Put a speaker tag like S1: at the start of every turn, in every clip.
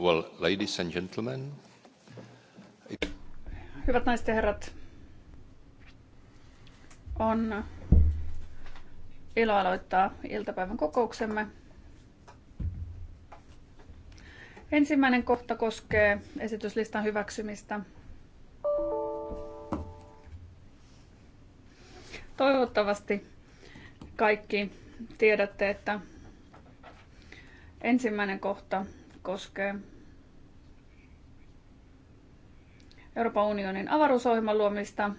S1: Well, ladies and gentlemen.
S2: Hyvät naiset ja herrat, on ilo aloittaa iltapäivän kokouksemme. Ensimmäinen kohta koskee esityslistan hyväksymistä. Toivottavasti kaikki tiedätte, että ensimmäinen kohta koskee Euroopan unionin avaruusohjelman luomista,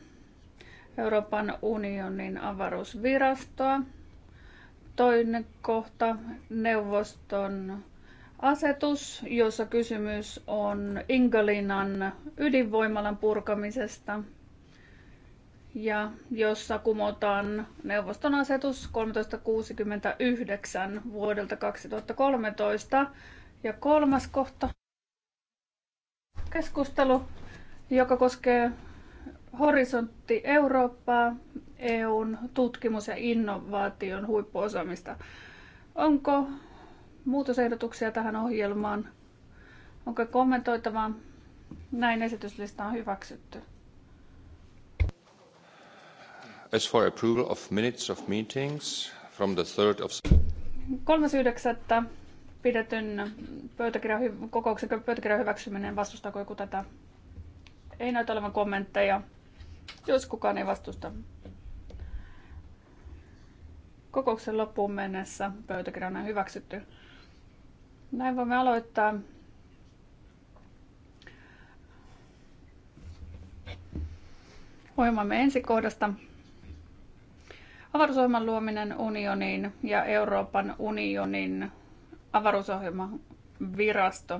S2: Euroopan unionin avaruusvirastoa, toinen kohta neuvoston asetus, jossa kysymys on Ingolinan ydinvoimalan purkamisesta ja jossa kumotaan neuvoston asetus 1369 vuodelta 2013 ja kolmas kohta. Keskustelu, joka koskee Horisontti Eurooppaa, EUn tutkimus- ja innovaation huippuosaamista. Onko muutosehdotuksia tähän ohjelmaan? Onko kommentoitavaa? Näin esityslista on hyväksytty.
S1: As for approval of minutes of meetings from the 3rd of...
S2: 3.9 pidetyn pöytäkirjan, kokouksen pöytäkirjan hyväksyminen, vastustaako joku tätä? Ei näytä olevan kommentteja, jos kukaan ei vastusta. Kokouksen loppuun mennessä pöytäkirja on hyväksytty. Näin voimme aloittaa. Ohjelmamme ensi kohdasta. Avaruusohjelman luominen unionin ja Euroopan unionin avaruusohjelma virasto.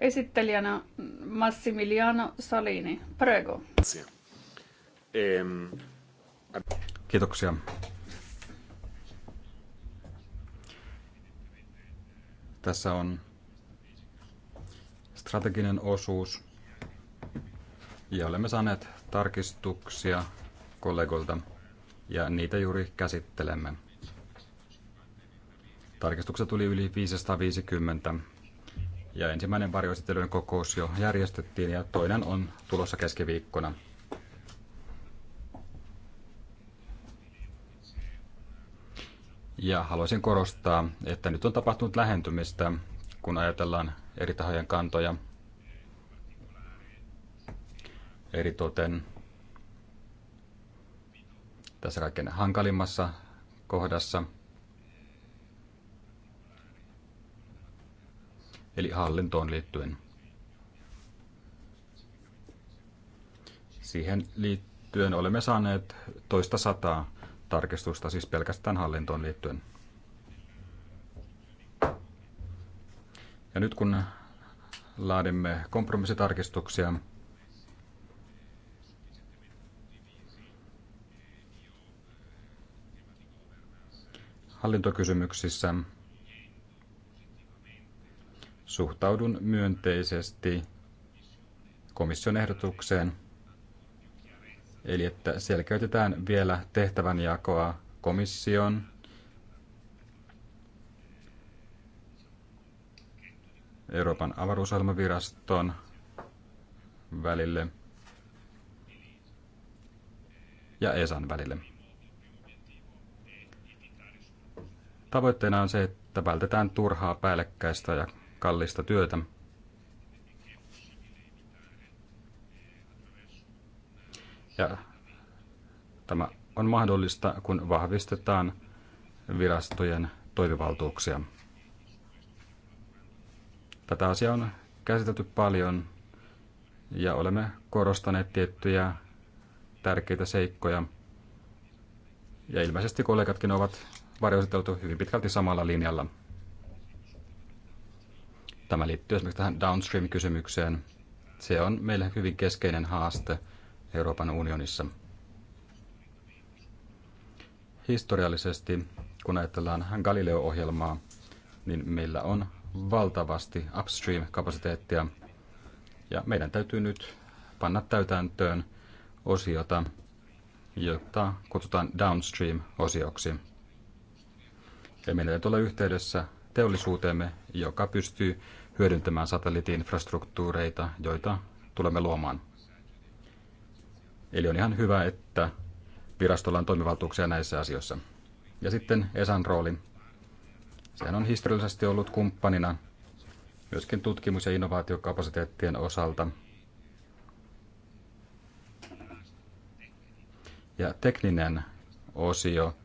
S2: Esittelijänä Massimiliano Salini. Prego.
S3: Kiitoksia. Tässä on strateginen osuus ja olemme saaneet tarkistuksia kollegoilta ja niitä juuri käsittelemme. Tarkistuksia tuli yli 550 ja ensimmäinen varjoesittelyjen kokous jo järjestettiin ja toinen on tulossa keskiviikkona. Ja haluaisin korostaa, että nyt on tapahtunut lähentymistä, kun ajatellaan eri tahojen kantoja. eri toten tässä kaikkein hankalimmassa kohdassa – eli hallintoon liittyen. Siihen liittyen olemme saaneet toista sataa tarkistusta, siis pelkästään hallintoon liittyen. Ja nyt kun laadimme kompromissitarkistuksia, hallintokysymyksissä Suhtaudun myönteisesti komission ehdotukseen, eli että selkeytetään vielä tehtävänjakoa komission Euroopan avaruusalmaviraston välille ja ESAn välille. Tavoitteena on se, että vältetään turhaa päällekkäistä ja kallista työtä. Ja tämä on mahdollista, kun vahvistetaan virastojen toimivaltuuksia. Tätä asiaa on käsitelty paljon ja olemme korostaneet tiettyjä tärkeitä seikkoja. Ja ilmeisesti kollegatkin ovat varjoiteltu hyvin pitkälti samalla linjalla. Tämä liittyy esimerkiksi tähän downstream-kysymykseen. Se on meille hyvin keskeinen haaste Euroopan unionissa. Historiallisesti, kun ajatellaan Galileo-ohjelmaa, niin meillä on valtavasti upstream-kapasiteettia, ja meidän täytyy nyt panna täytäntöön osiota, jota kutsutaan downstream-osioksi. Ja meidän täytyy olla yhteydessä teollisuuteemme, joka pystyy hyödyntämään satelliittiinfrastruktuureita, joita tulemme luomaan. Eli on ihan hyvä, että virastolla on toimivaltuuksia näissä asioissa. Ja sitten Esan rooli. Sehän on historiallisesti ollut kumppanina myöskin tutkimus- ja innovaatiokapasiteettien osalta. Ja tekninen osio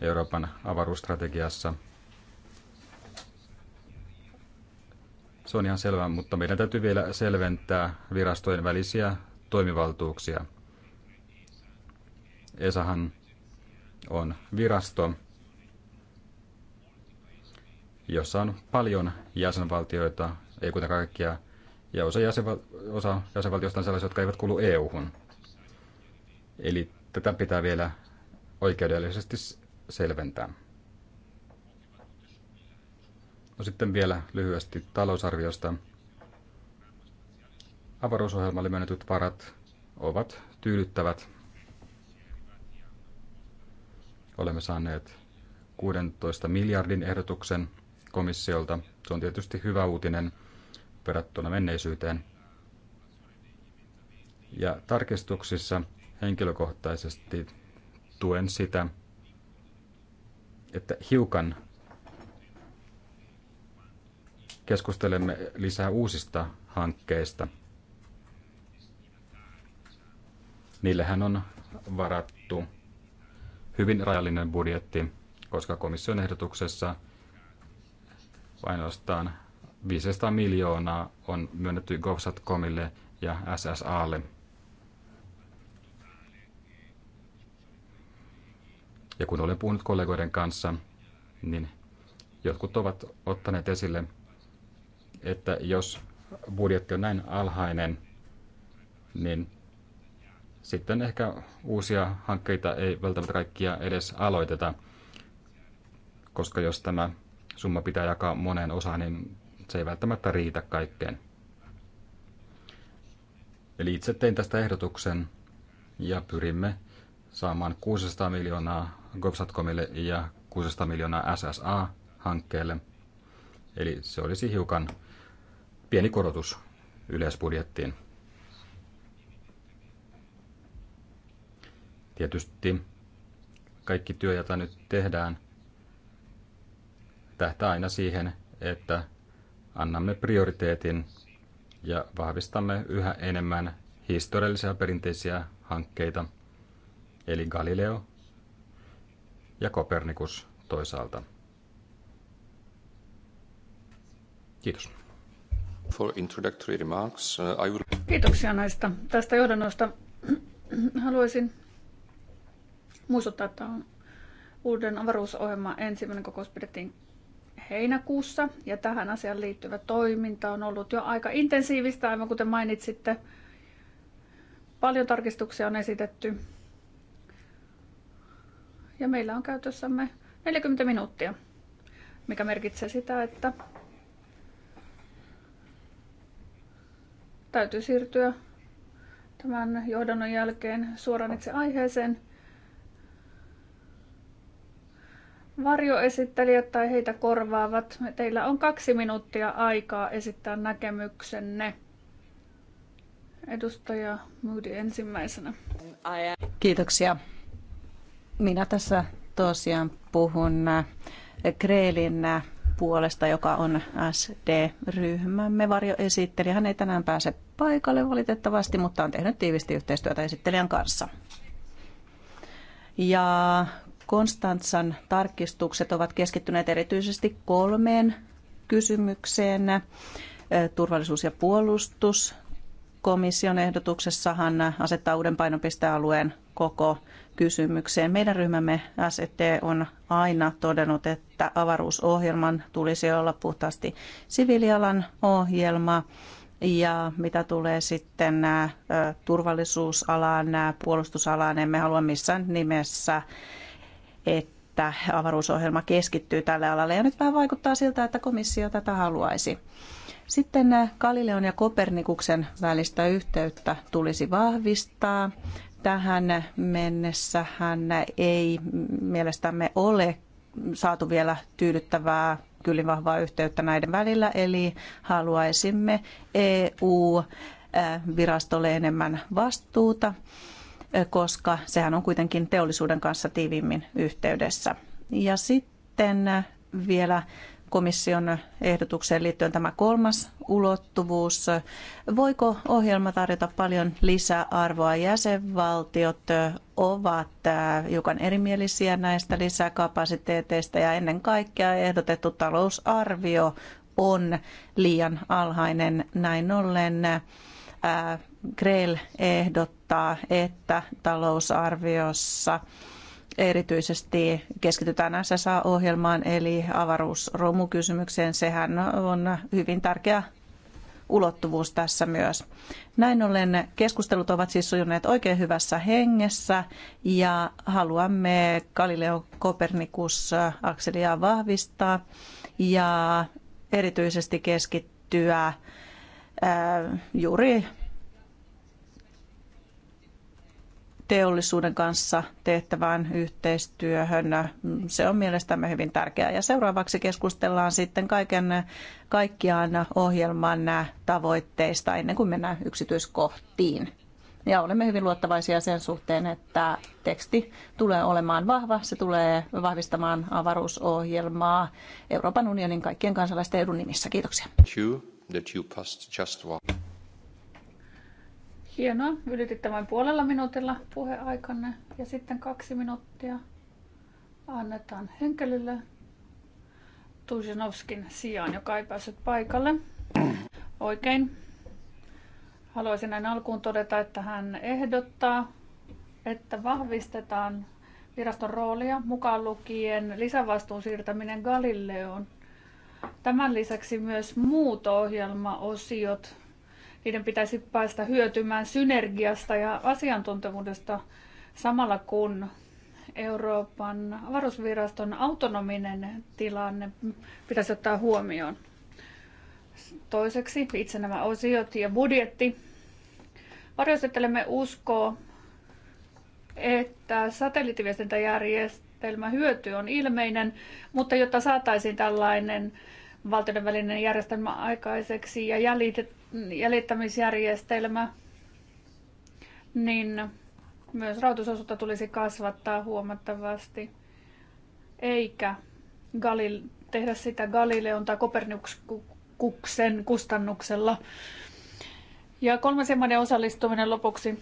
S3: Euroopan avaruusstrategiassa – Se on ihan selvää, mutta meidän täytyy vielä selventää virastojen välisiä toimivaltuuksia. ESAhan on virasto, jossa on paljon jäsenvaltioita, ei kuitenkaan kaikkia, ja osa, jäsenval- osa jäsenvaltioista on sellaisia, jotka eivät kuulu EU-hun. Eli tätä pitää vielä oikeudellisesti selventää. No sitten vielä lyhyesti talousarviosta. Avaruusohjelmalle myönnetyt varat ovat tyydyttävät. Olemme saaneet 16 miljardin ehdotuksen komissiolta. Se on tietysti hyvä uutinen verrattuna menneisyyteen. Ja tarkistuksissa henkilökohtaisesti tuen sitä, että hiukan keskustelemme lisää uusista hankkeista. Niillähän on varattu hyvin rajallinen budjetti, koska komission ehdotuksessa ainoastaan 500 miljoonaa on myönnetty GovSatcomille ja SSAlle. Ja kun olen puhunut kollegoiden kanssa, niin jotkut ovat ottaneet esille että jos budjetti on näin alhainen, niin sitten ehkä uusia hankkeita ei välttämättä kaikkia edes aloiteta, koska jos tämä summa pitää jakaa moneen osaan, niin se ei välttämättä riitä kaikkeen. Eli itse tein tästä ehdotuksen ja pyrimme saamaan 600 miljoonaa Gopsatcomille ja 600 miljoonaa SSA-hankkeelle. Eli se olisi hiukan pieni korotus yleisbudjettiin. Tietysti kaikki työ, jota nyt tehdään, tähtää aina siihen, että annamme prioriteetin ja vahvistamme yhä enemmän historiallisia perinteisiä hankkeita, eli Galileo ja Kopernikus toisaalta.
S1: Kiitos. For introductory remarks, uh, I will...
S2: Kiitoksia näistä tästä johdannosta. Haluaisin muistuttaa, että on uuden avaruusohjelman ensimmäinen kokous pidettiin heinäkuussa ja tähän asiaan liittyvä toiminta on ollut jo aika intensiivistä, aivan kuten mainitsitte. Paljon tarkistuksia on esitetty ja meillä on käytössämme 40 minuuttia, mikä merkitsee sitä, että Täytyy siirtyä tämän johdannon jälkeen suoraan itse aiheeseen. Varjoesittelijät tai heitä korvaavat, teillä on kaksi minuuttia aikaa esittää näkemyksenne. Edustaja Moody ensimmäisenä.
S4: Kiitoksia. Minä tässä tosiaan puhun äh, Kreelin äh, puolesta, joka on SD-ryhmämme varjoesittelijä. Hän ei tänään pääse paikalle valitettavasti, mutta on tehnyt tiivisti yhteistyötä esittelijän kanssa. Ja Konstantsan tarkistukset ovat keskittyneet erityisesti kolmeen kysymykseen. Turvallisuus ja puolustus. Komission ehdotuksessahan asettaa uuden painopistealueen koko kysymykseen. Meidän ryhmämme ST on aina todennut, että avaruusohjelman tulisi olla puhtaasti siviilialan ohjelma. Ja mitä tulee sitten nämä turvallisuusalaan, nämä puolustusalaan, emme halua missään nimessä, että avaruusohjelma keskittyy tälle alalle. Ja nyt vähän vaikuttaa siltä, että komissio tätä haluaisi. Sitten Galileon ja Kopernikuksen välistä yhteyttä tulisi vahvistaa tähän mennessä hän ei mielestämme ole saatu vielä tyydyttävää kyllin vahvaa yhteyttä näiden välillä, eli haluaisimme EU-virastolle enemmän vastuuta, koska sehän on kuitenkin teollisuuden kanssa tiiviimmin yhteydessä. Ja sitten vielä komission ehdotukseen liittyen tämä kolmas ulottuvuus. Voiko ohjelma tarjota paljon lisäarvoa? Jäsenvaltiot ovat äh, hiukan erimielisiä näistä lisäkapasiteeteista ja ennen kaikkea ehdotettu talousarvio on liian alhainen. Näin ollen Grell äh, ehdottaa, että talousarviossa erityisesti keskitytään SSA-ohjelmaan eli avaruusromukysymykseen. Sehän on hyvin tärkeä ulottuvuus tässä myös. Näin ollen keskustelut ovat siis sujuneet oikein hyvässä hengessä ja haluamme Galileo Copernicus akselia vahvistaa ja erityisesti keskittyä juuri teollisuuden kanssa tehtävään yhteistyöhön. Se on mielestämme hyvin tärkeää. Ja seuraavaksi keskustellaan sitten kaiken kaikkiaan ohjelman tavoitteista ennen kuin mennään yksityiskohtiin. Ja olemme hyvin luottavaisia sen suhteen, että teksti tulee olemaan vahva. Se tulee vahvistamaan avaruusohjelmaa Euroopan unionin kaikkien kansalaisten edun nimissä. Kiitoksia.
S2: Hienoa. Ylititte vain puolella minuutilla puheaikanne ja sitten kaksi minuuttia annetaan henkilölle Tusinovskin sijaan, joka ei päässyt paikalle. Oikein. Haluaisin näin alkuun todeta, että hän ehdottaa, että vahvistetaan viraston roolia mukaan lukien lisävastuun siirtäminen Galileoon. Tämän lisäksi myös muut ohjelmaosiot niiden pitäisi päästä hyötymään synergiasta ja asiantuntemuudesta samalla kun Euroopan avaruusviraston autonominen tilanne pitäisi ottaa huomioon. Toiseksi itse nämä osiot ja budjetti. Varjoisettelemme uskoa, että satelliittiviestintäjärjestelmä hyöty on ilmeinen, mutta jotta saataisiin tällainen valtioiden välinen järjestelmä aikaiseksi ja jäljittämisjärjestelmä, niin myös rahoitusosuutta tulisi kasvattaa huomattavasti, eikä Galil, tehdä sitä Galileon tai Kopernikuksen kustannuksella. Ja kolmansien maiden osallistuminen lopuksi.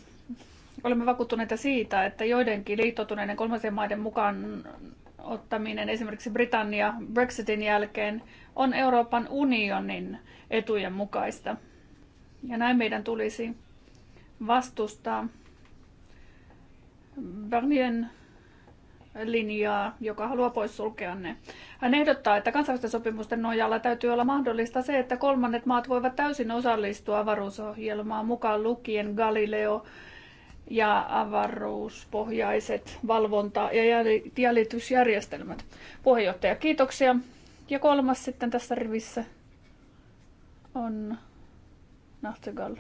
S2: Olemme vakuuttuneita siitä, että joidenkin liittoutuneiden kolmansien maiden mukaan ottaminen esimerkiksi Britannia Brexitin jälkeen on Euroopan unionin etujen mukaista. Ja näin meidän tulisi vastustaa Bernien linjaa, joka haluaa poissulkea ne. Hän ehdottaa, että kansainvälisten sopimusten nojalla täytyy olla mahdollista se, että kolmannet maat voivat täysin osallistua avaruusohjelmaan mukaan lukien Galileo, ja avaruuspohjaiset valvonta- ja jäljitysjärjestelmät. Puheenjohtaja, kiitoksia. Ja kolmas sitten tässä rivissä on Nachtigall.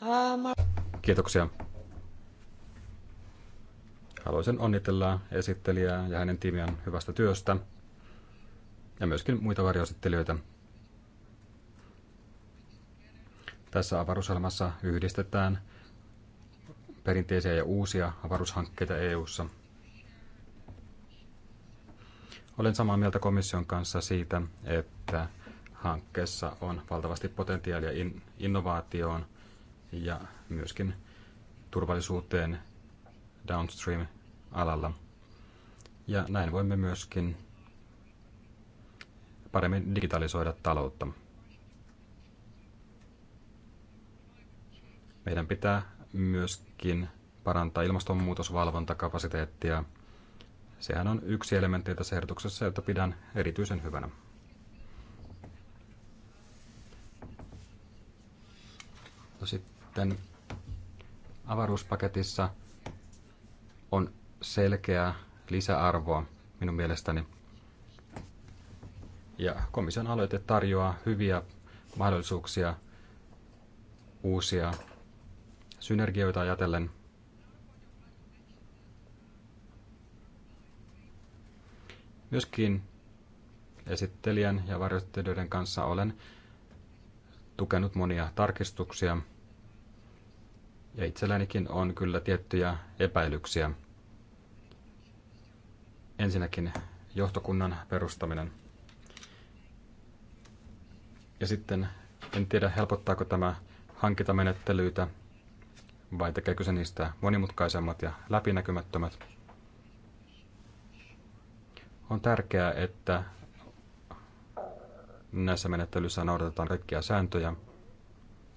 S2: Uh,
S3: kiitoksia. Haluaisin onnitella esittelijää ja hänen tiimiään hyvästä työstä ja myöskin muita varjoesittelijöitä. Tässä avaruusalmassa yhdistetään – perinteisiä ja uusia avaruushankkeita EU:ssa. Olen samaa mieltä komission kanssa siitä, että hankkeessa on valtavasti potentiaalia in, innovaatioon ja myöskin turvallisuuteen downstream-alalla. Ja näin voimme myöskin paremmin digitalisoida taloutta. Meidän pitää myöskin parantaa ilmastonmuutosvalvontakapasiteettia. Sehän on yksi elementti tässä ehdotuksessa, jota pidän erityisen hyvänä. No sitten avaruuspaketissa on selkeää lisäarvoa minun mielestäni. Ja komission aloite tarjoaa hyviä mahdollisuuksia uusia synergioita ajatellen. Myöskin esittelijän ja varjoittelijoiden kanssa olen tukenut monia tarkistuksia. Ja itsellänikin on kyllä tiettyjä epäilyksiä. Ensinnäkin johtokunnan perustaminen. Ja sitten en tiedä helpottaako tämä hankintamenettelyitä vai tekeekö se niistä monimutkaisemmat ja läpinäkymättömät? On tärkeää, että näissä menettelyissä noudatetaan kaikkia sääntöjä.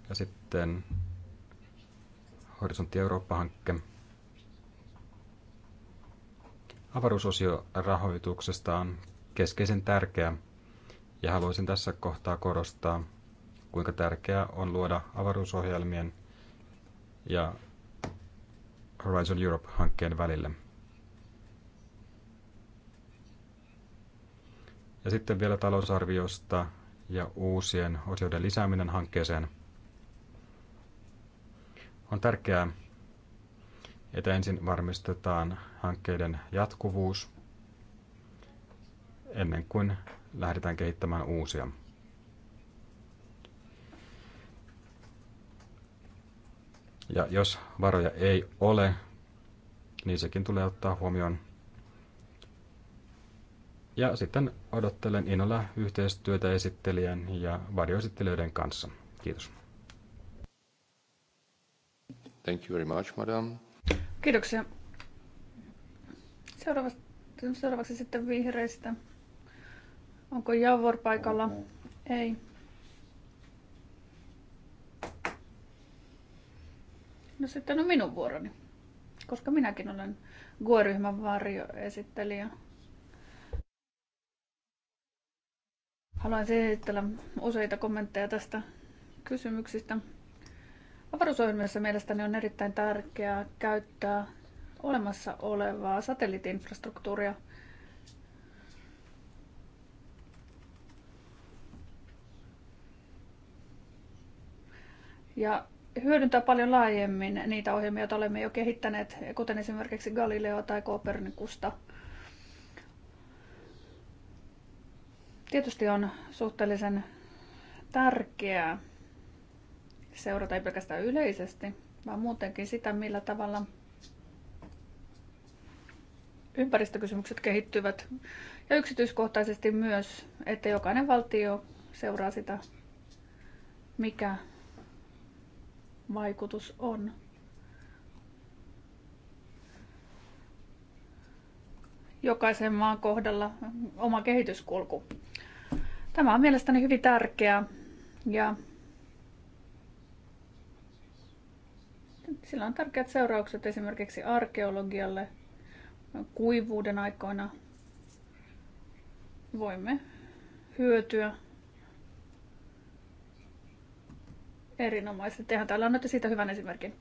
S3: Ja sitten Horisontti Eurooppa-hankke. Avaruusosio rahoituksesta on keskeisen tärkeä ja haluaisin tässä kohtaa korostaa, kuinka tärkeää on luoda avaruusohjelmien – ja Horizon Europe-hankkeen välillä. Ja sitten vielä talousarviosta ja uusien osioiden lisääminen hankkeeseen. On tärkeää, että ensin varmistetaan hankkeiden jatkuvuus ennen kuin lähdetään kehittämään uusia. Ja jos varoja ei ole, niin sekin tulee ottaa huomioon. Ja sitten odottelen innolla yhteistyötä esittelijän ja varjoesittelijöiden kanssa. Kiitos.
S1: Thank you very much, madam.
S2: Kiitoksia. Seuraavaksi, seuraavaksi sitten vihreistä. Onko Javor paikalla? Ei. No sitten on minun vuoroni, koska minäkin olen GUE-ryhmän varjoesittelijä. Haluan esitellä useita kommentteja tästä kysymyksistä. Avaruusohjelmassa mielestäni on erittäin tärkeää käyttää olemassa olevaa satelliitinfrastruktuuria Ja hyödyntää paljon laajemmin niitä ohjelmia, joita olemme jo kehittäneet, kuten esimerkiksi Galileo tai Kopernikusta. Tietysti on suhteellisen tärkeää seurata ei pelkästään yleisesti, vaan muutenkin sitä, millä tavalla ympäristökysymykset kehittyvät ja yksityiskohtaisesti myös, että jokainen valtio seuraa sitä, mikä vaikutus on. Jokaisen maan kohdalla oma kehityskulku. Tämä on mielestäni hyvin tärkeää ja sillä on tärkeät seuraukset esimerkiksi arkeologialle kuivuuden aikoina. Voimme hyötyä Erinomaisesti. Tehän täällä annatte siitä hyvän esimerkin.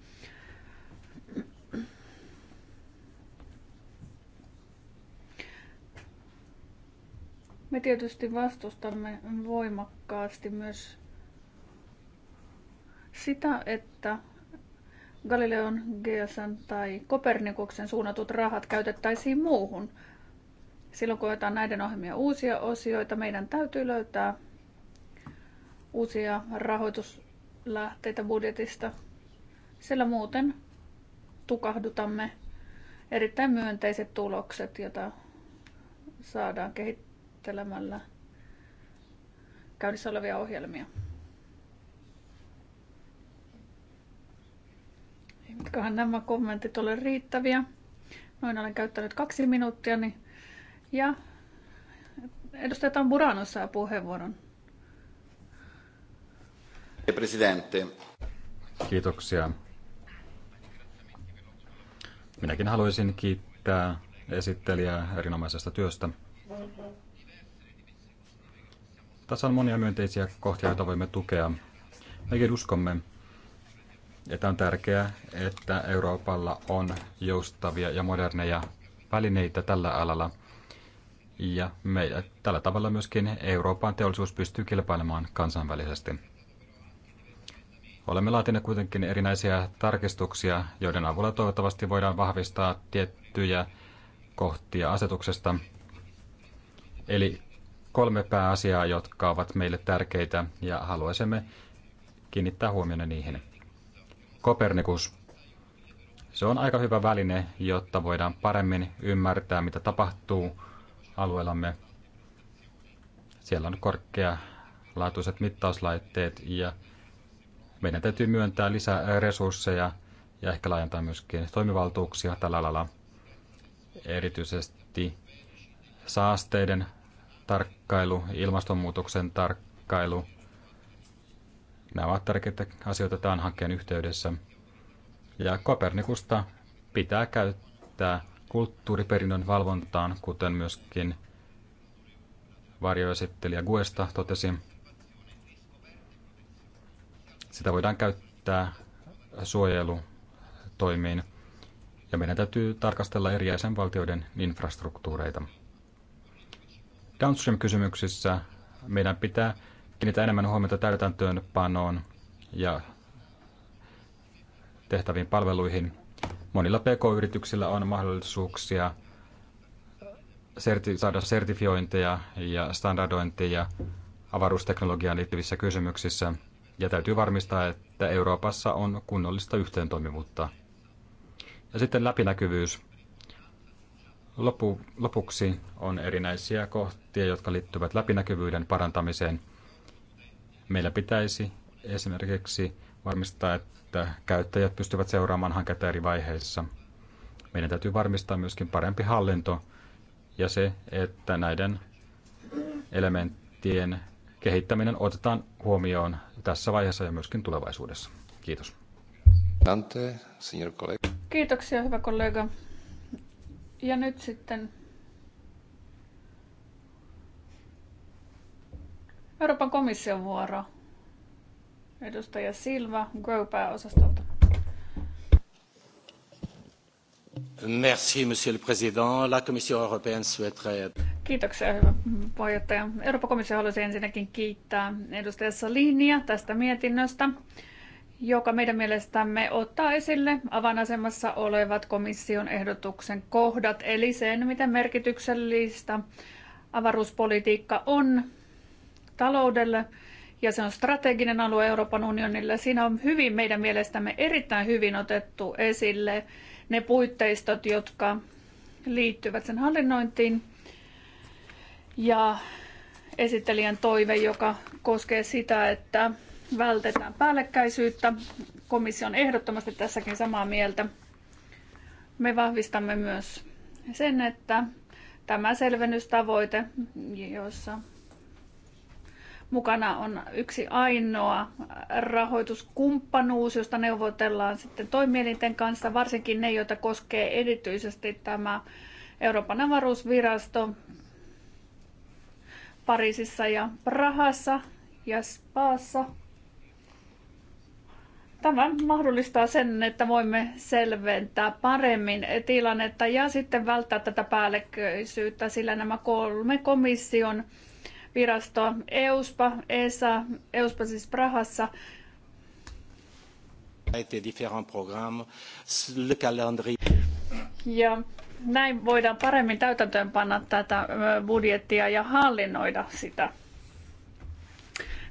S2: Me tietysti vastustamme voimakkaasti myös sitä, että Galileon, GSN tai Kopernikuksen suunnatut rahat käytettäisiin muuhun. Silloin kun otetaan näiden ohjelmia uusia osioita, meidän täytyy löytää uusia rahoitus lähteitä budjetista, sillä muuten tukahdutamme erittäin myönteiset tulokset, joita saadaan kehittelemällä käynnissä olevia ohjelmia. Eivätköhän nämä kommentit ole riittäviä. Noin olen käyttänyt kaksi minuuttia. Ja edustaja Tamburano saa puheenvuoron.
S1: Presidente.
S3: Kiitoksia. Minäkin haluaisin kiittää esittelijää erinomaisesta työstä. Tässä on monia myönteisiä kohtia, joita voimme tukea. Mekin uskomme, että on tärkeää, että Euroopalla on joustavia ja moderneja välineitä tällä alalla. Ja me, tällä tavalla myöskin Euroopan teollisuus pystyy kilpailemaan kansainvälisesti. Olemme laatineet kuitenkin erinäisiä tarkistuksia, joiden avulla toivottavasti voidaan vahvistaa tiettyjä kohtia asetuksesta. Eli kolme pääasiaa, jotka ovat meille tärkeitä ja haluaisimme kiinnittää huomioon niihin. Kopernikus. Se on aika hyvä väline, jotta voidaan paremmin ymmärtää, mitä tapahtuu alueellamme. Siellä on korkealaatuiset mittauslaitteet ja meidän täytyy myöntää lisää resursseja ja ehkä laajentaa myöskin toimivaltuuksia tällä lailla erityisesti saasteiden tarkkailu, ilmastonmuutoksen tarkkailu. Nämä ovat tärkeitä asioita tämän hankkeen yhteydessä. Ja Kopernikusta pitää käyttää kulttuuriperinnön valvontaan, kuten myöskin varjoesittelijä Guesta totesi. Sitä voidaan käyttää suojelutoimiin ja meidän täytyy tarkastella eri jäsenvaltioiden infrastruktuureita. Downstream-kysymyksissä meidän pitää kiinnittää enemmän huomiota täytäntöönpanoon ja tehtäviin palveluihin. Monilla PK-yrityksillä on mahdollisuuksia serti- saada sertifiointeja ja standardointeja avaruusteknologiaan liittyvissä kysymyksissä – ja täytyy varmistaa, että Euroopassa on kunnollista yhteentoimivuutta. Ja sitten läpinäkyvyys. Lopu, lopuksi on erinäisiä kohtia, jotka liittyvät läpinäkyvyyden parantamiseen. Meillä pitäisi esimerkiksi varmistaa, että käyttäjät pystyvät seuraamaan hanketta eri vaiheissa. Meidän täytyy varmistaa myöskin parempi hallinto ja se, että näiden elementtien kehittäminen otetaan huomioon tässä vaiheessa ja myöskin tulevaisuudessa.
S1: Kiitos.
S2: Kiitoksia, hyvä kollega. Ja nyt sitten Euroopan komission vuoro. Edustaja Silva, grow osastolta.
S1: Merci,
S3: monsieur le président. La Commission européenne souhaiterait...
S2: Kiitoksia, hyvä puheenjohtaja. Euroopan komissio haluaisi ensinnäkin kiittää edustaja Salinia tästä mietinnöstä joka meidän mielestämme ottaa esille avainasemassa olevat komission ehdotuksen kohdat, eli sen, miten merkityksellistä avaruuspolitiikka on taloudelle ja se on strateginen alue Euroopan unionille. Siinä on hyvin meidän mielestämme erittäin hyvin otettu esille ne puitteistot, jotka liittyvät sen hallinnointiin. Ja esittelijän toive, joka koskee sitä, että vältetään päällekkäisyyttä. Komissio on ehdottomasti tässäkin samaa mieltä. Me vahvistamme myös sen, että tämä selvennystavoite, jossa Mukana on yksi ainoa rahoituskumppanuus, josta neuvotellaan sitten toimielinten kanssa, varsinkin ne, joita koskee erityisesti tämä Euroopan avaruusvirasto Pariisissa ja Prahassa ja Spaassa. Tämä mahdollistaa sen, että voimme selventää paremmin tilannetta ja sitten välttää tätä päällekkäisyyttä, sillä nämä kolme komission virastoa, EUSPA, ESA, EUSPA siis Prahassa, ja näin voidaan paremmin täytäntöönpanna tätä budjettia ja hallinnoida sitä.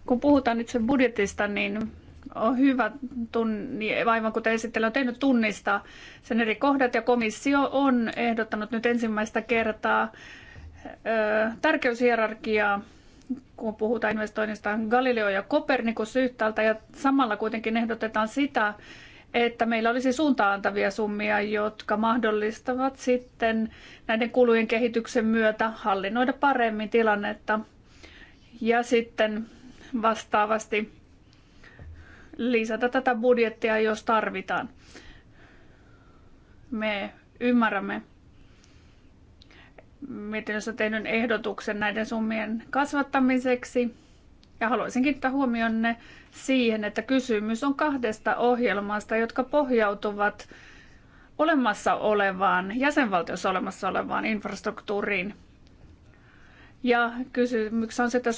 S2: Kun puhutaan itse budjetista, niin on hyvä, niin aivan kuten esittely on tehnyt, tunnistaa sen eri kohdat. Ja komissio on ehdottanut nyt ensimmäistä kertaa tärkeyshierarkiaa kun puhutaan investoinnista Galileo ja Kopernikus yhtäältä ja samalla kuitenkin ehdotetaan sitä, että meillä olisi suuntaantavia summia, jotka mahdollistavat sitten näiden kulujen kehityksen myötä hallinnoida paremmin tilannetta ja sitten vastaavasti lisätä tätä budjettia, jos tarvitaan. Me ymmärrämme mietinnössä tehnyt ehdotuksen näiden summien kasvattamiseksi. Ja haluaisin kiinnittää huomionne siihen, että kysymys on kahdesta ohjelmasta, jotka pohjautuvat olemassa olevaan, jäsenvaltiossa olemassa olevaan infrastruktuuriin. Ja kysymys on se, että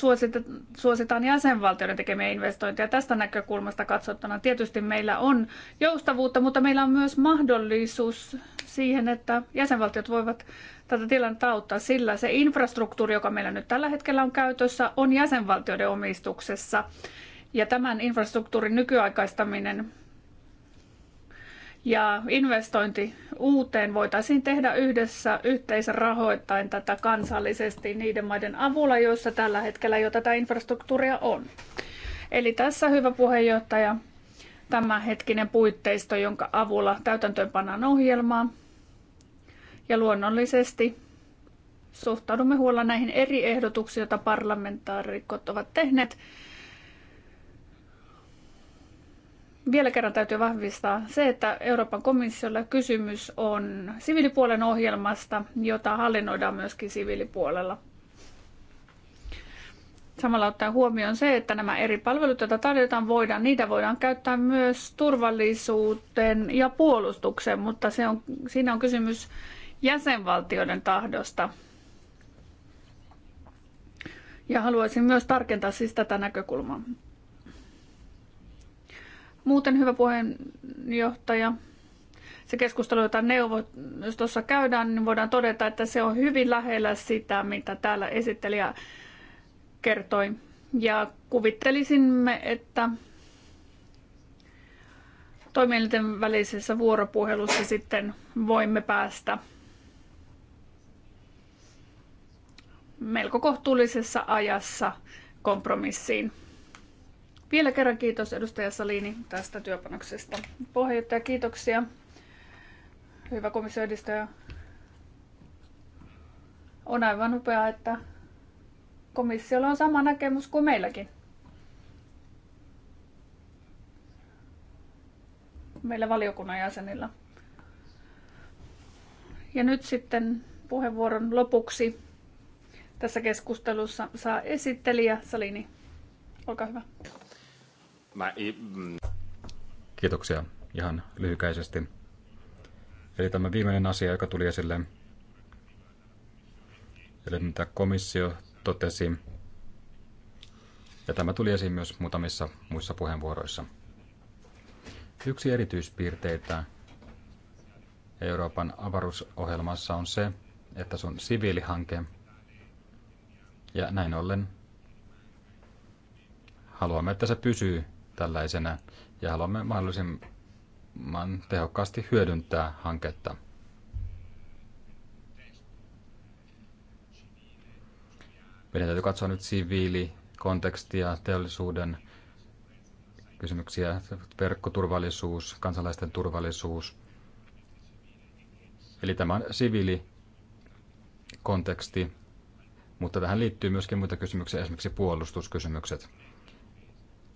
S2: suositaan jäsenvaltioiden tekemiä investointeja. Tästä näkökulmasta katsottuna tietysti meillä on joustavuutta, mutta meillä on myös mahdollisuus siihen, että jäsenvaltiot voivat tätä tilannetta auttaa sillä se infrastruktuuri, joka meillä nyt tällä hetkellä on käytössä, on jäsenvaltioiden omistuksessa. Ja tämän infrastruktuurin nykyaikaistaminen ja investointi uuteen voitaisiin tehdä yhdessä yhteisrahoittain tätä kansallisesti niiden maiden avulla, joissa tällä hetkellä jo tätä infrastruktuuria on. Eli tässä hyvä puheenjohtaja, tämä hetkinen puitteisto, jonka avulla täytäntöönpannaan ohjelmaa. Ja luonnollisesti suhtaudumme huolella näihin eri ehdotuksiin, joita parlamentaarikot ovat tehneet vielä kerran täytyy vahvistaa se, että Euroopan komissiolla kysymys on siviilipuolen ohjelmasta, jota hallinnoidaan myöskin siviilipuolella. Samalla ottaen huomioon se, että nämä eri palvelut, joita tarjotaan, voidaan, niitä voidaan käyttää myös turvallisuuteen ja puolustukseen, mutta se on, siinä on kysymys jäsenvaltioiden tahdosta. Ja haluaisin myös tarkentaa siis tätä näkökulmaa. Muuten hyvä puheenjohtaja, se keskustelu, jota neuvostossa käydään, niin voidaan todeta, että se on hyvin lähellä sitä, mitä täällä esittelijä kertoi. Ja kuvittelisimme, että toimielinten välisessä vuoropuhelussa sitten voimme päästä melko kohtuullisessa ajassa kompromissiin. Vielä kerran kiitos edustaja Salini tästä työpanoksesta. Pohjoittaja, kiitoksia. Hyvä komission edistäjä. On aivan upea, että komissiolla on sama näkemys kuin meilläkin. Meillä valiokunnan jäsenillä. Ja nyt sitten puheenvuoron lopuksi tässä keskustelussa saa esittelijä Salini. Olkaa hyvä.
S1: Mm.
S3: Kiitoksia ihan lyhykäisesti. Eli tämä viimeinen asia, joka tuli esille, eli mitä komissio totesi, ja tämä tuli esiin myös muutamissa muissa puheenvuoroissa. Yksi erityispiirteitä Euroopan avaruusohjelmassa on se, että se on siviilihanke, ja näin ollen haluamme, että se pysyy tällaisena ja haluamme mahdollisimman tehokkaasti hyödyntää hanketta. Meidän täytyy katsoa nyt kontekstia, teollisuuden kysymyksiä, verkkoturvallisuus, kansalaisten turvallisuus. Eli tämä on konteksti, mutta tähän liittyy myöskin muita kysymyksiä, esimerkiksi puolustuskysymykset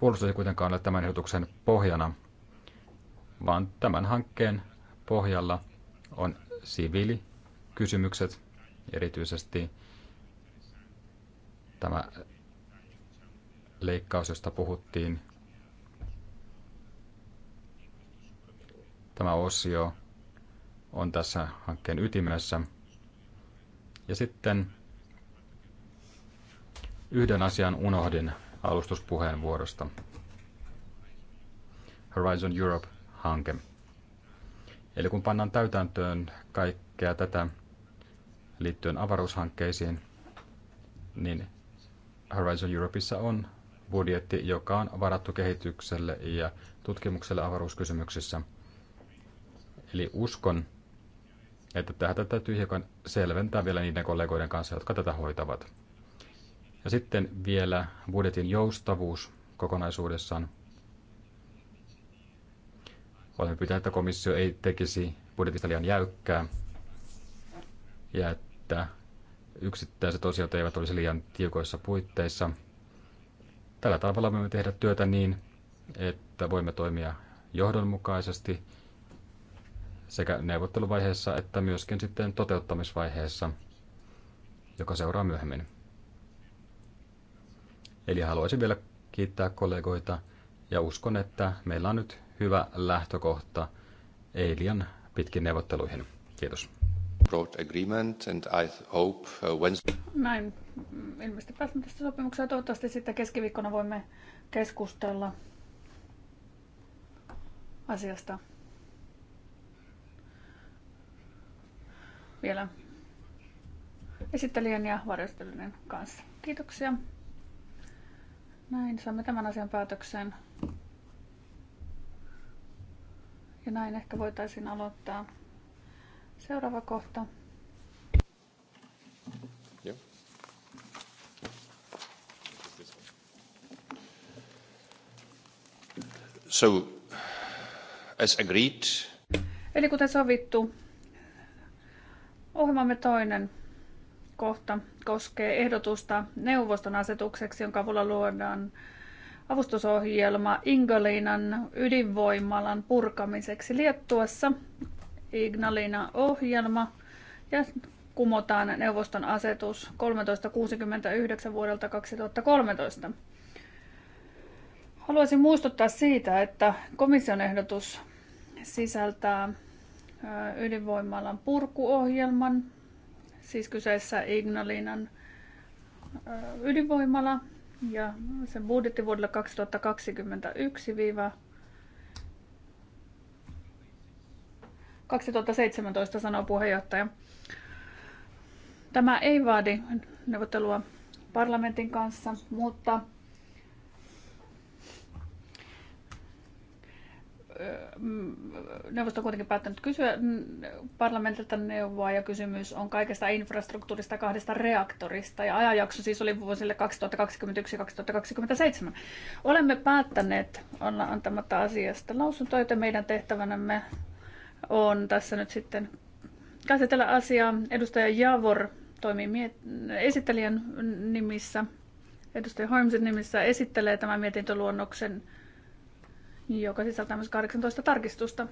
S3: puolustus ei kuitenkaan ole tämän ehdotuksen pohjana, vaan tämän hankkeen pohjalla on siviilikysymykset, erityisesti tämä leikkaus, josta puhuttiin, tämä osio on tässä hankkeen ytimessä. Ja sitten yhden asian unohdin alustuspuheenvuorosta. Horizon Europe-hanke. Eli kun pannaan täytäntöön kaikkea tätä liittyen avaruushankkeisiin, niin Horizon Europeissa on budjetti, joka on varattu kehitykselle ja tutkimukselle avaruuskysymyksissä. Eli uskon, että tähän täytyy hiukan selventää vielä niiden kollegoiden kanssa, jotka tätä hoitavat. Ja sitten vielä budjetin joustavuus kokonaisuudessaan. Olemme pyytäneet, että komissio ei tekisi budjetista liian jäykkää ja että yksittäiset osiot eivät olisi liian tiukoissa puitteissa. Tällä tavalla voimme tehdä työtä niin, että voimme toimia johdonmukaisesti sekä neuvotteluvaiheessa että myöskin sitten toteuttamisvaiheessa, joka seuraa myöhemmin. Eli haluaisin vielä kiittää kollegoita ja uskon, että meillä on nyt
S1: hyvä lähtökohta ei liian pitkin neuvotteluihin. Kiitos. Uh,
S2: Näin ilmeisesti pääsemme tästä sopimuksesta. Toivottavasti sitten keskiviikkona voimme keskustella asiasta vielä esittelijän ja varjostelijan kanssa. Kiitoksia. Näin saamme tämän asian päätökseen. Ja näin ehkä voitaisiin aloittaa seuraava kohta.
S1: So, as agreed.
S2: Eli kuten sovittu, ohjelmamme toinen kohta koskee ehdotusta neuvoston asetukseksi, jonka avulla luodaan avustusohjelma Ingolinan ydinvoimalan purkamiseksi Liettuassa. Ignalina-ohjelma ja kumotaan neuvoston asetus 1369 vuodelta 2013. Haluaisin muistuttaa siitä, että komission ehdotus sisältää ydinvoimalan purkuohjelman, Siis kyseessä Ignalinan ydinvoimala ja sen budjetti vuodelle 2021 2017 sanoo puheenjohtaja. Tämä ei vaadi neuvottelua parlamentin kanssa, mutta neuvosto on kuitenkin päättänyt kysyä parlamentilta neuvoa ja kysymys on kaikesta infrastruktuurista kahdesta reaktorista ja ajanjakso siis oli vuosille 2021-2027. Olemme päättäneet olla antamatta asiasta lausuntoa, joten meidän tehtävänämme on tässä nyt sitten käsitellä asiaa. Edustaja Javor toimii miet- esittelijän nimissä, edustaja Holmesin nimissä esittelee tämän mietintöluonnoksen joka sisältää myös 18 tarkistusta.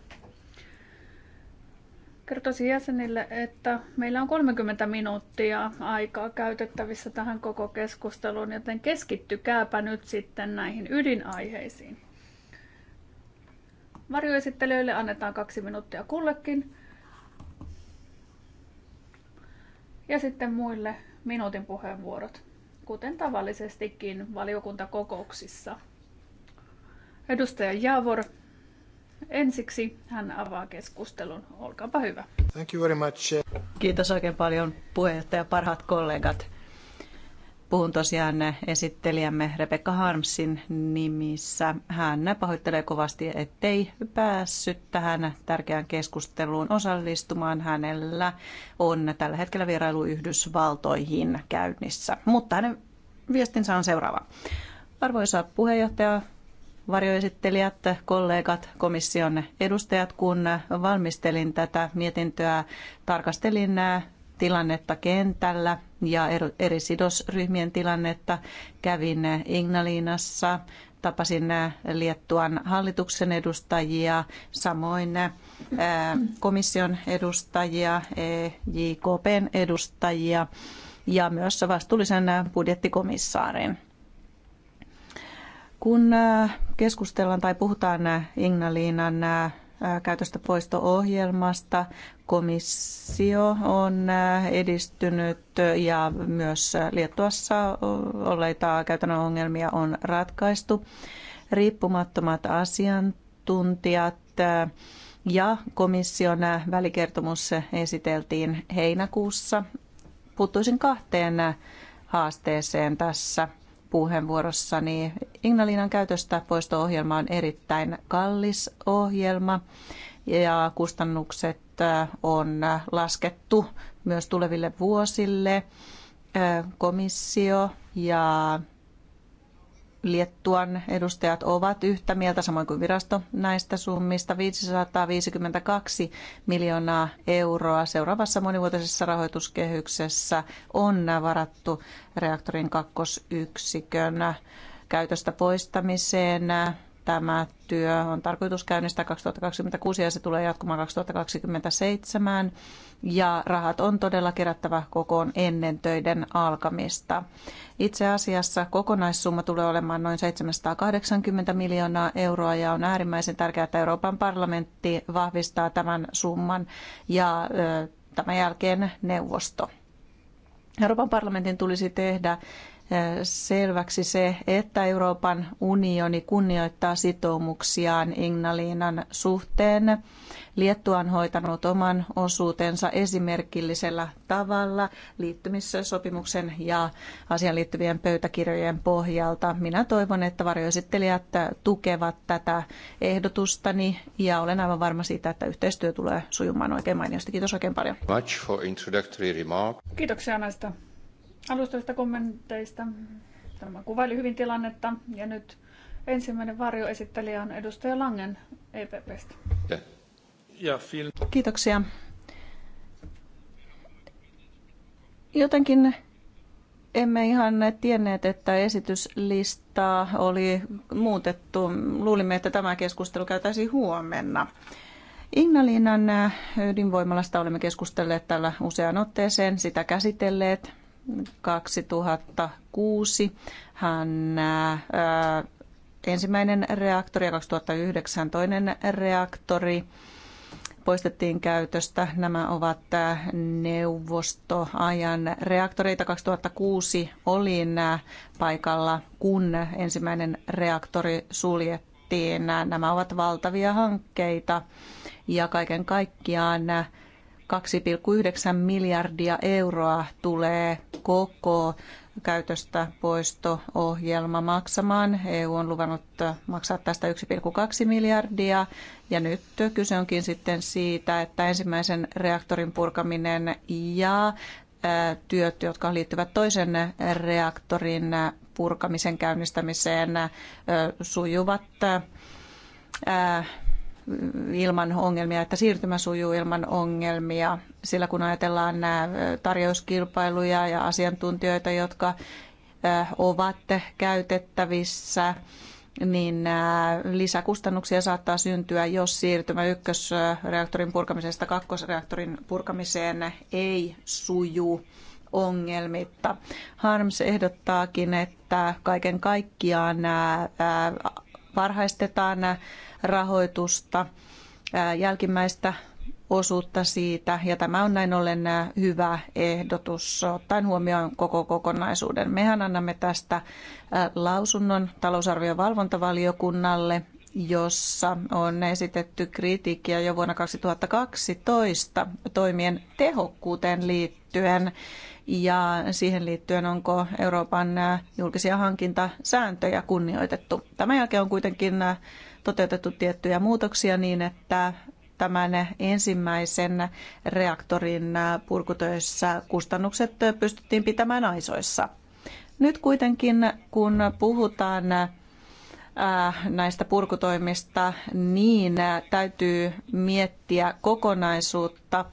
S2: Kertoisin jäsenille, että meillä on 30 minuuttia aikaa käytettävissä tähän koko keskusteluun, joten keskittykääpä nyt sitten näihin ydinaiheisiin. Varjoesittelijöille annetaan kaksi minuuttia kullekin. Ja sitten muille minuutin puheenvuorot, kuten tavallisestikin valiokuntakokouksissa. Edustaja Javor, ensiksi hän avaa keskustelun. Olkaapa hyvä.
S4: Thank you very much. Kiitos oikein paljon puheenjohtaja, parhaat kollegat. Puhun tosiaan esittelijämme Rebecca Harmsin nimissä. Hän pahoittelee kovasti, ettei päässyt tähän tärkeään keskusteluun osallistumaan. Hänellä on tällä hetkellä vierailu Yhdysvaltoihin käynnissä, mutta hänen viestinsä on seuraava. Arvoisa puheenjohtaja, varjoesittelijät, kollegat, komission edustajat, kun valmistelin tätä mietintöä, tarkastelin äh, tilannetta kentällä ja eri sidosryhmien tilannetta. Kävin äh, Ignaliinassa, tapasin äh, Liettuan hallituksen edustajia, samoin komission edustajia, e JKPn edustajia ja myös vastuullisen budjettikomissaarin. Kun äh, keskustellaan tai puhutaan äh, Ignaliinan äh, käytöstä poisto-ohjelmasta, komissio on edistynyt ja myös Liettuassa olleita käytännön ongelmia on ratkaistu. Riippumattomat asiantuntijat ja komission välikertomus esiteltiin heinäkuussa. Puuttuisin kahteen haasteeseen tässä – puheenvuorossani. Ignalinan käytöstä poisto-ohjelma on erittäin kallis ohjelma ja kustannukset äh, on laskettu myös tuleville vuosille. Äh, komissio ja Liettuan edustajat ovat yhtä mieltä, samoin kuin virasto näistä summista, 552 miljoonaa euroa. Seuraavassa monivuotisessa rahoituskehyksessä on varattu reaktorin kakkosyksikön käytöstä poistamiseen tämä työ on tarkoitus käynnistää 2026 ja se tulee jatkumaan 2027. Ja rahat on todella kerättävä kokoon ennen töiden alkamista. Itse asiassa kokonaissumma tulee olemaan noin 780 miljoonaa euroa ja on äärimmäisen tärkeää, että Euroopan parlamentti vahvistaa tämän summan ja tämän jälkeen neuvosto. Euroopan parlamentin tulisi tehdä selväksi se, että Euroopan unioni kunnioittaa sitoumuksiaan Ignaliinan suhteen. Liettua on hoitanut oman osuutensa esimerkillisellä tavalla liittymissopimuksen ja asian liittyvien pöytäkirjojen pohjalta. Minä toivon, että varjoesittelijät tukevat tätä ehdotustani ja olen aivan varma siitä, että yhteistyö tulee sujumaan oikein mainiosti. Kiitos oikein paljon.
S2: Kiitoksia näistä alustavista kommenteista. Tämä kuvaili hyvin tilannetta ja nyt ensimmäinen varjoesittelijä on edustaja Langen EPPstä. Ja,
S4: Kiitoksia. Jotenkin emme ihan tienneet, että esityslistaa oli muutettu. Luulimme, että tämä keskustelu käytäisiin huomenna. Ignalinan ydinvoimalasta olemme keskustelleet tällä useaan otteeseen, sitä käsitelleet 2006 hän ää, äh, ensimmäinen reaktori ja 2009 toinen reaktori poistettiin käytöstä. Nämä ovat äh, neuvostoajan reaktoreita. 2006 olin äh, paikalla, kun ensimmäinen reaktori suljettiin. Nämä ovat valtavia hankkeita ja kaiken kaikkiaan 2,9 miljardia euroa tulee koko käytöstä poisto-ohjelma maksamaan. EU on luvannut maksaa tästä 1,2 miljardia ja nyt kyse onkin sitten siitä, että ensimmäisen reaktorin purkaminen ja työt, jotka liittyvät toisen reaktorin purkamisen käynnistämiseen, sujuvat ilman ongelmia, että siirtymä sujuu ilman ongelmia. Sillä kun ajatellaan nämä tarjouskilpailuja ja asiantuntijoita, jotka ovat käytettävissä, niin lisäkustannuksia saattaa syntyä, jos siirtymä ykkösreaktorin purkamisesta kakkosreaktorin purkamiseen ei suju ongelmitta. Harms ehdottaakin, että kaiken kaikkiaan varhaistetaan rahoitusta, jälkimmäistä osuutta siitä, ja tämä on näin ollen hyvä ehdotus, ottaen huomioon koko kokonaisuuden. Mehän annamme tästä lausunnon talousarvion valvontavaliokunnalle, jossa on esitetty kritiikkiä jo vuonna 2012 toimien tehokkuuteen liittyen ja siihen liittyen onko Euroopan julkisia hankintasääntöjä kunnioitettu. Tämän jälkeen on kuitenkin toteutettu tiettyjä muutoksia niin, että tämän ensimmäisen reaktorin purkutöissä kustannukset pystyttiin pitämään aisoissa. Nyt kuitenkin, kun puhutaan äh, näistä purkutoimista, niin täytyy miettiä kokonaisuutta.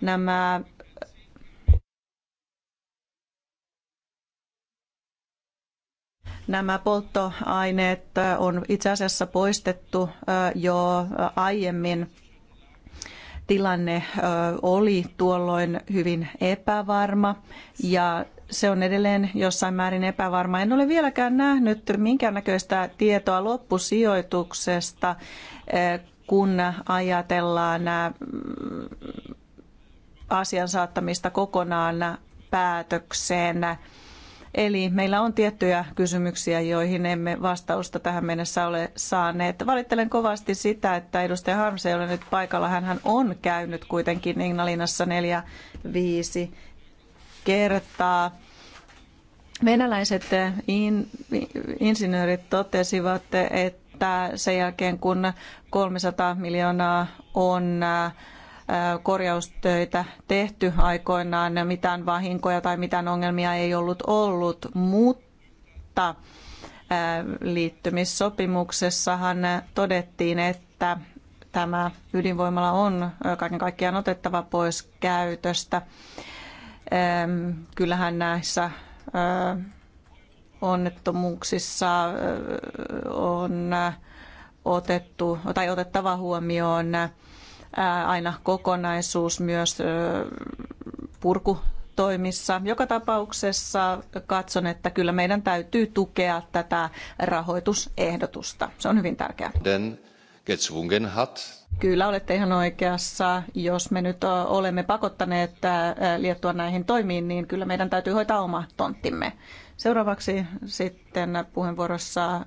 S4: Nämä Nämä polttoaineet on itse asiassa poistettu jo aiemmin tilanne oli tuolloin hyvin epävarma ja se on edelleen jossain määrin epävarma. En ole vieläkään nähnyt minkäännäköistä tietoa loppusijoituksesta, kun ajatellaan asian saattamista kokonaan päätökseen Eli meillä on tiettyjä kysymyksiä, joihin emme vastausta tähän mennessä ole saaneet. Valittelen kovasti sitä, että edustaja Harms ei ole nyt paikalla. Hän on käynyt kuitenkin Ignalinassa neljä, viisi kertaa. Venäläiset eh, in, insinöörit totesivat, että sen jälkeen kun 300 miljoonaa on eh, korjaustöitä tehty aikoinaan. Mitään vahinkoja tai mitään ongelmia ei ollut ollut, mutta liittymissopimuksessahan todettiin, että tämä ydinvoimala on kaiken kaikkiaan otettava pois käytöstä. Kyllähän näissä onnettomuuksissa on otettu tai otettava huomioon aina kokonaisuus myös purku toimissa. Joka tapauksessa katson, että kyllä meidän täytyy tukea tätä rahoitusehdotusta. Se on hyvin tärkeää. Kyllä olette ihan oikeassa. Jos me nyt olemme pakottaneet Liettua näihin toimiin, niin kyllä meidän täytyy hoitaa oma tonttimme. Seuraavaksi sitten puheenvuorossa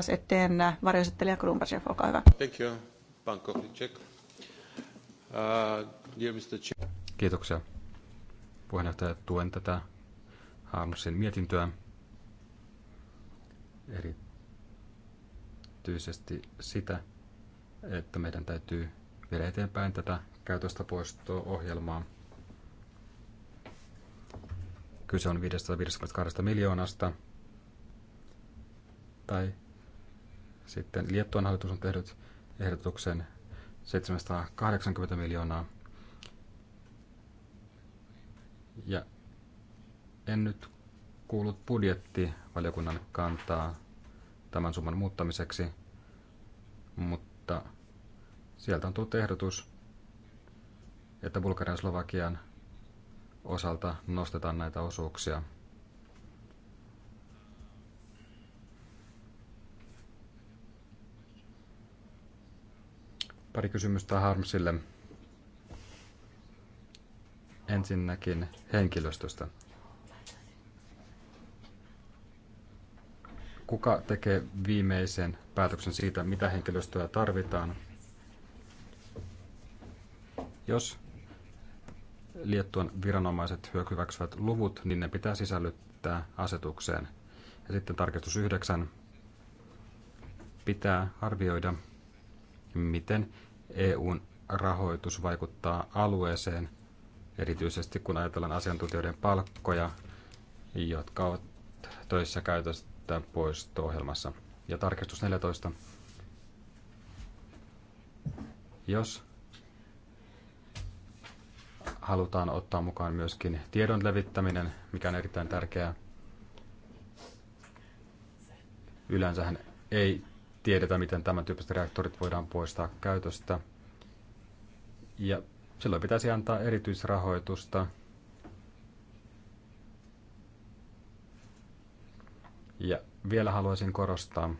S4: SETn varjoesittelijä Kruunberg, olkaa hyvä.
S3: Thank you.
S1: Banko, check. Uh,
S3: Kiitoksia. Puheenjohtaja, tuen tätä Harmsin mietintöä. Erityisesti sitä, että meidän täytyy viedä eteenpäin tätä käytöstä poistoa ohjelmaa Kyse on 552 miljoonasta. Tai sitten Liettuan hallitus on tehnyt ehdotuksen 780 miljoonaa. Ja en nyt kuullut budjettivaliokunnan kantaa tämän summan muuttamiseksi, mutta sieltä on tullut ehdotus, että Bulgarian Slovakian osalta nostetaan näitä osuuksia Pari kysymystä Harmsille. Ensinnäkin henkilöstöstä. Kuka tekee viimeisen päätöksen siitä, mitä henkilöstöä tarvitaan? Jos Liettuan viranomaiset hyväksyvät luvut, niin ne pitää sisällyttää asetukseen. Ja sitten tarkistus 9 pitää arvioida, miten EUn rahoitus vaikuttaa alueeseen, erityisesti kun ajatellaan asiantuntijoiden palkkoja, jotka ovat töissä käytöstä poisto-ohjelmassa. Ja tarkistus 14. Jos halutaan ottaa mukaan myöskin tiedon levittäminen, mikä on erittäin tärkeää. Yleensähän ei tiedetä, miten tämän tyyppiset reaktorit voidaan poistaa käytöstä. Ja silloin pitäisi antaa erityisrahoitusta. Ja vielä haluaisin korostaa,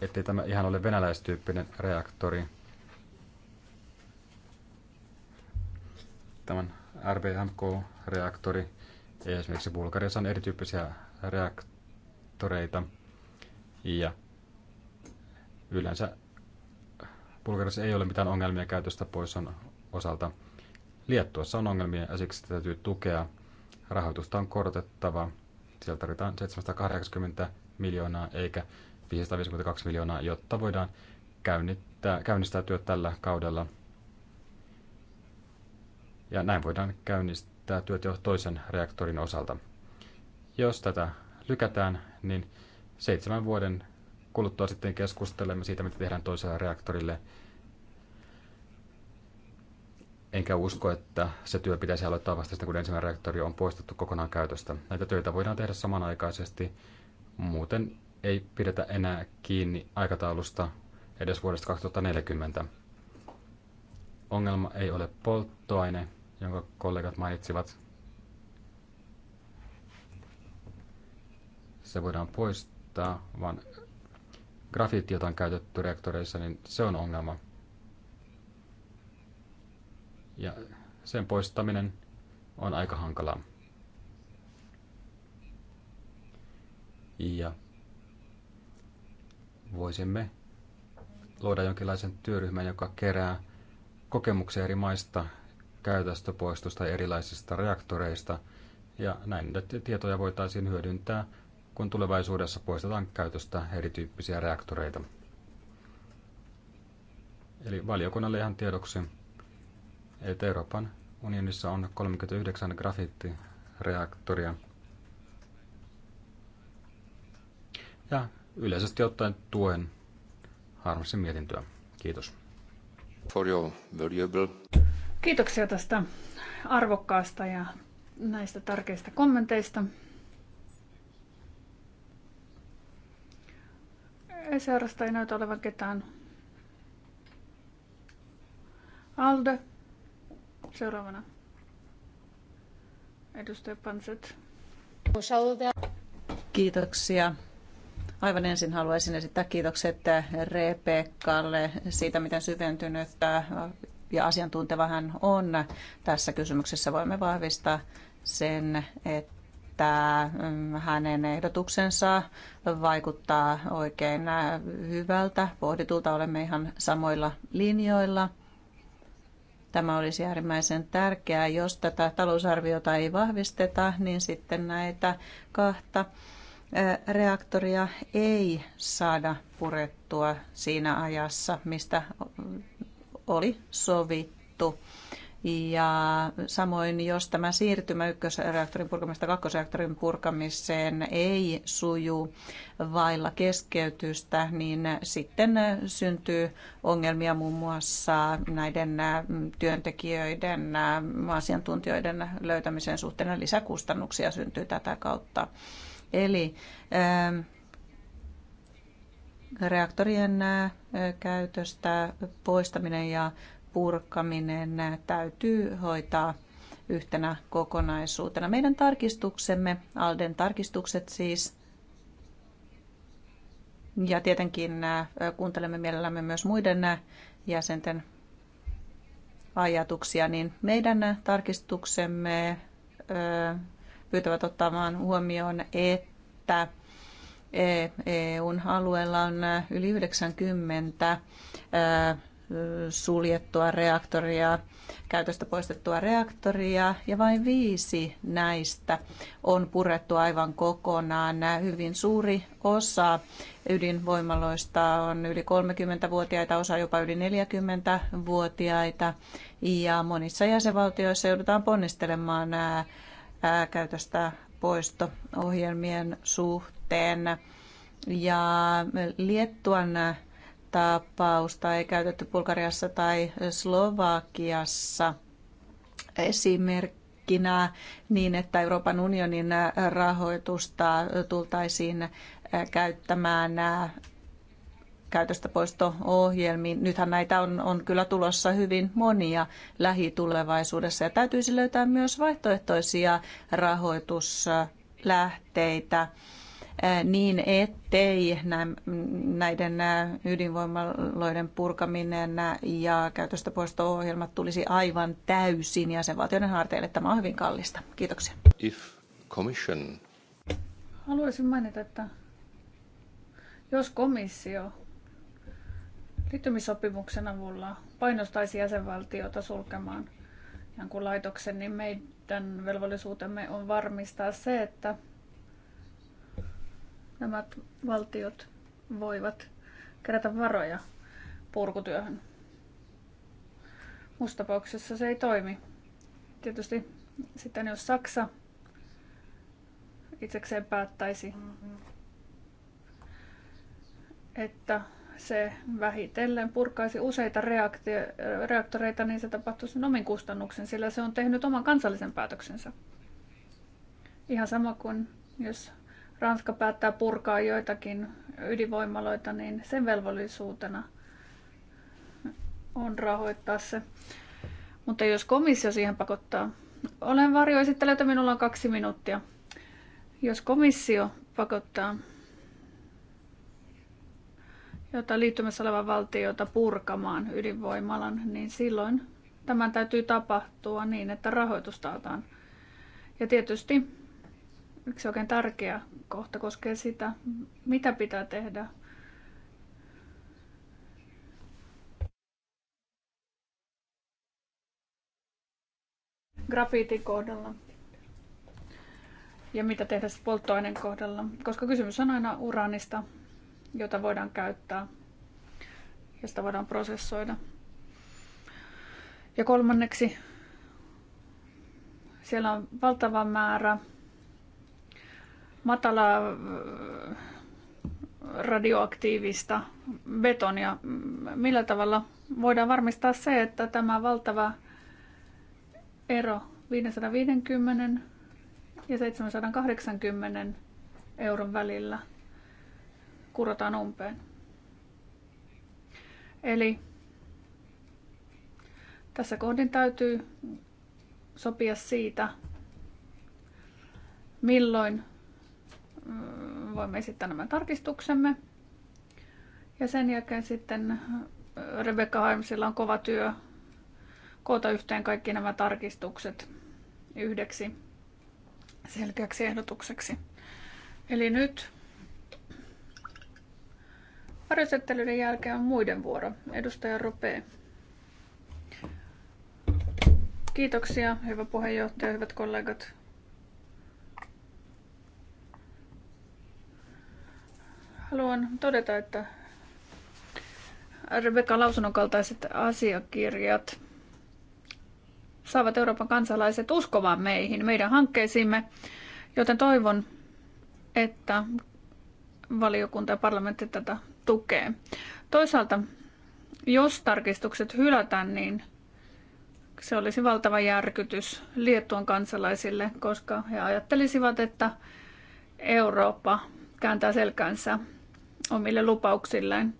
S3: ettei tämä ihan ole venäläistyyppinen reaktori. Tämän RBMK-reaktori, esimerkiksi Bulgariassa on erityyppisiä reaktoreita traktoreita. Ja yleensä Bulgariassa ei ole mitään ongelmia käytöstä pois on osalta. Liettuassa on ongelmia ja siksi täytyy tukea. Rahoitusta on korotettava. Sieltä tarvitaan 780 miljoonaa eikä 552 miljoonaa, jotta voidaan käynnistää työt tällä kaudella. Ja näin voidaan käynnistää työt jo toisen reaktorin osalta. Jos tätä lykätään, niin seitsemän vuoden kuluttua sitten keskustelemme siitä, mitä tehdään toisella reaktorille. Enkä usko, että se työ pitäisi aloittaa vasta sitten, kun ensimmäinen reaktori on poistettu kokonaan käytöstä. Näitä töitä voidaan tehdä samanaikaisesti. Muuten ei pidetä enää kiinni aikataulusta edes vuodesta 2040. Ongelma ei ole polttoaine, jonka kollegat mainitsivat. se voidaan poistaa, vaan grafiitti, jota on käytetty reaktoreissa, niin se on ongelma. Ja sen poistaminen on aika hankalaa. Ja voisimme luoda jonkinlaisen työryhmän, joka kerää kokemuksia eri maista käytöstä erilaisista reaktoreista, ja näin tietoja voitaisiin hyödyntää kun tulevaisuudessa poistetaan käytöstä erityyppisiä reaktoreita. Eli valiokunnalle ihan tiedoksi, että Euroopan unionissa on 39 grafiittireaktoria. Ja yleisesti ottaen tuen Harmsin mietintöä. Kiitos. For your valuable.
S2: Kiitoksia tästä arvokkaasta ja näistä tärkeistä kommenteista. SRstä ei näytä olevan ketään. Alde. Seuraavana. Edustaja Panset.
S4: Kiitoksia. Aivan ensin haluaisin esittää kiitokset Rebekalle siitä, miten syventynyt ja asiantunteva hän on tässä kysymyksessä. Voimme vahvistaa sen, että että mm, hänen ehdotuksensa vaikuttaa oikein äh, hyvältä. Pohditulta olemme ihan samoilla linjoilla. Tämä olisi äärimmäisen tärkeää. Jos tätä talousarviota ei vahvisteta, niin sitten näitä kahta äh, reaktoria ei saada purettua siinä ajassa, mistä oli sovittu. Ja samoin, jos tämä siirtymä ykkösreaktorin purkamista kakkosreaktorin purkamiseen ei suju vailla keskeytystä, niin sitten syntyy ongelmia muun muassa näiden työntekijöiden, asiantuntijoiden löytämisen suhteen. Lisäkustannuksia syntyy tätä kautta. Eli reaktorien käytöstä poistaminen ja purkaminen täytyy hoitaa yhtenä kokonaisuutena. Meidän tarkistuksemme, Alden tarkistukset siis, ja tietenkin äh, kuuntelemme mielellämme myös muiden äh, jäsenten ajatuksia, niin meidän äh, tarkistuksemme pyytävät ottamaan huomioon, että EUn alueella on yli 90 suljettua reaktoria, käytöstä poistettua reaktoria ja vain viisi näistä on purettu aivan kokonaan. Nämä hyvin suuri osa ydinvoimaloista on yli 30-vuotiaita, osa jopa yli 40-vuotiaita ja monissa jäsenvaltioissa joudutaan ponnistelemaan nämä käytöstä poisto-ohjelmien suhteen. Ja Liettuan tapausta ei käytetty Bulgariassa tai Slovakiassa esimerkkinä niin, että Euroopan unionin rahoitusta tultaisiin käyttämään käytöstä poisto-ohjelmiin. Nythän näitä on, on kyllä tulossa hyvin monia lähitulevaisuudessa ja täytyisi löytää myös vaihtoehtoisia rahoituslähteitä niin, ettei näiden ydinvoimaloiden purkaminen ja käytöstä poisto-ohjelmat tulisi aivan täysin jäsenvaltioiden harteille. Tämä on hyvin kallista. Kiitoksia.
S1: If commission...
S2: Haluaisin mainita, että jos komissio liittymissopimuksen avulla painostaisi jäsenvaltiota sulkemaan jonkun laitoksen, niin meidän velvollisuutemme on varmistaa se, että nämä valtiot voivat kerätä varoja purkutyöhön. Musta tapauksessa se ei toimi. Tietysti sitten jos Saksa itsekseen päättäisi, että se vähitellen purkaisi useita reaktio- reaktoreita, niin se tapahtuisi omin kustannuksen, sillä se on tehnyt oman kansallisen päätöksensä. Ihan sama kuin jos Ranska päättää purkaa joitakin ydinvoimaloita, niin sen velvollisuutena on rahoittaa se. Mutta jos komissio siihen pakottaa, olen varjoesittelijä, minulla on kaksi minuuttia. Jos komissio pakottaa jotain liittymässä olevan valtiota purkamaan ydinvoimalan, niin silloin tämän täytyy tapahtua niin, että rahoitusta otetaan. Ja tietysti Yksi oikein tärkeä kohta koskee sitä, mitä pitää tehdä grafiitin kohdalla ja mitä tehdä polttoaineen kohdalla, koska kysymys on aina uraanista, jota voidaan käyttää ja sitä voidaan prosessoida. Ja kolmanneksi, siellä on valtava määrä matala äh, radioaktiivista betonia. Millä tavalla voidaan varmistaa se, että tämä valtava ero 550 ja 780 euron välillä kurotaan umpeen. Eli tässä kohdin täytyy sopia siitä, milloin Mm, voimme esittää nämä tarkistuksemme. Ja sen jälkeen sitten äh, Rebecca Harmsilla on kova työ koota yhteen kaikki nämä tarkistukset yhdeksi selkeäksi ehdotukseksi. Eli nyt Harjoittelyiden jälkeen on muiden vuoro. Edustaja Rope. Kiitoksia, hyvä puheenjohtaja, hyvät kollegat. Haluan todeta, että Rebekka lausunnon kaltaiset asiakirjat saavat Euroopan kansalaiset uskomaan meihin, meidän hankkeisiimme, joten toivon, että valiokunta ja parlamentti tätä tukee. Toisaalta, jos tarkistukset hylätään, niin se olisi valtava järkytys Liettuan kansalaisille, koska he ajattelisivat, että Eurooppa kääntää selkänsä omille lupauksilleen.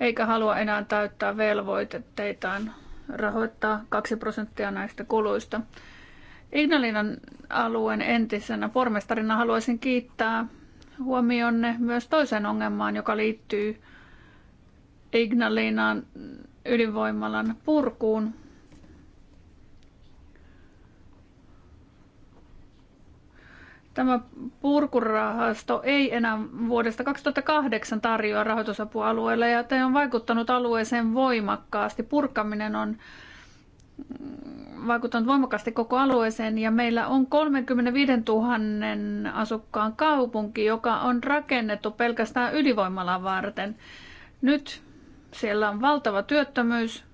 S2: eikä halua enää täyttää velvoitteitaan rahoittaa 2 prosenttia näistä kuluista. Ignalinan alueen entisenä pormestarina haluaisin kiittää huomionne myös toiseen ongelmaan, joka liittyy Ignalinan ydinvoimalan purkuun. Tämä purkurahasto ei enää vuodesta 2008 tarjoa rahoitusapualueelle ja tämä on vaikuttanut alueeseen voimakkaasti. Purkaminen on mm, vaikuttanut voimakkaasti koko alueeseen ja meillä on 35 000 asukkaan kaupunki, joka on rakennettu pelkästään ydinvoimalla varten. Nyt siellä on valtava työttömyys.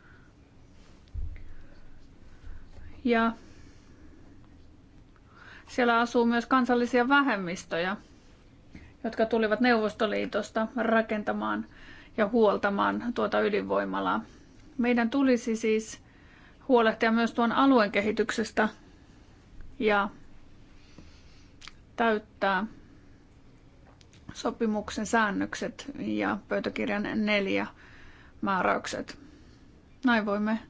S2: Ja siellä asuu myös kansallisia vähemmistöjä, jotka tulivat Neuvostoliitosta rakentamaan ja huoltamaan tuota ydinvoimalaa. Meidän tulisi siis huolehtia myös tuon alueen kehityksestä ja täyttää sopimuksen säännökset ja pöytäkirjan neljä määräykset. Näin voimme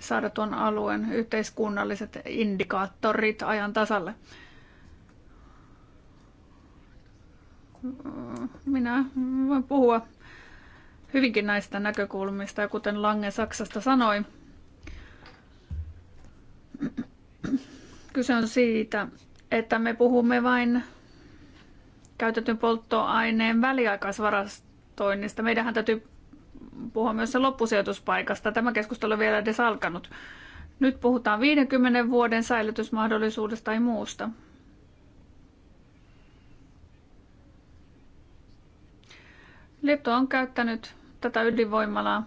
S2: saada tuon alueen yhteiskunnalliset indikaattorit ajan tasalle. Minä voin puhua hyvinkin näistä näkökulmista ja kuten Lange Saksasta sanoi, kyse on siitä, että me puhumme vain käytetyn polttoaineen väliaikaisvarasta investoinnista. Meidänhän täytyy puhua myös sen loppusijoituspaikasta. Tämä keskustelu on vielä edes alkanut. Nyt puhutaan 50 vuoden säilytysmahdollisuudesta tai muusta. Lietto on käyttänyt tätä ydinvoimalaa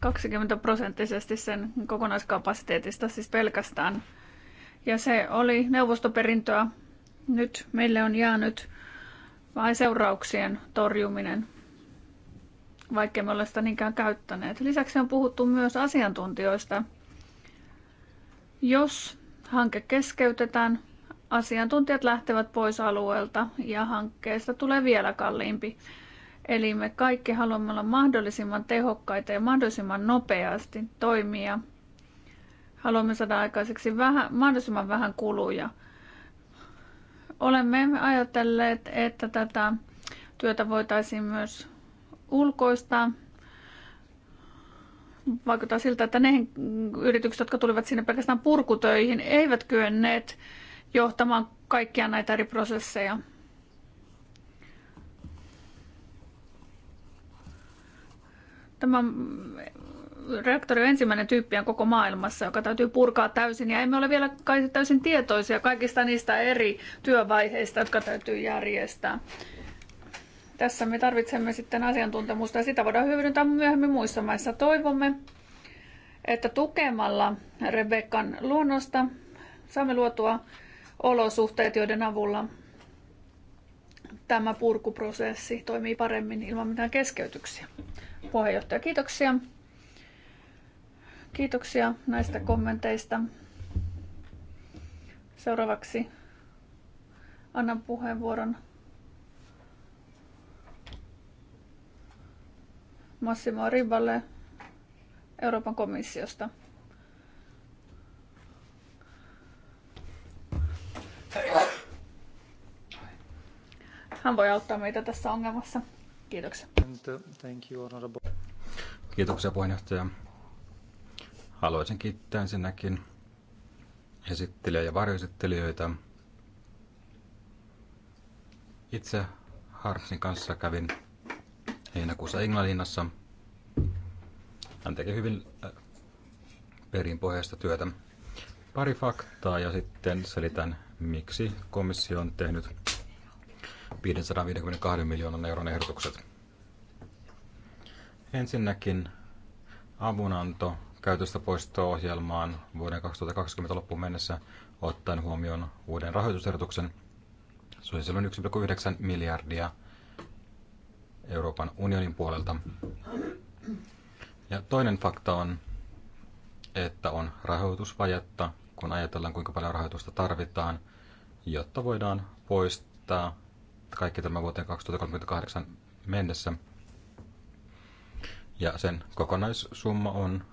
S2: 20 prosenttisesti sen kokonaiskapasiteetista, siis pelkästään. Ja se oli neuvostoperintöä. Nyt meille on jäänyt vain seurauksien torjuminen, vaikkei me ole sitä niinkään käyttäneet. Lisäksi on puhuttu myös asiantuntijoista. Jos hanke keskeytetään, asiantuntijat lähtevät pois alueelta ja hankkeesta tulee vielä kalliimpi. Eli me kaikki haluamme olla mahdollisimman tehokkaita ja mahdollisimman nopeasti toimia. Haluamme saada aikaiseksi vähän, mahdollisimman vähän kuluja – Olemme ajatelleet, että tätä työtä voitaisiin myös ulkoistaa. Vaikuttaa siltä, että ne yritykset, jotka tulivat sinne pelkästään purkutöihin, eivät kyenneet johtamaan kaikkia näitä eri prosesseja. Tämä reaktori on ensimmäinen tyyppiä koko maailmassa, joka täytyy purkaa täysin. Ja emme ole vielä täysin tietoisia kaikista niistä eri työvaiheista, jotka täytyy järjestää. Tässä me tarvitsemme sitten asiantuntemusta ja sitä voidaan hyödyntää myöhemmin muissa maissa. Toivomme, että tukemalla Rebekan luonnosta saamme luotua olosuhteet, joiden avulla tämä purkuprosessi toimii paremmin ilman mitään keskeytyksiä. Puheenjohtaja, kiitoksia. Kiitoksia näistä kommenteista. Seuraavaksi annan puheenvuoron Massimo Riballe Euroopan komissiosta. Hän voi auttaa meitä tässä ongelmassa. Kiitoksia. Uh,
S3: Kiitoksia puheenjohtaja. Haluaisin kiittää ensinnäkin esittelijä ja varjoesittelijöitä. Itse Harpsin kanssa kävin heinäkuussa Englannissa. Hän teki hyvin äh, perinpohjaista työtä. Pari faktaa ja sitten selitän, miksi komissio on tehnyt 552 miljoonan euron ehdotukset. Ensinnäkin avunanto käytöstä poisto-ohjelmaan vuoden 2020 loppuun mennessä ottaen huomioon uuden rahoitusehdotuksen. Se oli silloin 1,9 miljardia Euroopan unionin puolelta. Ja toinen fakta on, että on rahoitusvajetta, kun ajatellaan kuinka paljon rahoitusta tarvitaan, jotta voidaan poistaa kaikki tämä vuoteen 2038 mennessä. Ja sen kokonaissumma on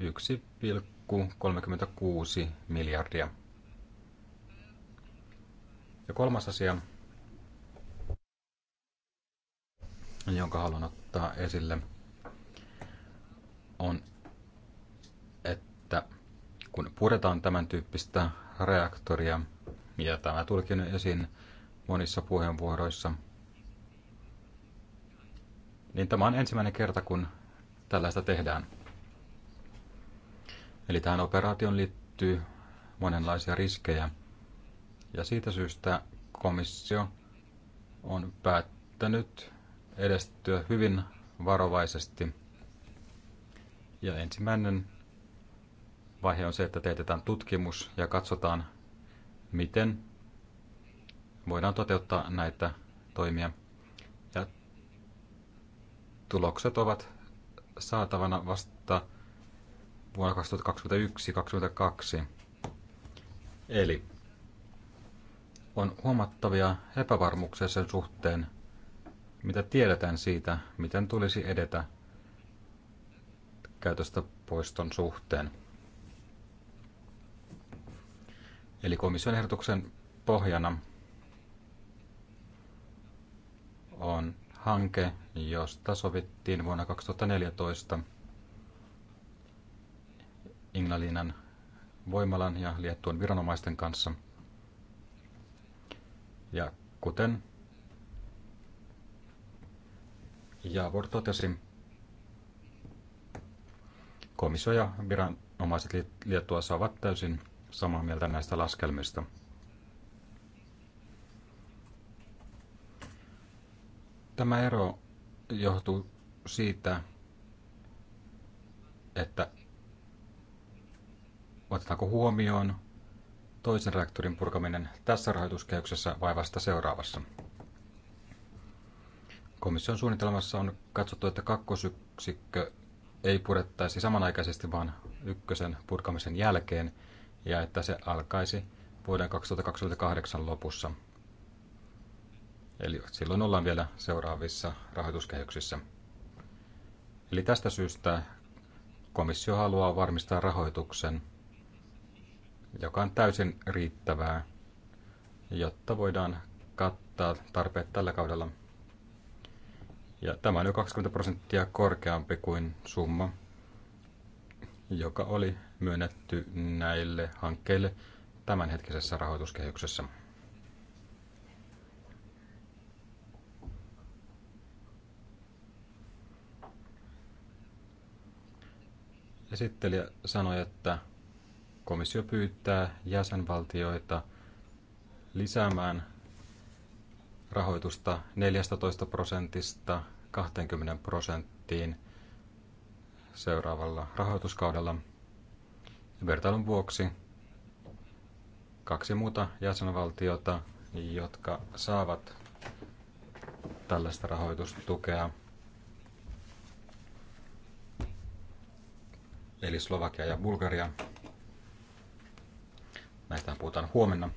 S3: 1,36 miljardia. Ja kolmas asia, jonka haluan ottaa esille, on, että kun puretaan tämän tyyppistä reaktoria, ja tämä tulikin esiin monissa puheenvuoroissa, niin tämä on ensimmäinen kerta, kun tällaista tehdään. Eli tähän operaation liittyy monenlaisia riskejä. Ja siitä syystä komissio on päättänyt edestyä hyvin varovaisesti. Ja ensimmäinen vaihe on se, että teetetään tutkimus ja katsotaan, miten voidaan toteuttaa näitä toimia. Ja tulokset ovat saatavana vasta vuonna 2021-2022. Eli on huomattavia epävarmuuksia sen suhteen, mitä tiedetään siitä, miten tulisi edetä käytöstä poiston suhteen. Eli komission ehdotuksen pohjana on hanke, josta sovittiin vuonna 2014 – Ignalinan voimalan ja Liettuan viranomaisten kanssa. Ja kuten Javor totesi, komissio ja viranomaiset Liettuassa ovat täysin samaa mieltä näistä laskelmista. Tämä ero johtuu siitä, että Otetaanko huomioon toisen reaktorin purkaminen tässä rahoituskehyksessä vai vasta seuraavassa? Komission suunnitelmassa on katsottu, että kakkosyksikkö ei purettaisi samanaikaisesti, vaan ykkösen purkamisen jälkeen, ja että se alkaisi vuoden 2028 lopussa. Eli silloin ollaan vielä seuraavissa rahoituskehyksissä. Eli tästä syystä komissio haluaa varmistaa rahoituksen joka on täysin riittävää, jotta voidaan kattaa tarpeet tällä kaudella. Ja tämä on jo 20 prosenttia korkeampi kuin summa, joka oli myönnetty näille hankkeille tämänhetkisessä rahoituskehyksessä. Esittelijä sanoi, että komissio pyytää jäsenvaltioita lisäämään rahoitusta 14 prosentista 20 prosenttiin seuraavalla rahoituskaudella. Vertailun vuoksi kaksi muuta jäsenvaltiota, jotka saavat tällaista rahoitustukea, eli Slovakia ja Bulgaria, Näistä puhutaan huomenna.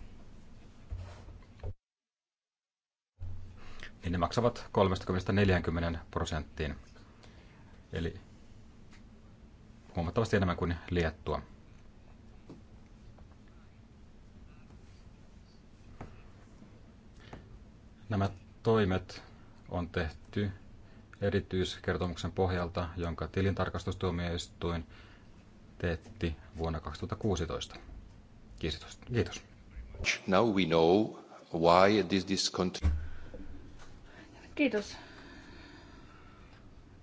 S3: Niin ne maksavat 30-40 prosenttiin. Eli huomattavasti enemmän kuin liettua. Nämä toimet on tehty erityiskertomuksen pohjalta, jonka tilintarkastustuomioistuin teetti vuonna
S1: 2016. Kiitos. Kiitos. Now we know why this discont-
S2: Kiitos.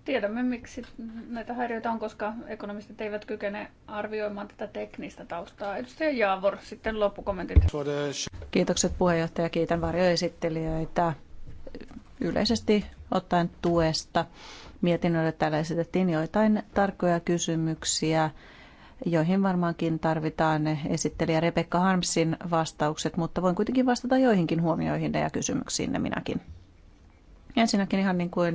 S2: Tiedämme, miksi näitä häiriöitä on, koska ekonomistit eivät kykene arvioimaan tätä teknistä taustaa. Edustaja Jaavor, sitten loppukommentit.
S4: Kiitokset puheenjohtaja, kiitän varjoesittelijöitä yleisesti ottaen tuesta. Mietinnölle täällä esitettiin joitain tarkkoja kysymyksiä joihin varmaankin tarvitaan esittelijä Rebekka Harmsin vastaukset, mutta voin kuitenkin vastata joihinkin huomioihin ja kysymyksiin ne minäkin. Ensinnäkin ihan niin kuin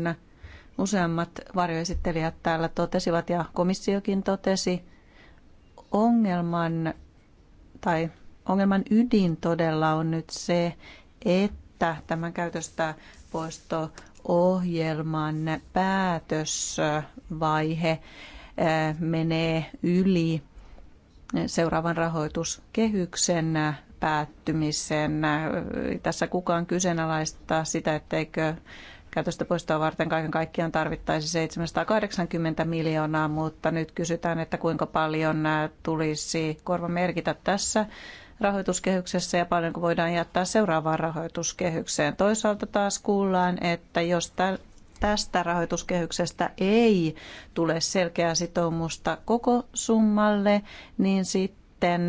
S4: useammat varjoesittelijät täällä totesivat ja komissiokin totesi, ongelman tai ongelman ydin todella on nyt se, että tämän käytöstä poisto ohjelman päätösvaihe menee yli seuraavan rahoituskehyksen päättymisen. Tässä kukaan kyseenalaistaa sitä, etteikö käytöstä poistoa varten kaiken kaikkiaan tarvittaisi 780 miljoonaa, mutta nyt kysytään, että kuinka paljon tulisi korva merkitä tässä rahoituskehyksessä ja paljonko voidaan jättää seuraavaan rahoituskehykseen. Toisaalta taas kuullaan, että jos tästä rahoituskehyksestä ei tule selkeää sitoumusta koko summalle, niin sitten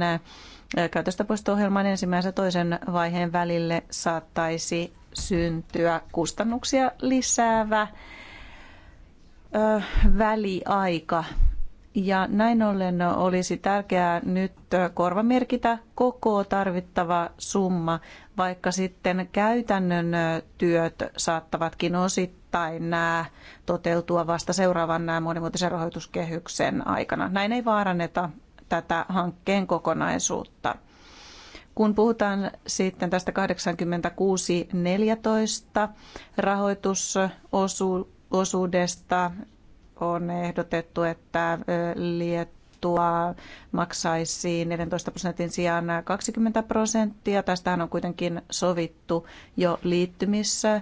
S4: käytöstä poisto-ohjelman ensimmäisen ja toisen vaiheen välille saattaisi syntyä kustannuksia lisäävä ö, väliaika. Ja näin ollen olisi tärkeää nyt korvamerkitä koko tarvittava summa, vaikka sitten käytännön työt saattavatkin osittain osittain nämä toteutua vasta seuraavan nämä monimuotoisen rahoituskehyksen aikana. Näin ei vaaranneta tätä hankkeen kokonaisuutta. Kun puhutaan sitten tästä 86.14 rahoitusosuudesta, on ehdotettu, että Liettua maksaisi 14 prosentin sijaan 20 prosenttia. Tästähän on kuitenkin sovittu jo liittymissä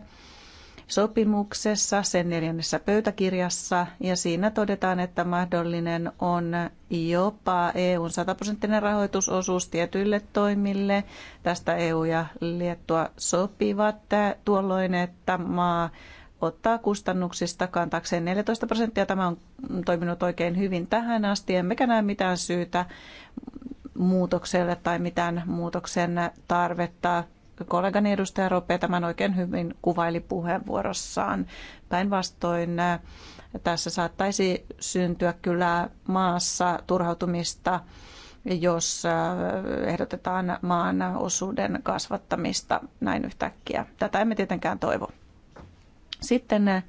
S4: sopimuksessa, sen neljännessä pöytäkirjassa, ja siinä todetaan, että mahdollinen on jopa EUn sataprosenttinen prosenttinen rahoitusosuus tietyille toimille. Tästä EU ja Liettua sopivat tuolloin, että maa ottaa kustannuksista kantakseen 14 prosenttia. Tämä on toiminut oikein hyvin tähän asti, emmekä näe mitään syytä muutokselle tai mitään muutoksen tarvetta kollegani edustaja Rope tämän oikein hyvin kuvaili puheenvuorossaan. Päinvastoin äh, tässä saattaisi syntyä kyllä maassa turhautumista, jos äh, ehdotetaan maan osuuden kasvattamista näin yhtäkkiä. Tätä emme tietenkään toivo. Sitten äh,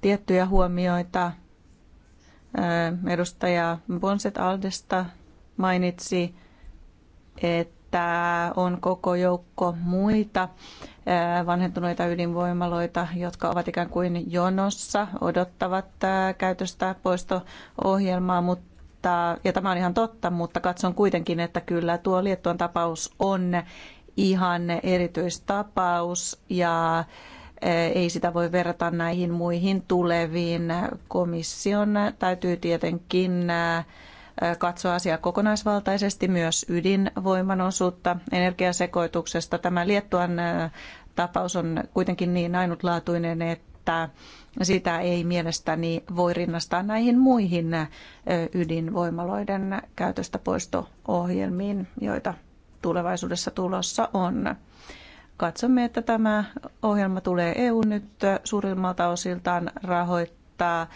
S4: tiettyjä huomioita edustaja Bonset Aldesta mainitsi, että että on koko joukko muita vanhentuneita ydinvoimaloita, jotka ovat ikään kuin jonossa, odottavat käytöstä poisto-ohjelmaa, mutta ja tämä on ihan totta, mutta katson kuitenkin, että kyllä tuo Liettuan tapaus on ihan erityistapaus ja ei sitä voi verrata näihin muihin tuleviin. Komission täytyy tietenkin katsoa asiaa kokonaisvaltaisesti, myös ydinvoiman osuutta energiasekoituksesta. Tämä Liettuan tapaus on kuitenkin niin ainutlaatuinen, että sitä ei mielestäni voi rinnastaa näihin muihin ydinvoimaloiden käytöstä poisto-ohjelmiin, joita tulevaisuudessa tulossa on. Katsomme, että tämä ohjelma tulee EU nyt suurimmalta osiltaan rahoittaa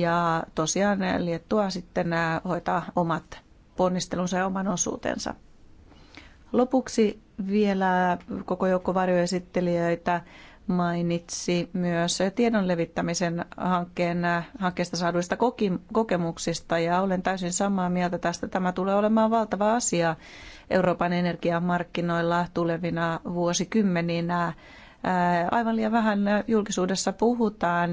S4: ja tosiaan Liettua sitten hoitaa omat ponnistelunsa ja oman osuutensa. Lopuksi vielä koko joukko varjoesittelijöitä mainitsi myös tiedon levittämisen hankkeen, hankkeesta saaduista kokemuksista ja olen täysin samaa mieltä tästä. Tämä tulee olemaan valtava asia Euroopan energiamarkkinoilla tulevina vuosikymmeninä. Aivan liian vähän julkisuudessa puhutaan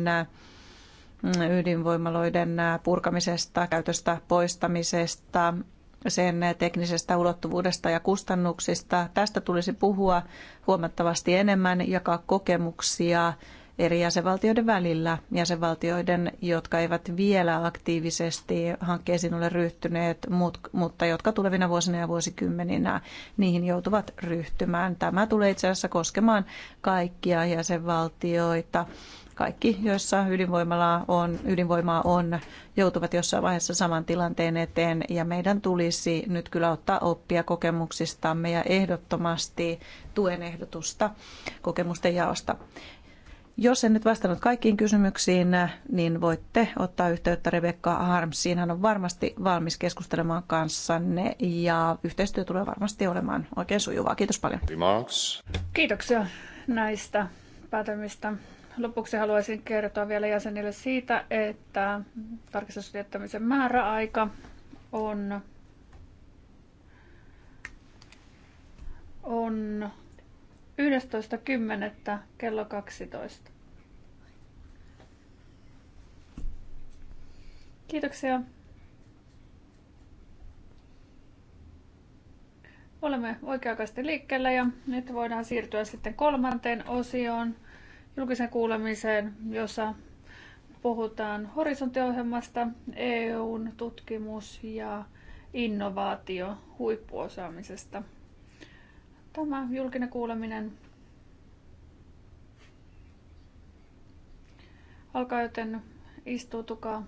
S4: ydinvoimaloiden purkamisesta, käytöstä poistamisesta, sen teknisestä ulottuvuudesta ja kustannuksista. Tästä tulisi puhua huomattavasti enemmän, jakaa kokemuksia eri jäsenvaltioiden välillä, jäsenvaltioiden, jotka eivät vielä aktiivisesti hankkeisiin ole ryhtyneet, mutta jotka tulevina vuosina ja vuosikymmeninä niihin joutuvat ryhtymään. Tämä tulee itse asiassa koskemaan kaikkia jäsenvaltioita kaikki, joissa ydinvoimalaa on, ydinvoimaa on, joutuvat jossain vaiheessa saman tilanteen eteen. Ja meidän tulisi nyt kyllä ottaa oppia kokemuksistamme ja ehdottomasti tuen ehdotusta kokemusten jaosta. Jos en nyt vastannut kaikkiin kysymyksiin, niin voitte ottaa yhteyttä Rebekka Harmsiin. Hän on varmasti valmis keskustelemaan kanssanne ja yhteistyö tulee varmasti olemaan oikein sujuvaa. Kiitos paljon. Remarks.
S2: Kiitoksia näistä päätelmistä. Lopuksi haluaisin kertoa vielä jäsenille siitä, että tarkistusviettämisen määräaika on, on 11.10. kello 12. Kiitoksia. Olemme oikea liikkeellä ja nyt voidaan siirtyä sitten kolmanteen osioon julkisen kuulemiseen, jossa puhutaan horisonttiohjelmasta, EUn tutkimus ja innovaatio huippuosaamisesta. Tämä julkinen kuuleminen alkaa, joten istuutukaa.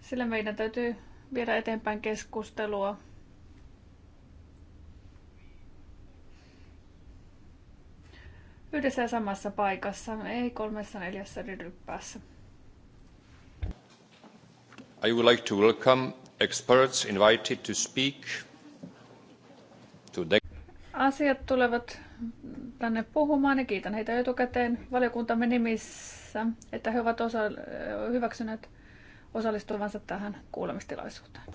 S2: Sillä meidän täytyy viedä eteenpäin keskustelua yhdessä ja samassa paikassa, ei kolmessa neljässä eri niin ryppäässä.
S1: I would like to welcome experts invited to speak to the...
S2: Asiat tulevat tänne puhumaan ja kiitän heitä etukäteen valiokuntamme nimissä, että he ovat osa- hyväksyneet osallistuvansa tähän kuulemistilaisuuteen.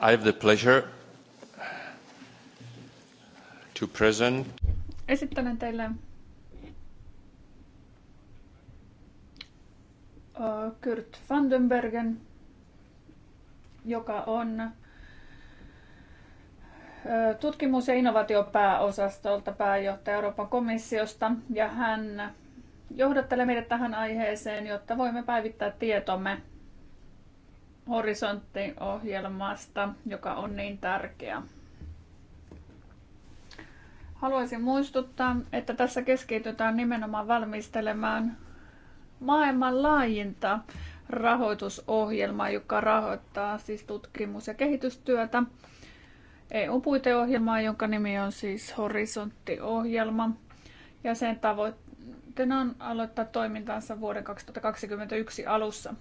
S1: I have the pleasure to present.
S2: Esittelen teille Kurt Vandenbergen, joka on tutkimus- ja innovaatiopääosastolta pääjohtaja Euroopan komissiosta ja hän johdattelee meidät tähän aiheeseen, jotta voimme päivittää tietomme horisonttiohjelmasta, joka on niin tärkeä. Haluaisin muistuttaa, että tässä keskitytään nimenomaan valmistelemaan maailman laajinta rahoitusohjelmaa, joka rahoittaa siis tutkimus- ja kehitystyötä. EU-puiteohjelmaa, jonka nimi on siis Horisontti-ohjelma. Ja sen tavoitteena on aloittaa toimintansa vuoden 2021 alussa.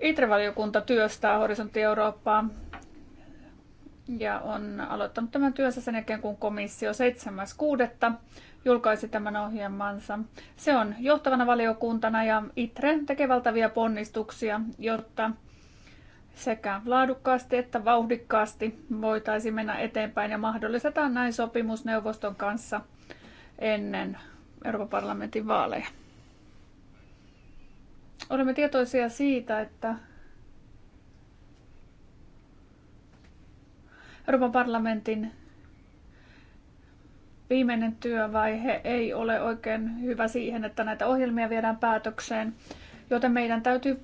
S2: ITRE-valiokunta työstää Horisontti Eurooppaa ja on aloittanut tämän työnsä sen jälkeen, kun komissio 7.6. julkaisi tämän ohjelmansa. Se on johtavana valiokuntana ja ITRE tekee valtavia ponnistuksia, jotta sekä laadukkaasti että vauhdikkaasti voitaisiin mennä eteenpäin ja mahdollistetaan näin sopimus neuvoston kanssa ennen Euroopan parlamentin vaaleja. Olemme tietoisia siitä, että Euroopan parlamentin viimeinen työvaihe ei ole oikein hyvä siihen, että näitä ohjelmia viedään päätökseen, joten meidän täytyy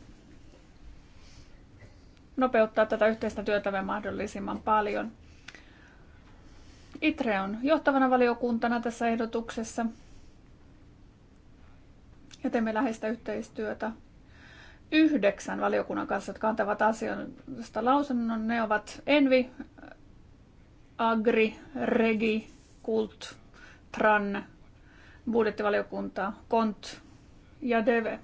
S2: nopeuttaa tätä yhteistä työtämme mahdollisimman paljon. ITRE on johtavana valiokuntana tässä ehdotuksessa ja teemme läheistä yhteistyötä yhdeksän valiokunnan kanssa, jotka antavat asiasta lausunnon. Ne ovat Envi, Agri, Regi, Kult, Tran, budjettivaliokunta, Kont ja Deve.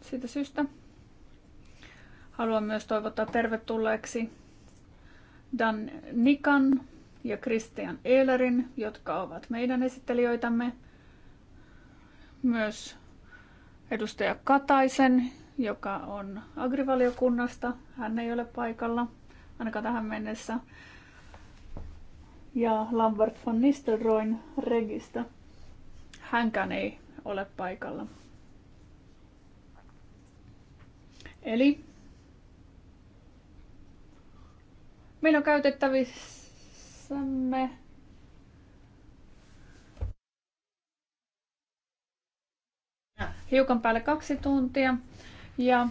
S2: Siitä syystä haluan myös toivottaa tervetulleeksi Dan Nikan ja Christian Ehlerin, jotka ovat meidän esittelijöitämme. Myös edustaja Kataisen, joka on agrivaliokunnasta. Hän ei ole paikalla, ainakaan tähän mennessä. Ja Lambert van Nistelrooyn Registä. Hänkään ei ole paikalla. Eli meillä on käytettävissämme hiukan päälle kaksi tuntia. Ja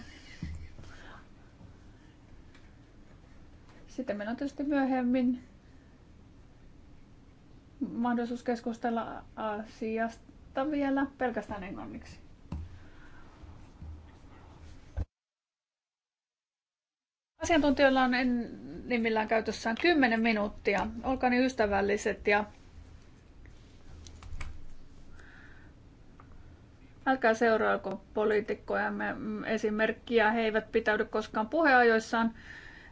S2: sitten meillä on tietysti myöhemmin mahdollisuus keskustella asiasta vielä pelkästään englanniksi. Asiantuntijoilla on nimillään käytössään 10 minuuttia. Olkaa niin ystävälliset ja Älkää seuraako poliitikkoja esimerkkiä, he eivät pitäydy koskaan puheajoissaan.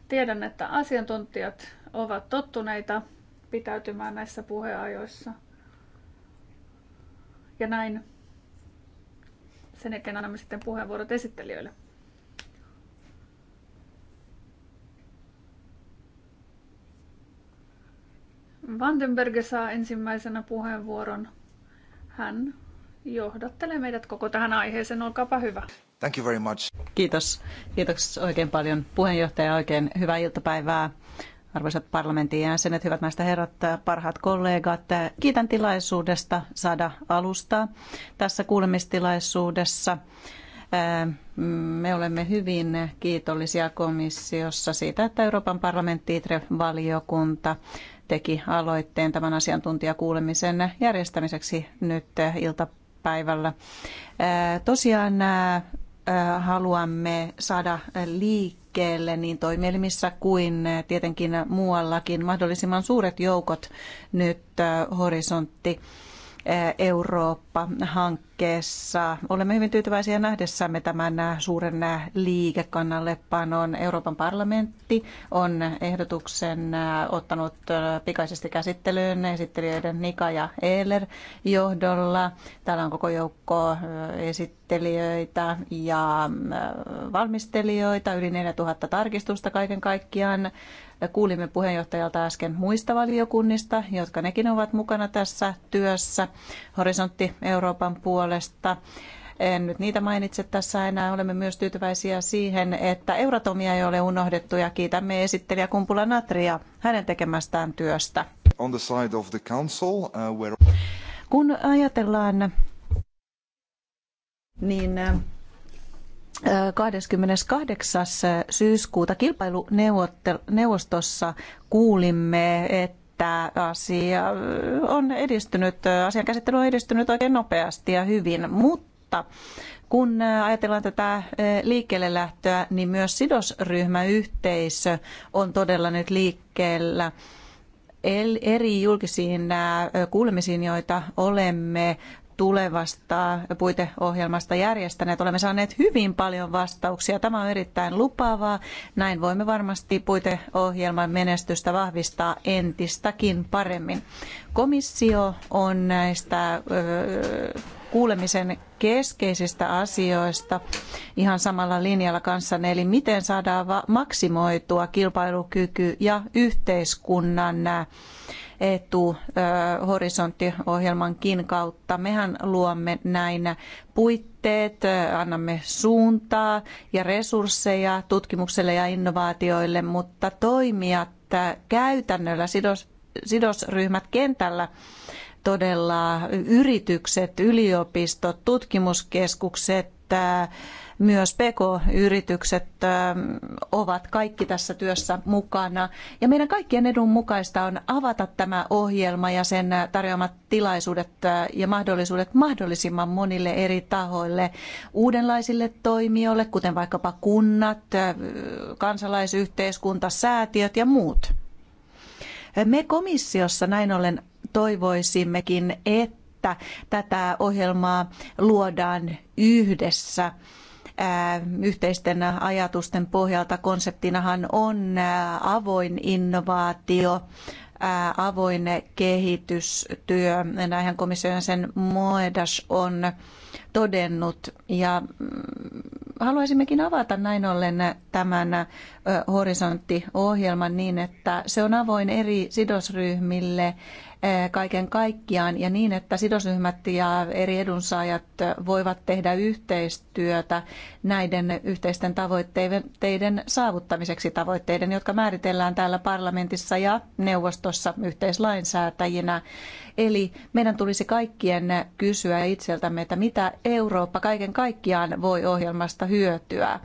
S2: Tiedän, että asiantuntijat ovat tottuneita pitäytymään näissä puheajoissa. Ja näin sen jälkeen annamme sitten puheenvuorot esittelijöille. Vandenberg saa ensimmäisenä puheenvuoron. Hän johdattelee meidät koko tähän aiheeseen. Olkaapa hyvä.
S4: Thank you very much. Kiitos. Kiitos oikein paljon puheenjohtaja. Oikein hyvää iltapäivää. Arvoisat parlamentin jäsenet, hyvät näistä herrat, parhaat kollegat, kiitän tilaisuudesta saada alustaa tässä kuulemistilaisuudessa. Me olemme hyvin kiitollisia komissiossa siitä, että Euroopan parlamentti ITRE-valiokunta teki aloitteen tämän asiantuntijakuulemisen järjestämiseksi nyt iltapäivällä päivällä. Tosiaan haluamme saada liikkeelle niin toimielimissä kuin tietenkin muuallakin mahdollisimman suuret joukot nyt horisontti Eh, Eurooppa-hankkeessa. Olemme hyvin tyytyväisiä nähdessämme tämän suuren liikekannallepanon. Euroopan parlamentti on ehdotuksen eh, ottanut eh, pikaisesti käsittelyyn esittelijöiden Nika ja Eeler johdolla. Täällä on koko joukko esittelijöitä ja valmistelijoita, yli 4000 tarkistusta kaiken kaikkiaan Kuulimme puheenjohtajalta äsken muista valiokunnista, jotka nekin ovat mukana tässä työssä Horisontti Euroopan puolesta. En nyt niitä mainitse tässä enää. Olemme myös tyytyväisiä siihen, että Euratomia ei ole unohdettu ja kiitämme esittelijä Kumpula Natria hänen tekemästään työstä.
S1: Council, uh, where...
S4: Kun ajatellaan niin 28. syyskuuta kilpailuneuvostossa kuulimme, että asia on edistynyt, asian käsittely on edistynyt oikein nopeasti ja hyvin, mutta kun ajatellaan tätä liikkeelle lähtöä, niin myös sidosryhmäyhteisö on todella nyt liikkeellä eri julkisiin kuulemisiin, joita olemme tulevasta puiteohjelmasta järjestäneet. Olemme saaneet hyvin paljon vastauksia. Tämä on erittäin lupaavaa. Näin voimme varmasti puiteohjelman menestystä vahvistaa entistäkin paremmin. Komissio on näistä kuulemisen keskeisistä asioista ihan samalla linjalla kanssa, eli miten saadaan maksimoitua kilpailukyky ja yhteiskunnan etu horisonttiohjelmankin kautta. Mehän luomme näin puitteet, annamme suuntaa ja resursseja tutkimukselle ja innovaatioille, mutta toimijat käytännöllä, sidos, sidosryhmät kentällä todella yritykset, yliopistot, tutkimuskeskukset, myös PK-yritykset ovat kaikki tässä työssä mukana. Ja meidän kaikkien edun mukaista on avata tämä ohjelma ja sen tarjoamat tilaisuudet ja mahdollisuudet mahdollisimman monille eri tahoille, uudenlaisille toimijoille, kuten vaikkapa kunnat, kansalaisyhteiskunta, säätiöt ja muut. Me komissiossa näin ollen toivoisimmekin, että että tätä ohjelmaa luodaan yhdessä yhteisten ajatusten pohjalta. Konseptinahan on avoin innovaatio, avoin kehitystyö. Näinhän komission sen Moedas on todennut ja mm, haluaisimmekin avata näin ollen tämän horisonttiohjelman niin, että se on avoin eri sidosryhmille Eh, kaiken kaikkiaan ja niin, että sidosryhmät ja eri edunsaajat voivat tehdä yhteistyötä näiden yhteisten tavoitteiden saavuttamiseksi tavoitteiden, jotka määritellään täällä parlamentissa ja neuvostossa yhteislainsäätäjinä. Eli meidän tulisi kaikkien kysyä itseltämme, että mitä Eurooppa kaiken kaikkiaan voi ohjelmasta hyötyä.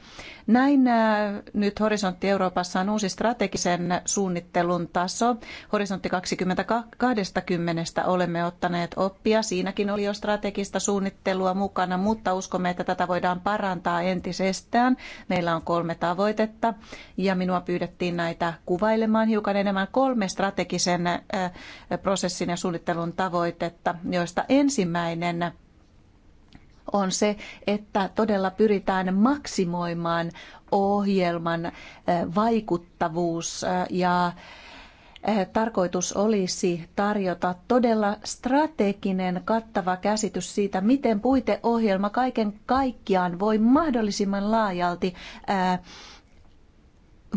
S4: Näin äh, nyt Horisontti Euroopassa on uusi strategisen suunnittelun taso. Horisontti 2020 olemme ottaneet oppia. Siinäkin oli jo strategista suunnittelua mukana, mutta uskomme, että tätä voidaan parantaa entisestään. Meillä on kolme tavoitetta ja minua pyydettiin näitä kuvailemaan hiukan enemmän kolme strategisen äh, prosessin ja suunnittelun kilpailun tavoitetta, joista ensimmäinen on se, että todella pyritään maksimoimaan ohjelman eh, vaikuttavuus eh, ja eh, tarkoitus olisi tarjota todella strateginen kattava käsitys siitä, miten puiteohjelma kaiken kaikkiaan voi mahdollisimman laajalti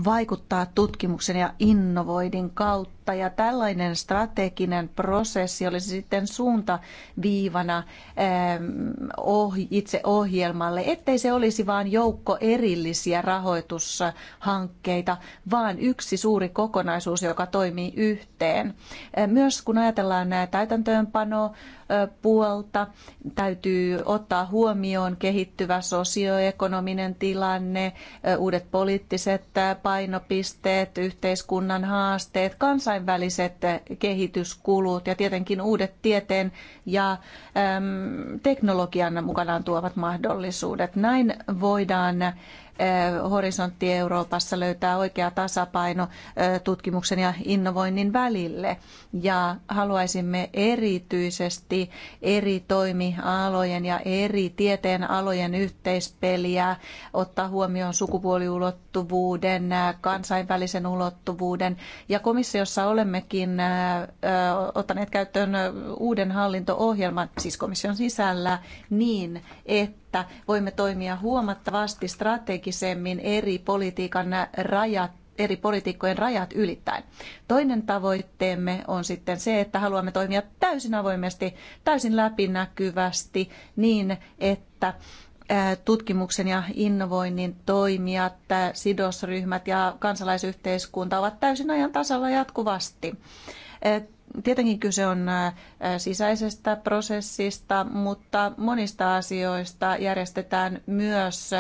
S4: vaikuttaa tutkimuksen ja innovoidin kautta kautta ja tällainen strateginen prosessi olisi sitten suunta viivana ähm, itse ohjelmalle, ettei se olisi vain joukko erillisiä rahoitushankkeita, vaan yksi suuri kokonaisuus, joka toimii yhteen. Äh, myös kun ajatellaan täytäntöönpano puolta. Täytyy ottaa huomioon kehittyvä sosioekonominen tilanne, uudet poliittiset painopisteet, yhteiskunnan haasteet, kansainväliset kansainväliset kehityskulut ja tietenkin uudet tieteen ja äm, teknologian mukanaan tuovat mahdollisuudet. Näin voidaan Eh, horisontti Euroopassa löytää oikea tasapaino eh, tutkimuksen ja innovoinnin välille. Ja haluaisimme erityisesti eri toimialojen ja eri tieteen alojen yhteispeliä ottaa huomioon sukupuoliulottuvuuden, eh, kansainvälisen ulottuvuuden. Ja komissiossa olemmekin ottaneet käyttöön uuden hallinto-ohjelman, siis komission sisällä, niin että että voimme toimia huomattavasti strategisemmin eri politiikan rajat eri politiikkojen rajat ylittäen. Toinen tavoitteemme on sitten se, että haluamme toimia täysin avoimesti, täysin läpinäkyvästi niin, että tutkimuksen ja innovoinnin toimijat, sidosryhmät ja kansalaisyhteiskunta ovat täysin ajan tasalla jatkuvasti Tietenkin kyse on sisäisestä prosessista, mutta monista asioista järjestetään myös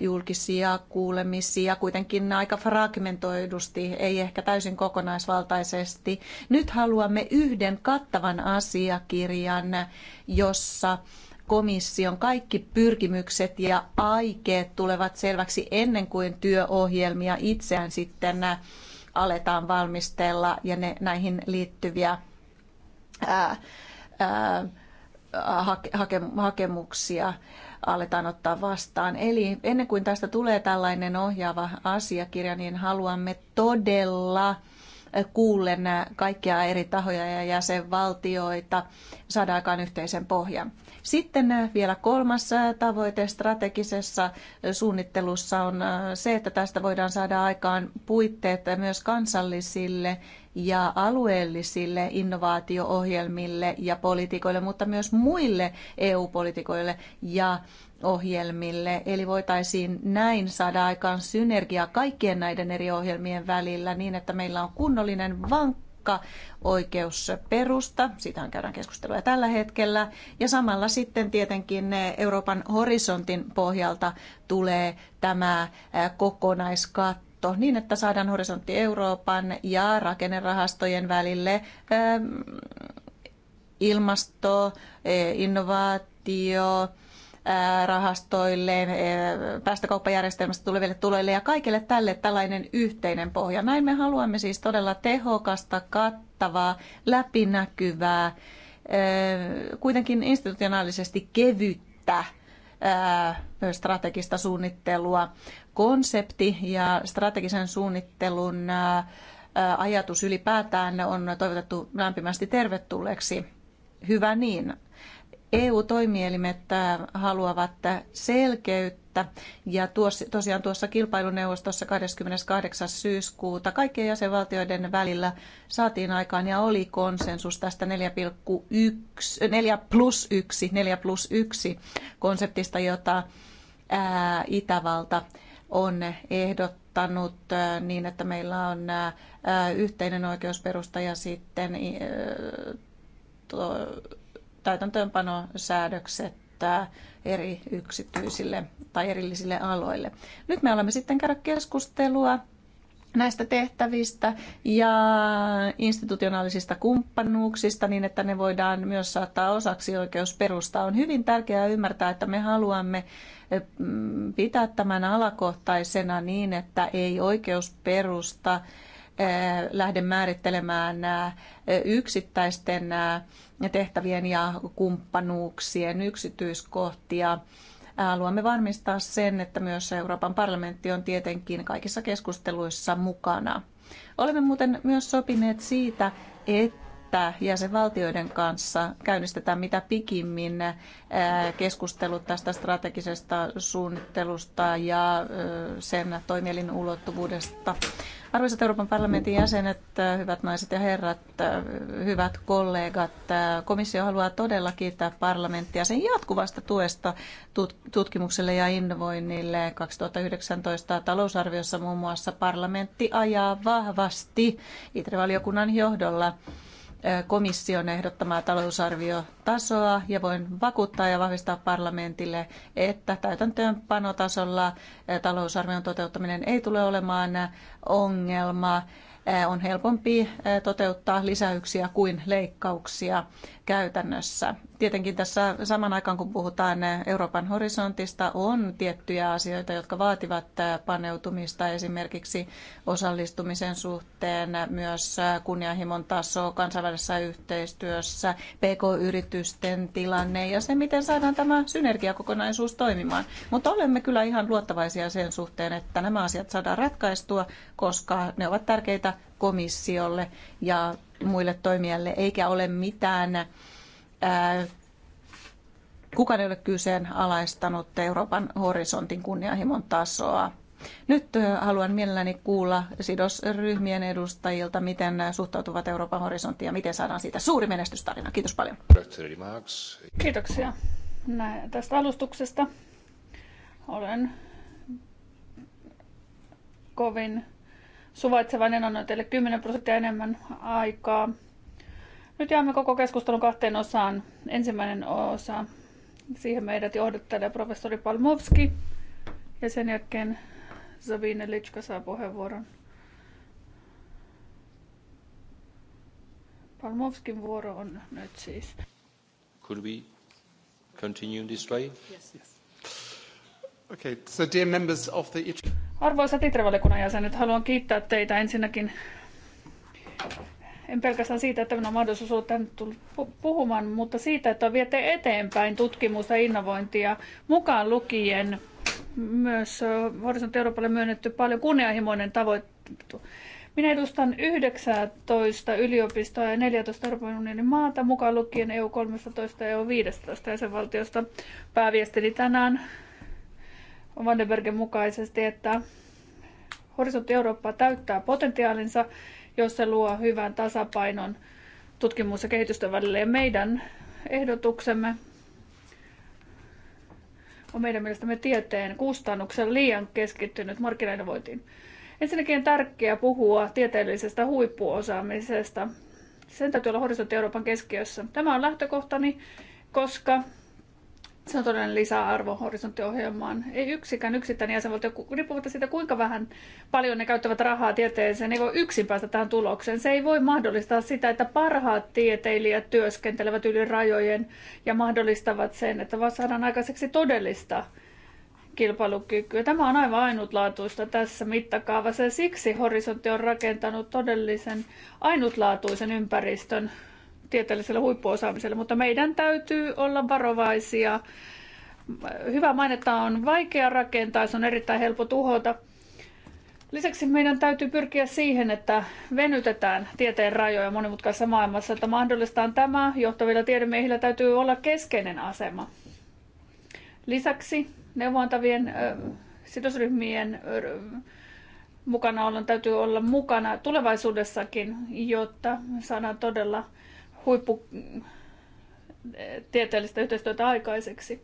S4: julkisia kuulemisia, kuitenkin aika fragmentoidusti, ei ehkä täysin kokonaisvaltaisesti. Nyt haluamme yhden kattavan asiakirjan, jossa komission kaikki pyrkimykset ja aikeet tulevat selväksi ennen kuin työohjelmia itseään sitten aletaan valmistella ja ne, näihin liittyviä ää, ää, hake, hake, hakemuksia aletaan ottaa vastaan. Eli ennen kuin tästä tulee tällainen ohjaava asiakirja, niin haluamme todella kuullen kaikkia eri tahoja ja jäsenvaltioita, saada aikaan yhteisen pohjan. Sitten vielä kolmas tavoite strategisessa suunnittelussa on se, että tästä voidaan saada aikaan puitteet myös kansallisille ja alueellisille innovaatio-ohjelmille ja poliitikoille, mutta myös muille EU-poliitikoille ja ohjelmille, eli voitaisiin näin saada aikaan synergiaa kaikkien näiden eri ohjelmien välillä niin, että meillä on kunnollinen vankka oikeusperusta, siitähän käydään keskustelua tällä hetkellä, ja samalla sitten tietenkin Euroopan horisontin pohjalta tulee tämä kokonaiskatto niin, että saadaan horisontti Euroopan ja rakennerahastojen välille ilmasto, innovaatio, rahastoille, eh, päästökauppajärjestelmästä tuleville tuloille ja kaikille tälle tällainen yhteinen pohja. Näin me haluamme siis todella tehokasta, kattavaa, läpinäkyvää, eh, kuitenkin institutionaalisesti kevyttä eh, strategista suunnittelua. Konsepti ja strategisen suunnittelun ajatus ylipäätään on toivotettu lämpimästi tervetulleeksi. Hyvä niin. EU-toimielimet äh, haluavat selkeyttä ja tuossa, tosiaan tuossa kilpailuneuvostossa 28. syyskuuta kaikkien jäsenvaltioiden välillä saatiin aikaan ja oli konsensus tästä 4,1, 4 plus 1, 4 plus 1 konseptista, jota ää, äh, Itävalta on ehdottanut äh, niin, että meillä on yhteinen oikeusperusta ja sitten täytäntöönpanosäädökset eri yksityisille tai erillisille aloille. Nyt me olemme sitten käydä keskustelua näistä tehtävistä ja institutionaalisista kumppanuuksista niin, että ne voidaan myös saattaa osaksi oikeusperusta. On hyvin tärkeää ymmärtää, että me haluamme eh, mm, pitää tämän alakohtaisena niin, että ei oikeusperusta Eh, lähde määrittelemään eh, yksittäisten eh, tehtävien ja kumppanuuksien yksityiskohtia. Haluamme varmistaa sen, että myös Euroopan parlamentti on tietenkin kaikissa keskusteluissa mukana. Olemme muuten myös sopineet siitä, että jäsenvaltioiden kanssa käynnistetään mitä pikimmin keskustelut tästä strategisesta suunnittelusta ja sen toimielin ulottuvuudesta. Arvoisat Euroopan parlamentin jäsenet, hyvät naiset ja herrat, hyvät kollegat, komissio haluaa todella kiittää parlamenttia sen jatkuvasta tuesta tutkimukselle ja innovoinnille. 2019 talousarviossa muun muassa parlamentti ajaa vahvasti itre johdolla komission ehdottamaa talousarviotasoa ja voin vakuuttaa ja vahvistaa parlamentille, että täytäntöönpanotasolla talousarvion toteuttaminen ei tule olemaan ongelma. On helpompi toteuttaa lisäyksiä kuin leikkauksia käytännössä. Tietenkin tässä saman aikaan, kun puhutaan Euroopan horisontista, on tiettyjä asioita, jotka vaativat paneutumista esimerkiksi osallistumisen suhteen, myös kunnianhimon taso kansainvälisessä yhteistyössä, PK-yritysten tilanne ja se, miten saadaan tämä synergiakokonaisuus toimimaan. Mutta olemme kyllä ihan luottavaisia sen suhteen, että nämä asiat saadaan ratkaistua, koska ne ovat tärkeitä komissiolle ja muille toimijalle, eikä ole mitään, ää, kukaan ei ole kyseenalaistanut Euroopan horisontin kunnianhimon tasoa. Nyt haluan mielelläni kuulla sidosryhmien edustajilta, miten suhtautuvat Euroopan horisonttiin ja miten saadaan siitä suuri menestystarina. Kiitos paljon. Kiitoksia
S2: Näin, tästä alustuksesta. Olen kovin suvaitsevainen, annoi teille 10 prosenttia enemmän aikaa. Nyt jäämme koko keskustelun kahteen osaan. Ensimmäinen osa, siihen meidät johdattelee professori Palmovski ja sen jälkeen Sabine Litschka saa puheenvuoron. Palmovskin vuoro on nyt siis.
S1: Could we continue this way? Yes, yes. Okay, so dear members of the...
S2: Arvoisat Itre-valiokunnan jäsenet, haluan kiittää teitä ensinnäkin en pelkästään siitä, että minulla on mahdollisuus olla tänne tullut puhumaan, mutta siitä, että viette eteenpäin tutkimusta ja innovointia mukaan lukien myös Horisontti Euroopalle myönnetty paljon kunnianhimoinen tavoite. Minä edustan 19 yliopistoa ja 14 Euroopan unionin maata, mukaan lukien EU 13 ja EU 15 jäsenvaltiosta. Pääviestini tänään Vandenbergen mukaisesti, että Horisontti Eurooppa täyttää potentiaalinsa, jos se luo hyvän tasapainon tutkimus- ja kehitysten välillä. Ja meidän ehdotuksemme on meidän mielestämme tieteen kustannuksen liian keskittynyt markkinoinnin Ensinnäkin on tärkeää puhua tieteellisestä huippuosaamisesta. Sen täytyy olla Horisontti Euroopan keskiössä. Tämä on lähtökohtani, koska se on todellinen lisäarvo horisonttiohjelmaan. Ei yksikään yksittäinen jäsenvaltio, riippumatta siitä kuinka vähän paljon ne käyttävät rahaa tieteeseen, ei voi yksin päästä tähän tulokseen. Se ei voi mahdollistaa sitä, että parhaat tieteilijät työskentelevät yli rajojen ja mahdollistavat sen, että vaan saadaan aikaiseksi todellista kilpailukykyä. Tämä on aivan ainutlaatuista tässä mittakaavassa ja siksi horisontti on rakentanut todellisen ainutlaatuisen ympäristön tieteellisellä huippuosaamisella, mutta meidän täytyy olla varovaisia. Hyvä mainetta on vaikea rakentaa, se on erittäin helppo tuhota. Lisäksi meidän täytyy pyrkiä siihen, että venytetään tieteen rajoja monimutkaisessa maailmassa, että mahdollistaan tämä, johtavilla tiedemiehillä täytyy olla keskeinen asema. Lisäksi neuvontavien äh, sidosryhmien äh, mukana ollen täytyy olla mukana tulevaisuudessakin, jotta saadaan todella huipputieteellistä yhteistyötä aikaiseksi.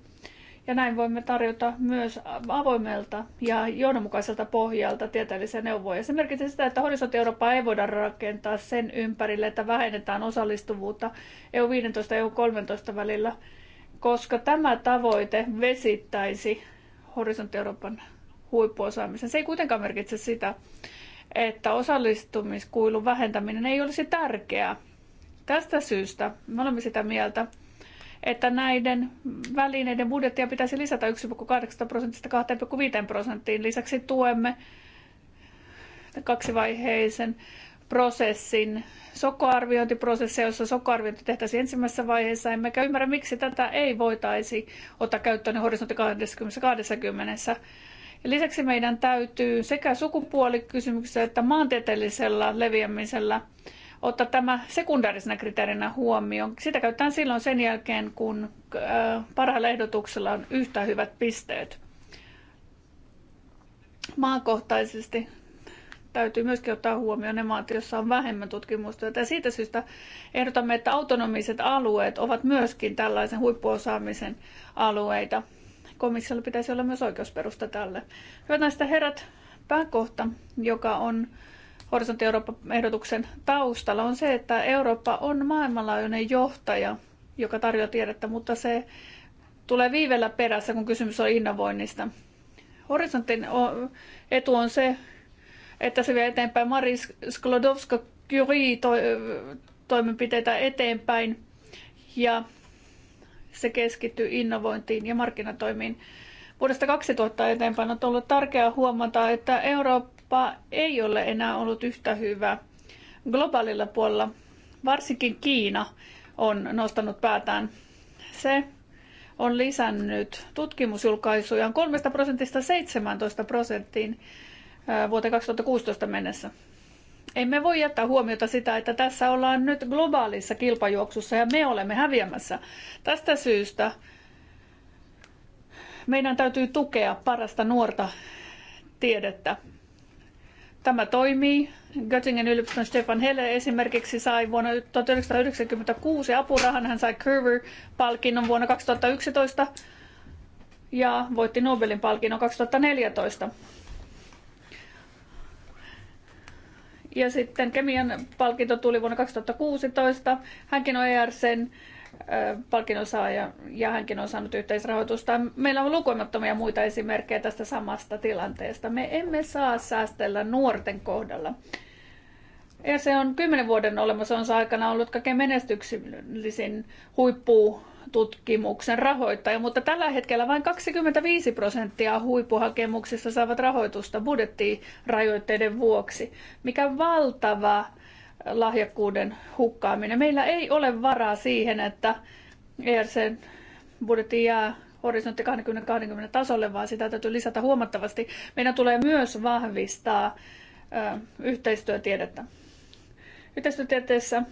S2: Ja näin voimme tarjota myös avoimelta ja johdonmukaiselta pohjalta tieteellisiä neuvoja. Se merkitsee sitä, että horisontti Eurooppaa ei voida rakentaa sen ympärille, että vähennetään osallistuvuutta EU-15 ja EU-13 välillä, koska tämä tavoite vesittäisi horisontti Euroopan huippuosaamisen. Se ei kuitenkaan merkitse sitä, että osallistumiskuilun vähentäminen ei olisi tärkeää Tästä syystä me olemme sitä mieltä, että näiden välineiden budjettia pitäisi lisätä 1,8 prosentista 2,5 prosenttiin. Lisäksi tuemme kaksivaiheisen prosessin sokoarviointiprosessi, jossa sokoarviointi tehtäisiin ensimmäisessä vaiheessa, emmekä ymmärrä, miksi tätä ei voitaisi ottaa käyttöön horisontti 2020. Ja lisäksi meidän täytyy sekä sukupuolikysymyksellä että maantieteellisellä leviämisellä ottaa tämä sekundaarisena kriteerinä huomioon. Sitä käytetään silloin sen jälkeen, kun parhailla ehdotuksella on yhtä hyvät pisteet. Maakohtaisesti täytyy myöskin ottaa huomioon ne maat, joissa on vähemmän tutkimusta Ja siitä syystä ehdotamme, että autonomiset alueet ovat myöskin tällaisen huippuosaamisen alueita. Komissiolla pitäisi olla myös oikeusperusta tälle. Hyvät naiset herrat, pääkohta, joka on Horisontti Eurooppa-ehdotuksen taustalla on se, että Eurooppa on maailmanlaajuinen johtaja, joka tarjoaa tiedettä, mutta se tulee viivellä perässä, kun kysymys on innovoinnista. Horisontin etu on se, että se vie eteenpäin Maris Sklodowska-Curie-toimenpiteitä eteenpäin ja se keskittyy innovointiin ja markkinatoimiin. Vuodesta 2000 eteenpäin on ollut tärkeää huomata, että Eurooppa kauppa ei ole enää ollut yhtä hyvä globaalilla puolella. Varsinkin Kiina on nostanut päätään. Se on lisännyt tutkimusjulkaisujaan 3 prosentista 17 prosenttiin vuoteen 2016 mennessä. Emme voi jättää huomiota sitä, että tässä ollaan nyt globaalissa kilpajuoksussa ja me olemme häviämässä. Tästä syystä meidän täytyy tukea parasta nuorta tiedettä. Tämä toimii. Göttingen yliopiston Stefan Hele esimerkiksi sai vuonna 1996 apurahan. Hän sai Curver-palkinnon vuonna 2011 ja voitti Nobelin palkinnon 2014. Ja sitten Kemian palkinto tuli vuonna 2016. Hänkin on ERCn palkinnonsaaja ja hänkin on saanut yhteisrahoitusta. Meillä on lukemattomia muita esimerkkejä tästä samasta tilanteesta. Me emme saa säästellä nuorten kohdalla. Ja se on kymmenen vuoden olemassa aikana ollut kaikkein menestyksellisin huippututkimuksen rahoittaja, mutta tällä hetkellä vain 25 prosenttia huippuhakemuksissa saavat rahoitusta budjettirajoitteiden vuoksi, mikä valtava lahjakkuuden hukkaaminen. Meillä ei ole varaa siihen, että ERCn budjetti jää horisontti 2020 tasolle, vaan sitä täytyy lisätä huomattavasti. Meidän tulee myös vahvistaa ö, yhteistyötiedettä. Yhteistyötieteessä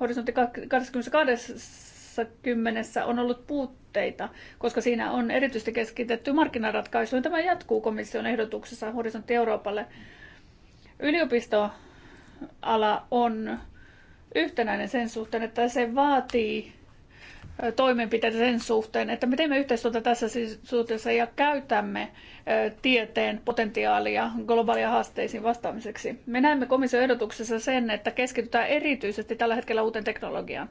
S2: horisontti 2020 on ollut puutteita, koska siinä on erityisesti keskitetty markkinaratkaisuun. Tämä jatkuu komission ehdotuksessa horisontti Euroopalle. Yliopisto ala on yhtenäinen sen suhteen, että se vaatii toimenpiteitä sen suhteen, että me teemme yhteistyötä tässä suhteessa ja käytämme tieteen potentiaalia globaalia haasteisiin vastaamiseksi. Me näemme komission ehdotuksessa sen, että keskitytään erityisesti tällä hetkellä uuteen teknologiaan.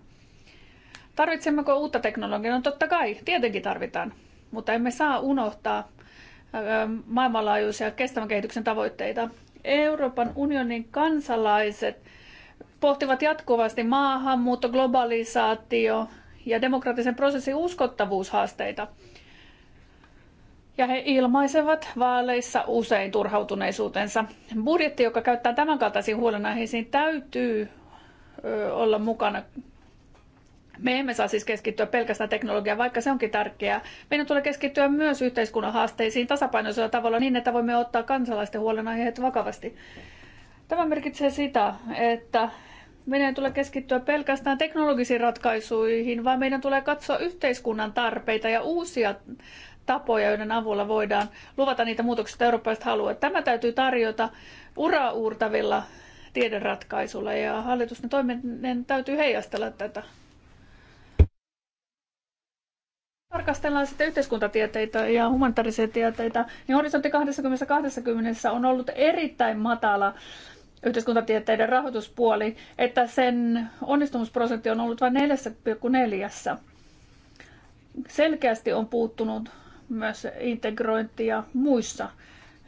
S2: Tarvitsemmeko uutta teknologiaa? No totta kai, tietenkin tarvitaan, mutta emme saa unohtaa maailmanlaajuisia kestävän kehityksen tavoitteita. Euroopan unionin kansalaiset pohtivat jatkuvasti maahanmuutto, globalisaatio ja demokraattisen prosessin uskottavuushaasteita. Ja he ilmaisevat vaaleissa usein turhautuneisuutensa. Budjetti, joka käyttää tämän huolenaiheisiin, täytyy olla mukana me emme saa siis keskittyä pelkästään teknologiaan, vaikka se onkin tärkeää. Meidän tulee keskittyä myös yhteiskunnan haasteisiin tasapainoisella tavalla niin, että voimme ottaa kansalaisten huolenaiheet vakavasti. Tämä merkitsee sitä, että meidän tulee keskittyä pelkästään teknologisiin ratkaisuihin, vaan meidän tulee katsoa yhteiskunnan tarpeita ja uusia tapoja, joiden avulla voidaan luvata niitä muutoksia, joita eurooppalaiset haluavat. Tämä täytyy tarjota uraa uurtavilla tiederatkaisulla ja hallitusten toiminnan täytyy heijastella tätä. tarkastellaan sitten yhteiskuntatieteitä ja humanitaarisia tieteitä, niin horisontti 2020 on ollut erittäin matala yhteiskuntatieteiden rahoituspuoli, että sen onnistumisprosentti on ollut vain 4,4. Selkeästi on puuttunut myös integrointia muissa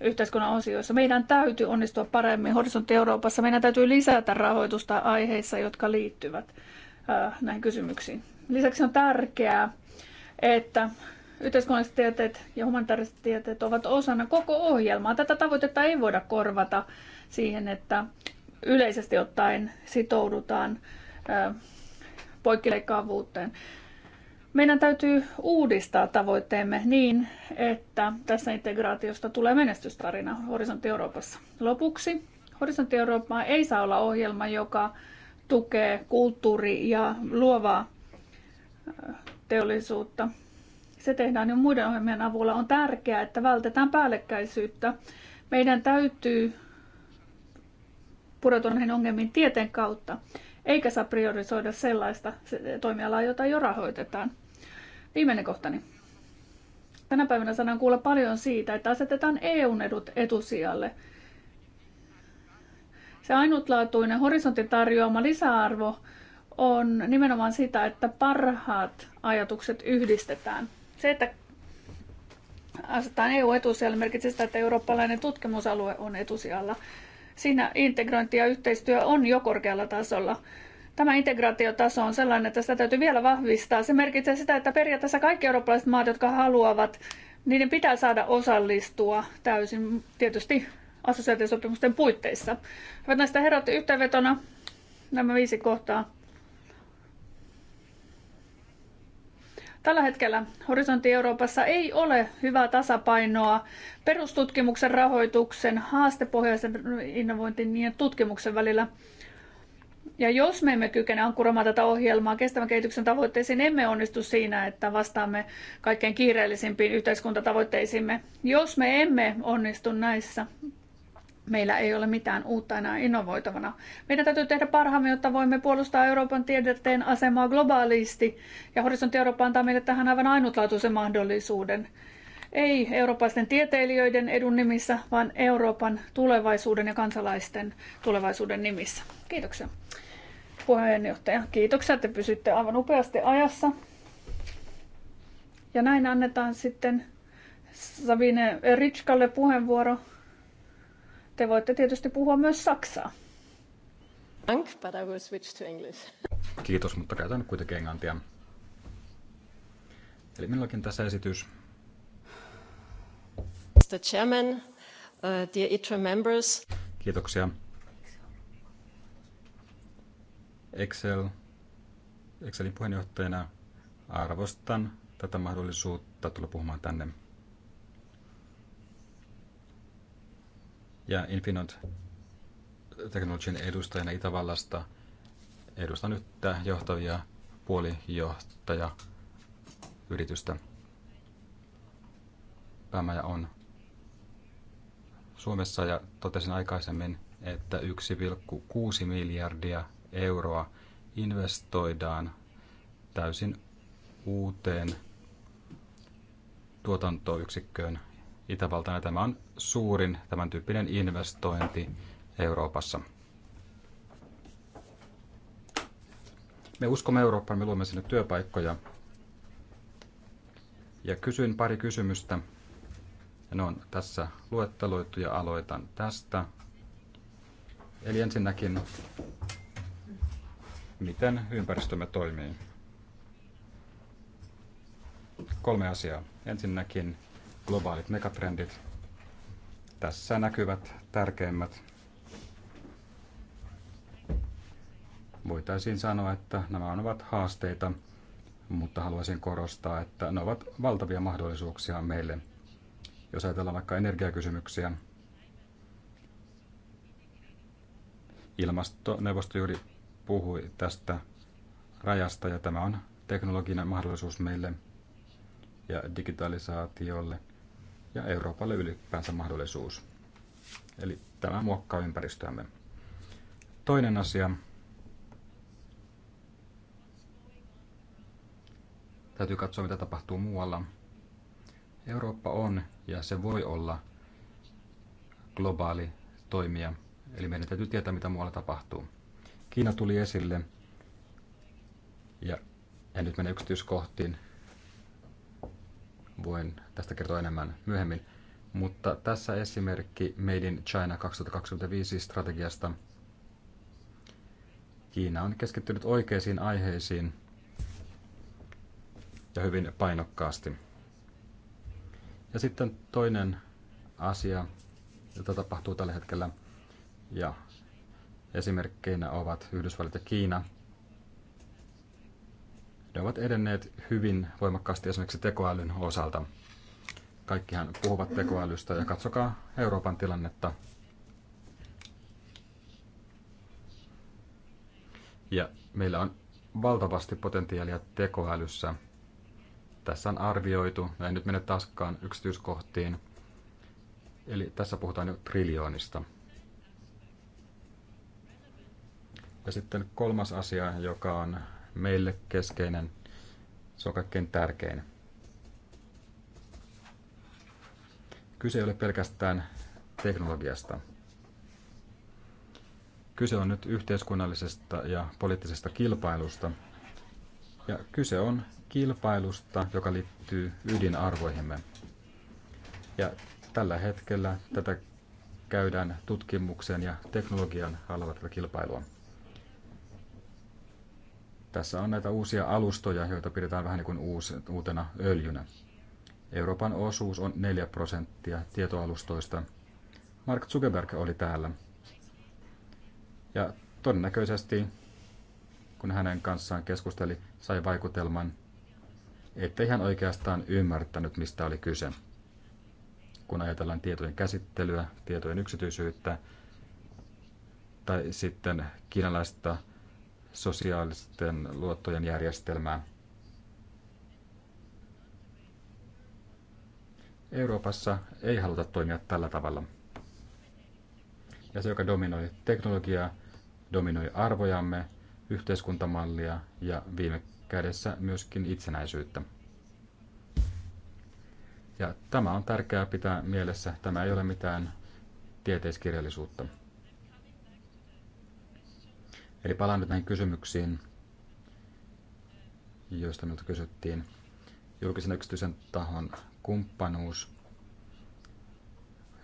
S2: yhteiskunnan osioissa. Meidän täytyy onnistua paremmin Horisontti Euroopassa. Meidän täytyy lisätä rahoitusta aiheissa, jotka liittyvät äh, näihin kysymyksiin. Lisäksi on tärkeää että yhteiskunnalliset tieteet ja humanitaariset tieteet ovat osana koko ohjelmaa. Tätä tavoitetta ei voida korvata siihen, että yleisesti ottaen sitoudutaan poikkileikkaavuuteen. Meidän täytyy uudistaa tavoitteemme niin, että tässä integraatiosta tulee menestystarina Horisontti Euroopassa. Lopuksi Horisontti Eurooppa ei saa olla ohjelma, joka tukee kulttuuri- ja luovaa teollisuutta. Se tehdään jo muiden ohjelmien avulla. On tärkeää, että vältetään päällekkäisyyttä. Meidän täytyy pureutua näihin ongelmiin tieteen kautta, eikä saa priorisoida sellaista toimialaa, jota jo rahoitetaan. Viimeinen kohtani. Tänä päivänä saadaan kuulla paljon siitä, että asetetaan EUn edut etusijalle. Se ainutlaatuinen horisontin tarjoama lisäarvo on nimenomaan sitä, että parhaat ajatukset yhdistetään. Se, että asetetaan EU etusijalle, merkitsee sitä, että eurooppalainen tutkimusalue on etusijalla. Siinä integrointi ja yhteistyö on jo korkealla tasolla. Tämä integraatiotaso on sellainen, että sitä täytyy vielä vahvistaa. Se merkitsee sitä, että periaatteessa kaikki eurooppalaiset maat, jotka haluavat, niiden pitää saada osallistua täysin tietysti assosiaatiosopimusten puitteissa. Hyvät näistä herrat, yhteenvetona nämä viisi kohtaa Tällä hetkellä Horisontti Euroopassa ei ole hyvää tasapainoa perustutkimuksen rahoituksen, haastepohjaisen innovointin ja tutkimuksen välillä. Ja jos me emme kykene ankkuroimaan tätä ohjelmaa kestävän kehityksen tavoitteisiin, emme onnistu siinä, että vastaamme kaikkein kiireellisimpiin yhteiskuntatavoitteisiimme. Jos me emme onnistu näissä meillä ei ole mitään uutta enää innovoitavana. Meidän täytyy tehdä parhaamme, jotta voimme puolustaa Euroopan tiedetteen asemaa globaalisti, ja Horisontti Eurooppa antaa meille tähän aivan ainutlaatuisen mahdollisuuden. Ei eurooppalaisten tieteilijöiden edun nimissä, vaan Euroopan tulevaisuuden ja kansalaisten tulevaisuuden nimissä. Kiitoksia. Puheenjohtaja, kiitoksia, että pysytte aivan upeasti ajassa. Ja näin annetaan sitten Sabine Ritskalle puheenvuoro. Te voitte tietysti puhua myös saksaa. Thank, but I will switch to English.
S3: Kiitos, mutta käytän nyt kuitenkin englantia. Eli minullakin tässä esitys.
S5: Mr. Chairman, uh, dear ITRA members.
S3: Kiitoksia. Excel, Excelin puheenjohtajana arvostan tätä mahdollisuutta tulla puhumaan tänne ja Infinot Technologyn edustajana Itävallasta edustan yhtä johtavia puolijohtaja yritystä. Päämaja on Suomessa ja totesin aikaisemmin, että 1,6 miljardia euroa investoidaan täysin uuteen tuotantoyksikköön Itävaltana. Tämä on suurin tämän tyyppinen investointi Euroopassa. Me uskomme Eurooppaan, me luomme sinne työpaikkoja. Ja kysyin pari kysymystä. Ja ne on tässä luetteloitu ja aloitan tästä. Eli ensinnäkin, miten ympäristömme toimii? Kolme asiaa. Ensinnäkin globaalit megatrendit. Tässä näkyvät tärkeimmät. Voitaisiin sanoa, että nämä ovat haasteita, mutta haluaisin korostaa, että ne ovat valtavia mahdollisuuksia meille. Jos ajatellaan vaikka energiakysymyksiä, ilmastoneuvosto juuri puhui tästä rajasta ja tämä on teknologinen mahdollisuus meille ja digitalisaatiolle – ja Euroopalle ylipäänsä mahdollisuus. Eli tämä muokkaa ympäristöämme. Toinen asia. Täytyy katsoa, mitä tapahtuu muualla. Eurooppa on ja se voi olla globaali toimija. Eli meidän täytyy tietää, mitä muualla tapahtuu. Kiina tuli esille ja en nyt mene yksityiskohtiin, Voin tästä kertoa enemmän myöhemmin. Mutta tässä esimerkki Made in China 2025 strategiasta. Kiina on keskittynyt oikeisiin aiheisiin ja hyvin painokkaasti. Ja sitten toinen asia, jota tapahtuu tällä hetkellä, ja esimerkkeinä ovat Yhdysvallat ja Kiina. Ne ovat edenneet hyvin voimakkaasti esimerkiksi tekoälyn osalta. Kaikkihan puhuvat tekoälystä ja katsokaa Euroopan tilannetta. Ja meillä on valtavasti potentiaalia tekoälyssä. Tässä on arvioitu, ja no en nyt mene taaskaan yksityiskohtiin, eli tässä puhutaan jo triljoonista. Ja sitten kolmas asia, joka on meille keskeinen. Se on kaikkein tärkein. Kyse ei ole pelkästään teknologiasta. Kyse on nyt yhteiskunnallisesta ja poliittisesta kilpailusta. Ja kyse on kilpailusta, joka liittyy ydinarvoihimme. Ja tällä hetkellä tätä käydään tutkimuksen ja teknologian alalla tätä kilpailua. Tässä on näitä uusia alustoja, joita pidetään vähän niin kuin uus, uutena öljynä. Euroopan osuus on 4 prosenttia tietoalustoista. Mark Zuckerberg oli täällä. Ja todennäköisesti, kun hänen kanssaan keskusteli, sai vaikutelman, ettei hän oikeastaan ymmärtänyt, mistä oli kyse. Kun ajatellaan tietojen käsittelyä, tietojen yksityisyyttä tai sitten kiinalaista sosiaalisten luottojen järjestelmää. Euroopassa ei haluta toimia tällä tavalla. Ja se, joka dominoi teknologiaa, dominoi arvojamme, yhteiskuntamallia ja viime kädessä myöskin itsenäisyyttä. Ja tämä on tärkeää pitää mielessä. Tämä ei ole mitään tieteiskirjallisuutta. Eli palaan nyt näihin kysymyksiin, joista minulta kysyttiin. Julkisen yksityisen tahon kumppanuus.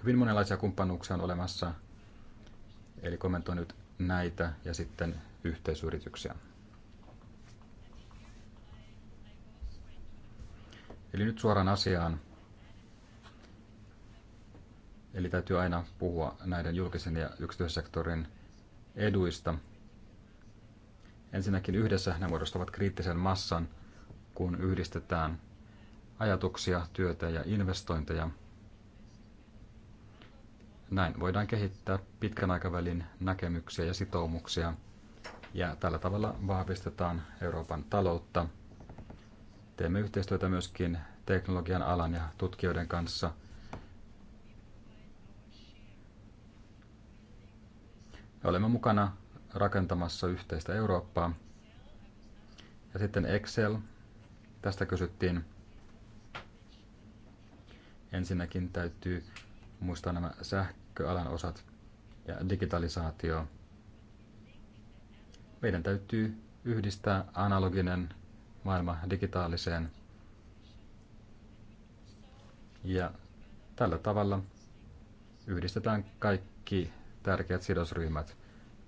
S3: Hyvin monenlaisia kumppanuuksia on olemassa, eli kommentoin nyt näitä ja sitten yhteisyrityksiä. Eli nyt suoraan asiaan. Eli täytyy aina puhua näiden julkisen ja yksityissektorin eduista – Ensinnäkin yhdessä ne muodostavat kriittisen massan, kun yhdistetään ajatuksia, työtä ja investointeja. Näin voidaan kehittää pitkän aikavälin näkemyksiä ja sitoumuksia, ja tällä tavalla vahvistetaan Euroopan taloutta. Teemme yhteistyötä myöskin teknologian alan ja tutkijoiden kanssa. Me olemme mukana rakentamassa yhteistä Eurooppaa. Ja sitten Excel, tästä kysyttiin. Ensinnäkin täytyy muistaa nämä sähköalan osat ja digitalisaatio. Meidän täytyy yhdistää analoginen maailma digitaaliseen. Ja tällä tavalla yhdistetään kaikki tärkeät sidosryhmät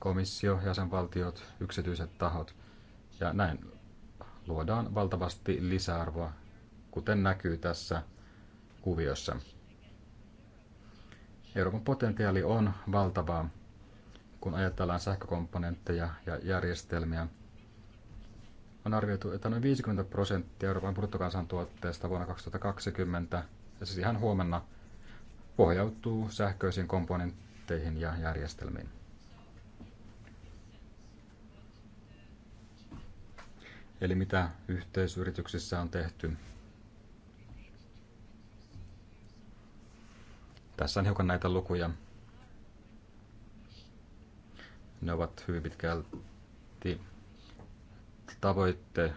S3: komissio, jäsenvaltiot, yksityiset tahot. Ja näin luodaan valtavasti lisäarvoa, kuten näkyy tässä kuviossa. Euroopan potentiaali on valtavaa, kun ajatellaan sähkökomponentteja ja järjestelmiä. On arvioitu, että noin 50 prosenttia Euroopan bruttokansantuotteesta vuonna 2020, ja siis ihan huomenna, pohjautuu sähköisiin komponentteihin ja järjestelmiin. eli mitä yhteisyrityksissä on tehty. Tässä on hiukan näitä lukuja. Ne ovat hyvin pitkälti tavoitte,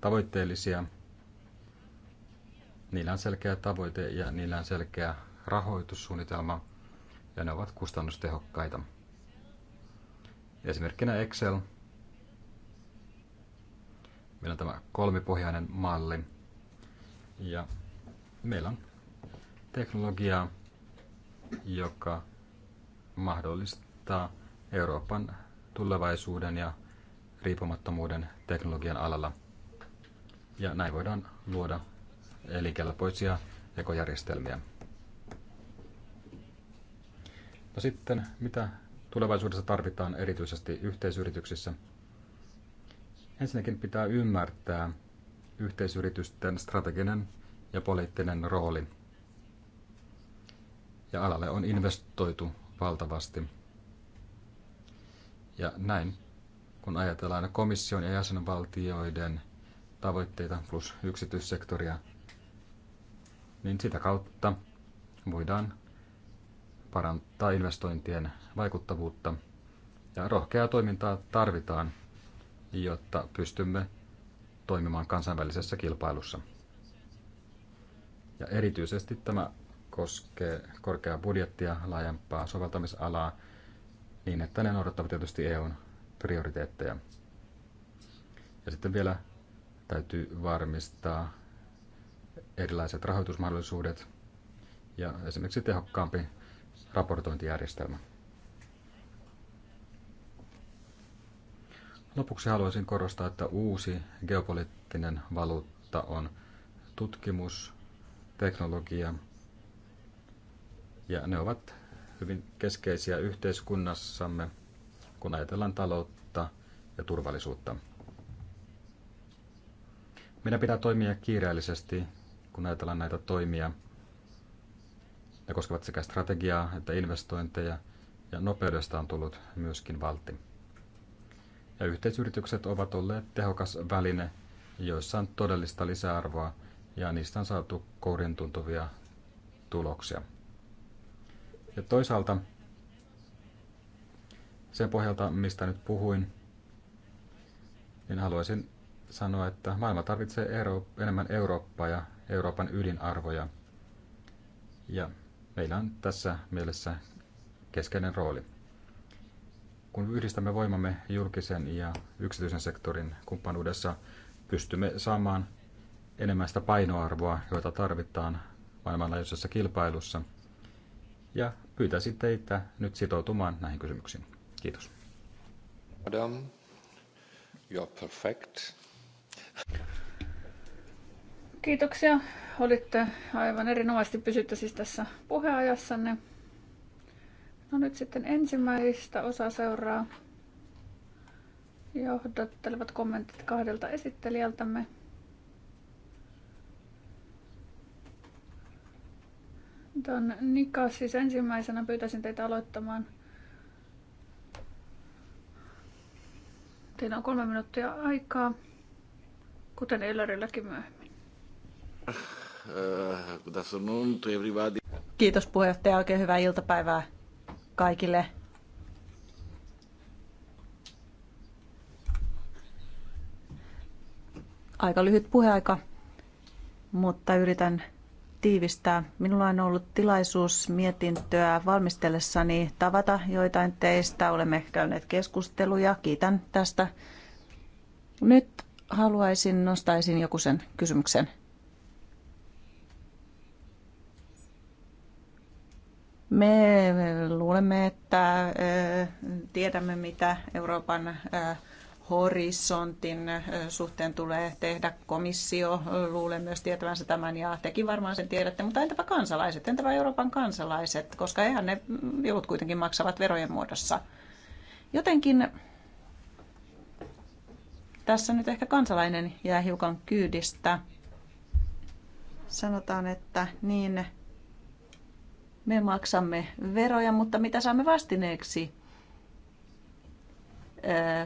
S3: tavoitteellisia. Niillä on selkeä tavoite ja niillä on selkeä rahoitussuunnitelma ja ne ovat kustannustehokkaita. Esimerkkinä Excel – Meillä on tämä kolmipohjainen malli. Ja meillä on teknologia, joka mahdollistaa Euroopan tulevaisuuden ja riippumattomuuden teknologian alalla. Ja näin voidaan luoda elinkelpoisia ekojärjestelmiä. No sitten, mitä tulevaisuudessa tarvitaan erityisesti yhteisyrityksissä – Ensinnäkin pitää ymmärtää yhteisyritysten strateginen ja poliittinen rooli. Ja alalle on investoitu valtavasti. Ja näin, kun ajatellaan komission ja jäsenvaltioiden tavoitteita plus yksityissektoria, niin sitä kautta voidaan parantaa investointien vaikuttavuutta ja rohkeaa toimintaa tarvitaan – jotta pystymme toimimaan kansainvälisessä kilpailussa. Ja erityisesti tämä koskee korkeaa budjettia, laajempaa soveltamisalaa, niin että ne noudattavat tietysti EUn prioriteetteja. Ja sitten vielä täytyy varmistaa erilaiset rahoitusmahdollisuudet ja esimerkiksi tehokkaampi raportointijärjestelmä. Lopuksi haluaisin korostaa, että uusi geopoliittinen valuutta on tutkimus, teknologia ja ne ovat hyvin keskeisiä yhteiskunnassamme, kun ajatellaan taloutta ja turvallisuutta. Meidän pitää toimia kiireellisesti, kun ajatellaan näitä toimia. Ne koskevat sekä strategiaa että investointeja, ja nopeudesta on tullut myöskin valtti ja yhteisyritykset ovat olleet tehokas väline, joissa on todellista lisäarvoa ja niistä on saatu kourin tuntuvia tuloksia. Ja toisaalta sen pohjalta, mistä nyt puhuin, niin haluaisin sanoa, että maailma tarvitsee enemmän Eurooppaa ja Euroopan ydinarvoja. Ja meillä on tässä mielessä keskeinen rooli kun yhdistämme voimamme julkisen ja yksityisen sektorin kumppanuudessa, pystymme saamaan enemmän sitä painoarvoa, jota tarvitaan maailmanlaajuisessa kilpailussa. Ja pyytäisin teitä nyt
S1: sitoutumaan näihin kysymyksiin. Kiitos. Madam, you're perfect.
S2: Kiitoksia. Olitte aivan erinomaisesti pysytte siis tässä puheajassanne. No nyt sitten ensimmäistä osa seuraa johdattelevat kommentit kahdelta esittelijältämme. Don Nika, siis ensimmäisenä pyytäisin teitä aloittamaan. Teillä on kolme minuuttia aikaa, kuten Ellerilläkin myöhemmin.
S3: Eh,
S4: Kiitos puheenjohtaja, oikein hyvää iltapäivää kaikille. Aika lyhyt puheaika, mutta yritän tiivistää. Minulla on ollut tilaisuus mietintöä valmistellessani tavata joitain teistä. Olemme käyneet keskusteluja. Kiitän tästä. Nyt haluaisin nostaisin joku sen kysymyksen. Me luulemme, että eh, tiedämme, mitä Euroopan eh, horisontin eh, suhteen tulee tehdä komissio. Luulen myös tietävänsä tämän ja tekin varmaan sen tiedätte, mutta entäpä kansalaiset, entäpä Euroopan kansalaiset, koska eihän ne joudut kuitenkin maksavat verojen muodossa. Jotenkin tässä nyt ehkä kansalainen jää hiukan kyydistä. Sanotaan, että niin me maksamme veroja, mutta mitä saamme vastineeksi,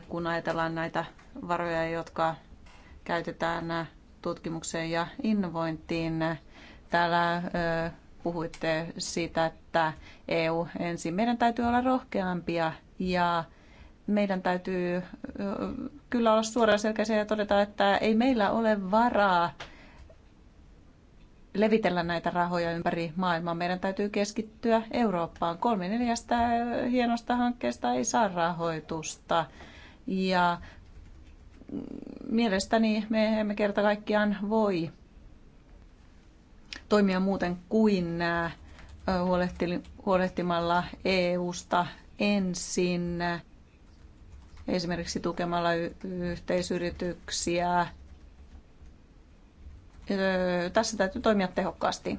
S4: kun ajatellaan näitä varoja, jotka käytetään tutkimukseen ja innovointiin. Täällä puhuitte siitä, että EU ensin. Meidän täytyy olla rohkeampia ja meidän täytyy kyllä olla suoraan selkeä ja todeta, että ei meillä ole varaa levitellä näitä rahoja ympäri maailmaa. Meidän täytyy keskittyä Eurooppaan. Kolme neljästä hienosta hankkeesta ei saa rahoitusta. Ja mielestäni me emme kerta kaikkiaan voi toimia muuten kuin huolehtimalla EUsta ensin, esimerkiksi tukemalla yhteisyrityksiä, tässä täytyy toimia tehokkaasti.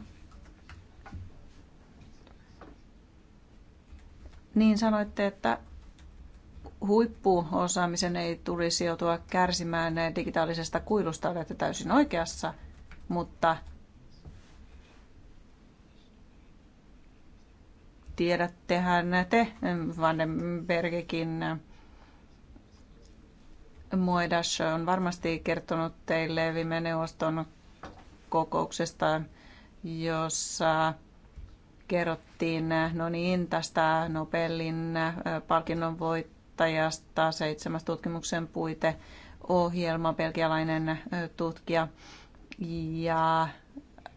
S4: Niin sanoitte, että huippuosaamisen ei tulisi joutua kärsimään digitaalisesta kuilusta, olette täysin oikeassa, mutta tiedättehän te Vandenbergikin Moedas on varmasti kertonut teille viime neuvoston kokouksestaan, jossa kerrottiin, no niin, tästä Nobelin palkinnon voittajasta seitsemäs tutkimuksen puite ohjelma, belgialainen tutkija. Ja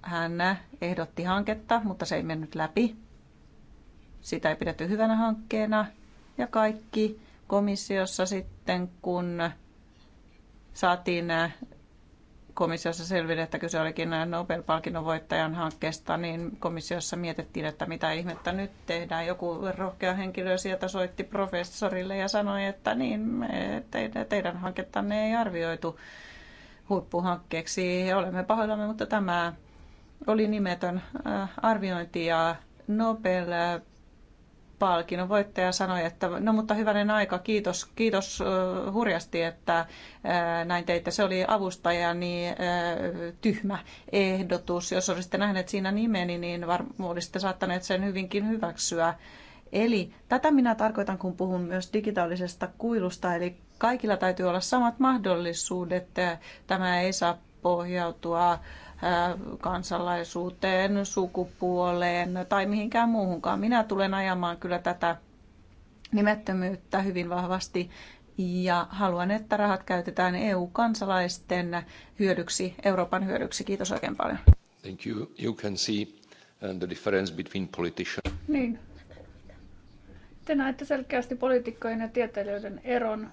S4: hän ehdotti hanketta, mutta se ei mennyt läpi. Sitä ei pidetty hyvänä hankkeena. Ja kaikki komissiossa sitten, kun saatiin komissiossa selville, että kyse olikin Nobel-palkinnon voittajan hankkeesta, niin komissiossa mietittiin, että mitä ihmettä nyt tehdään. Joku rohkea henkilö sieltä soitti professorille ja sanoi, että niin, teidän, teidän hankettanne ei arvioitu huippuhankkeeksi. Olemme pahoillamme, mutta tämä oli nimetön äh, arviointi ja Nobel palkinnon voittaja sanoi, että no mutta hyvänen aika, kiitos, kiitos uh, hurjasti, että uh, näin teitte. Se oli avustajani uh, tyhmä ehdotus. Jos olisitte nähneet siinä nimeni, niin varmaan olisitte saattaneet sen hyvinkin hyväksyä. Eli tätä minä tarkoitan, kun puhun myös digitaalisesta kuilusta, eli kaikilla täytyy olla samat mahdollisuudet. Tämä ei saa pohjautua uh, kansalaisuuteen, sukupuoleen tai mihinkään muuhunkaan. Minä tulen ajamaan kyllä tätä nimettömyyttä hyvin vahvasti ja haluan, että rahat käytetään EU-kansalaisten hyödyksi, Euroopan hyödyksi. Kiitos oikein paljon.
S1: Thank you. You can see uh, the difference between politicians.
S2: Niin. Te näette selkeästi poliitikkojen ja tieteilijöiden eron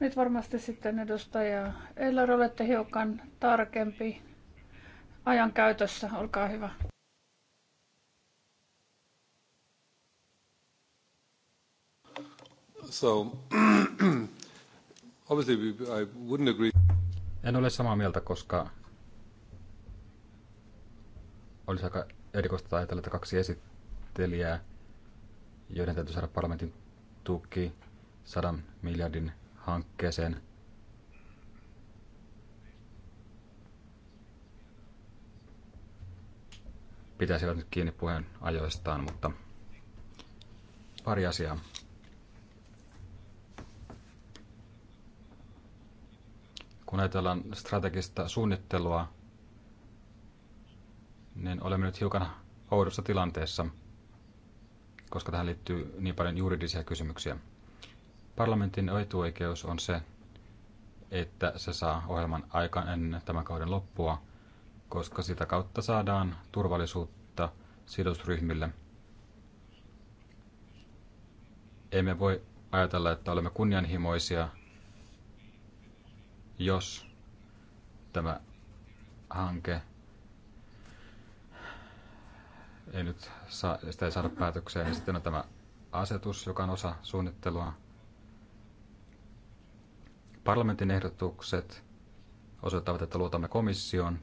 S2: Nyt varmasti sitten edustaja Eller olette hiukan tarkempi ajan käytössä. Olkaa hyvä.
S1: So, obviously I wouldn't agree. En
S3: ole samaa mieltä, koska olisi aika erikoista ajatella, että kaksi esittelijää, joiden täytyy saada parlamentin tuki sadan miljardin hankkeeseen. Pitäisivät nyt kiinni puheen ajoistaan, mutta pari asiaa. Kun ajatellaan strategista suunnittelua, niin olemme nyt hiukan oudossa tilanteessa, koska tähän liittyy niin paljon juridisia kysymyksiä. Parlamentin etuoikeus on se, että se saa ohjelman aikaan ennen tämän kauden loppua, koska sitä kautta saadaan turvallisuutta sidosryhmille. Emme voi ajatella, että olemme kunnianhimoisia, jos tämä hanke ei nyt saa, sitä ei saada päätökseen. Ja niin sitten on tämä asetus, joka on osa suunnittelua Parlamentin ehdotukset osoittavat, että luotamme komissioon.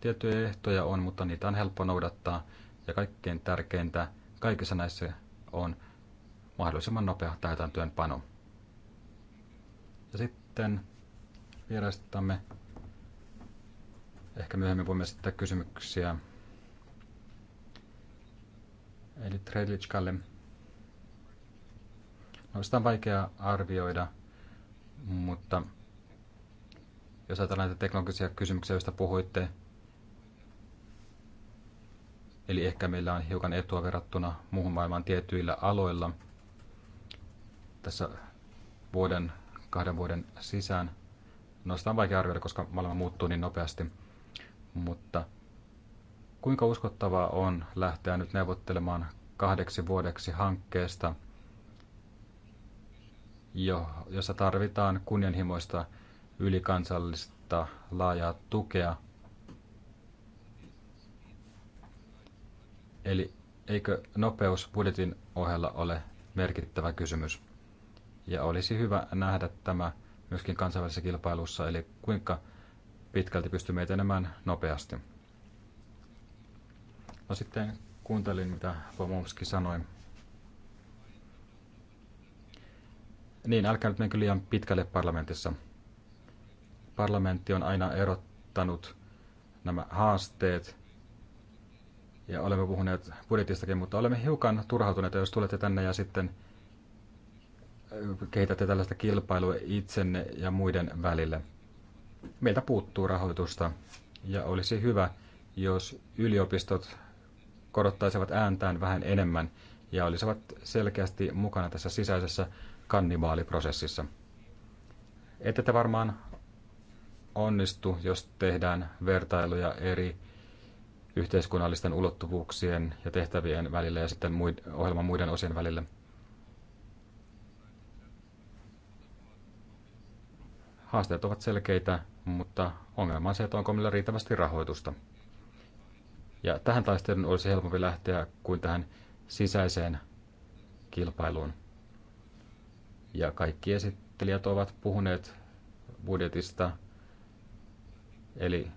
S3: Tiettyjä ehtoja on, mutta niitä on helppo noudattaa. Ja kaikkein tärkeintä kaikissa näissä on mahdollisimman nopea täytäntöönpano. Ja sitten vierastamme ehkä myöhemmin voimme esittää kysymyksiä. Eli Tredlitskalle. No, sitä on vaikea arvioida – mutta jos ajatellaan näitä teknologisia kysymyksiä, joista puhuitte, eli ehkä meillä on hiukan etua verrattuna muuhun maailmaan tietyillä aloilla tässä vuoden, kahden vuoden sisään. No sitä on vaikea arvioida, koska maailma muuttuu niin nopeasti. Mutta kuinka uskottavaa on lähteä nyt neuvottelemaan kahdeksi vuodeksi hankkeesta – jossa tarvitaan kunnianhimoista ylikansallista laajaa tukea. Eli eikö nopeus budjetin ohella ole merkittävä kysymys? Ja olisi hyvä nähdä tämä myöskin kansainvälisessä kilpailussa, eli kuinka pitkälti pystymme etenemään nopeasti. No sitten kuuntelin, mitä Pomomski sanoi. Niin, älkää nyt menkö liian pitkälle parlamentissa. Parlamentti on aina erottanut nämä haasteet ja olemme puhuneet budjetistakin, mutta olemme hiukan turhautuneita, jos tulette tänne ja sitten äh, kehitätte tällaista kilpailua itsenne ja muiden välille. Meiltä puuttuu rahoitusta ja olisi hyvä, jos yliopistot korottaisivat ääntään vähän enemmän ja olisivat selkeästi mukana tässä sisäisessä kannibaaliprosessissa. Ette te varmaan onnistu, jos tehdään vertailuja eri yhteiskunnallisten ulottuvuuksien ja tehtävien välillä ja sitten ohjelman muiden osien välillä. Haasteet ovat selkeitä, mutta ongelma on se, että onko meillä riittävästi rahoitusta. Ja tähän taisteluun olisi helpompi lähteä kuin tähän sisäiseen kilpailuun ja kaikki esittelijät ovat puhuneet budjetista. Eli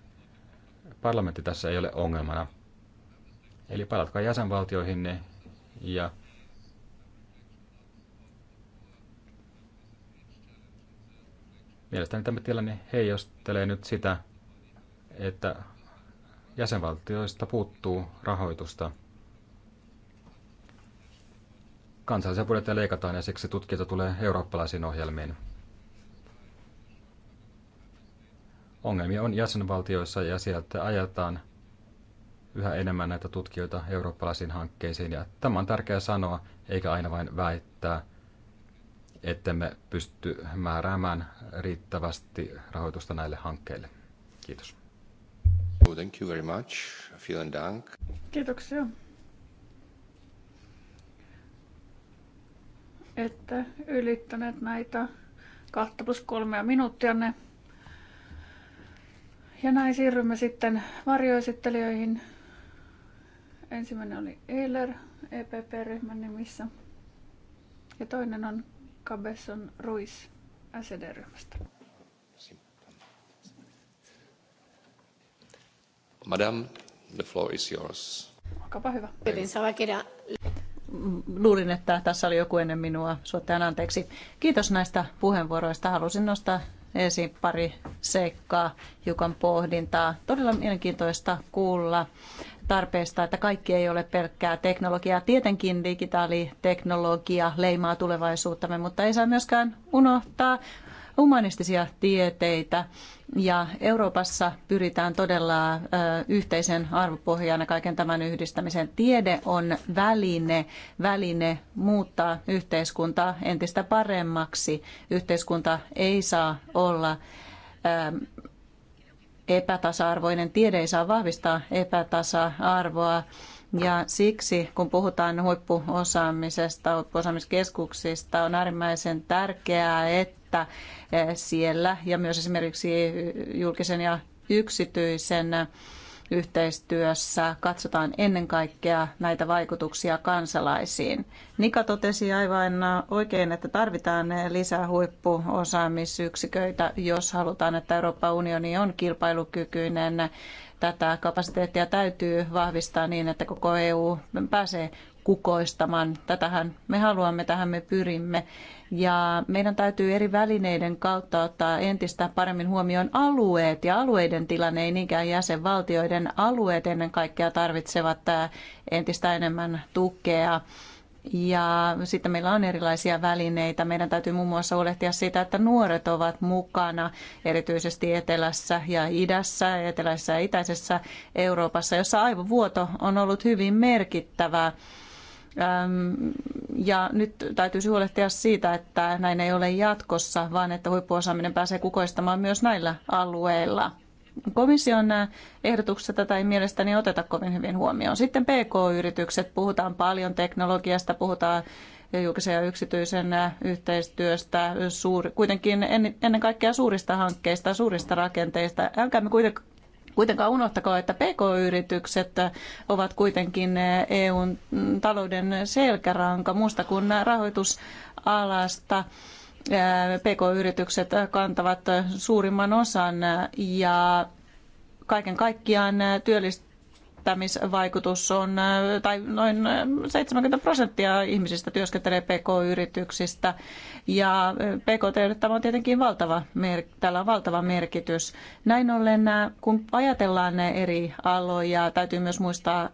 S3: parlamentti tässä ei ole ongelmana. Eli palatkaa jäsenvaltioihinne ja mielestäni tämä tilanne heijastelee nyt sitä, että jäsenvaltioista puuttuu rahoitusta – kansallisia budjetteja leikataan ja siksi tutkijoita tulee eurooppalaisiin ohjelmiin. Ongelmia on jäsenvaltioissa ja sieltä ajetaan yhä enemmän näitä tutkijoita eurooppalaisiin hankkeisiin. Ja tämä on tärkeää sanoa, eikä aina vain väittää, ettemme pysty määräämään riittävästi
S1: rahoitusta näille hankkeille. Kiitos. Thank you very much. Vielen Dank.
S2: Kiitoksia. Että ylittäneet näitä 2 plus 3 ne Ja näin siirrymme sitten varjoesittelijöihin. Ensimmäinen oli Eiler EPP-ryhmän nimissä ja toinen on Cabesson Ruiz SED-ryhmästä.
S1: Madame, the floor is yours.
S4: Olkaapa hyvä. Yritin saada luulin, että tässä oli joku ennen minua. Suottajan anteeksi. Kiitos näistä puheenvuoroista. Halusin nostaa ensin pari seikkaa, hiukan pohdintaa. Todella mielenkiintoista kuulla tarpeesta, että kaikki ei ole pelkkää teknologiaa. Tietenkin digitaaliteknologia leimaa tulevaisuuttamme, mutta ei saa myöskään unohtaa humanistisia tieteitä. Ja Euroopassa pyritään todella yhteisen arvopohjana kaiken tämän yhdistämisen. Tiede on väline, väline muuttaa yhteiskuntaa entistä paremmaksi. Yhteiskunta ei saa olla epätasa-arvoinen, tiede ei saa vahvistaa epätasa-arvoa. Ja siksi, kun puhutaan huippuosaamisesta, huippuosaamiskeskuksista, on äärimmäisen tärkeää, että että eh, siellä ja myös esimerkiksi julkisen ja yksityisen eh, yhteistyössä katsotaan ennen kaikkea näitä vaikutuksia kansalaisiin. Nika totesi aivan eh, oikein, että tarvitaan lisää huippuosaamisyksiköitä, jos halutaan, että Euroopan unioni on kilpailukykyinen. Tätä kapasiteettia täytyy vahvistaa niin, että koko EU pääsee kukoistamaan. Tätähän me haluamme, tähän me pyrimme. Ja meidän täytyy eri välineiden kautta ottaa entistä paremmin huomioon alueet ja alueiden tilanne, ei niinkään jäsenvaltioiden alueet ennen kaikkea tarvitsevat entistä enemmän tukea. Ja sitten meillä on erilaisia välineitä. Meidän täytyy muun muassa huolehtia siitä, että nuoret ovat mukana, erityisesti etelässä ja idässä, eteläisessä ja itäisessä Euroopassa, jossa aivovuoto on ollut hyvin merkittävää. Ähm, ja nyt täytyisi huolehtia siitä, että näin ei ole jatkossa, vaan että huippuosaaminen pääsee kukoistamaan myös näillä alueilla. Komission äh, ehdotuksessa tätä ei mielestäni oteta kovin hyvin huomioon. Sitten PK-yritykset, puhutaan paljon teknologiasta, puhutaan julkisen ja yksityisen äh, yhteistyöstä, suuri, kuitenkin ennen kaikkea suurista hankkeista, suurista rakenteista. Älkäämme kuitenkaan Kuitenkaan unohtakaa, että PK-yritykset ovat kuitenkin EUn talouden selkäranka muusta kuin rahoitusalasta. PK-yritykset kantavat suurimman osan ja kaiken kaikkiaan työllistä yllättämisvaikutus on, tai noin 70 prosenttia ihmisistä työskentelee PK-yrityksistä. Ja PK-teille on tietenkin valtava, tällä on valtava merkitys. Näin ollen, kun ajatellaan ne eri aloja, täytyy myös muistaa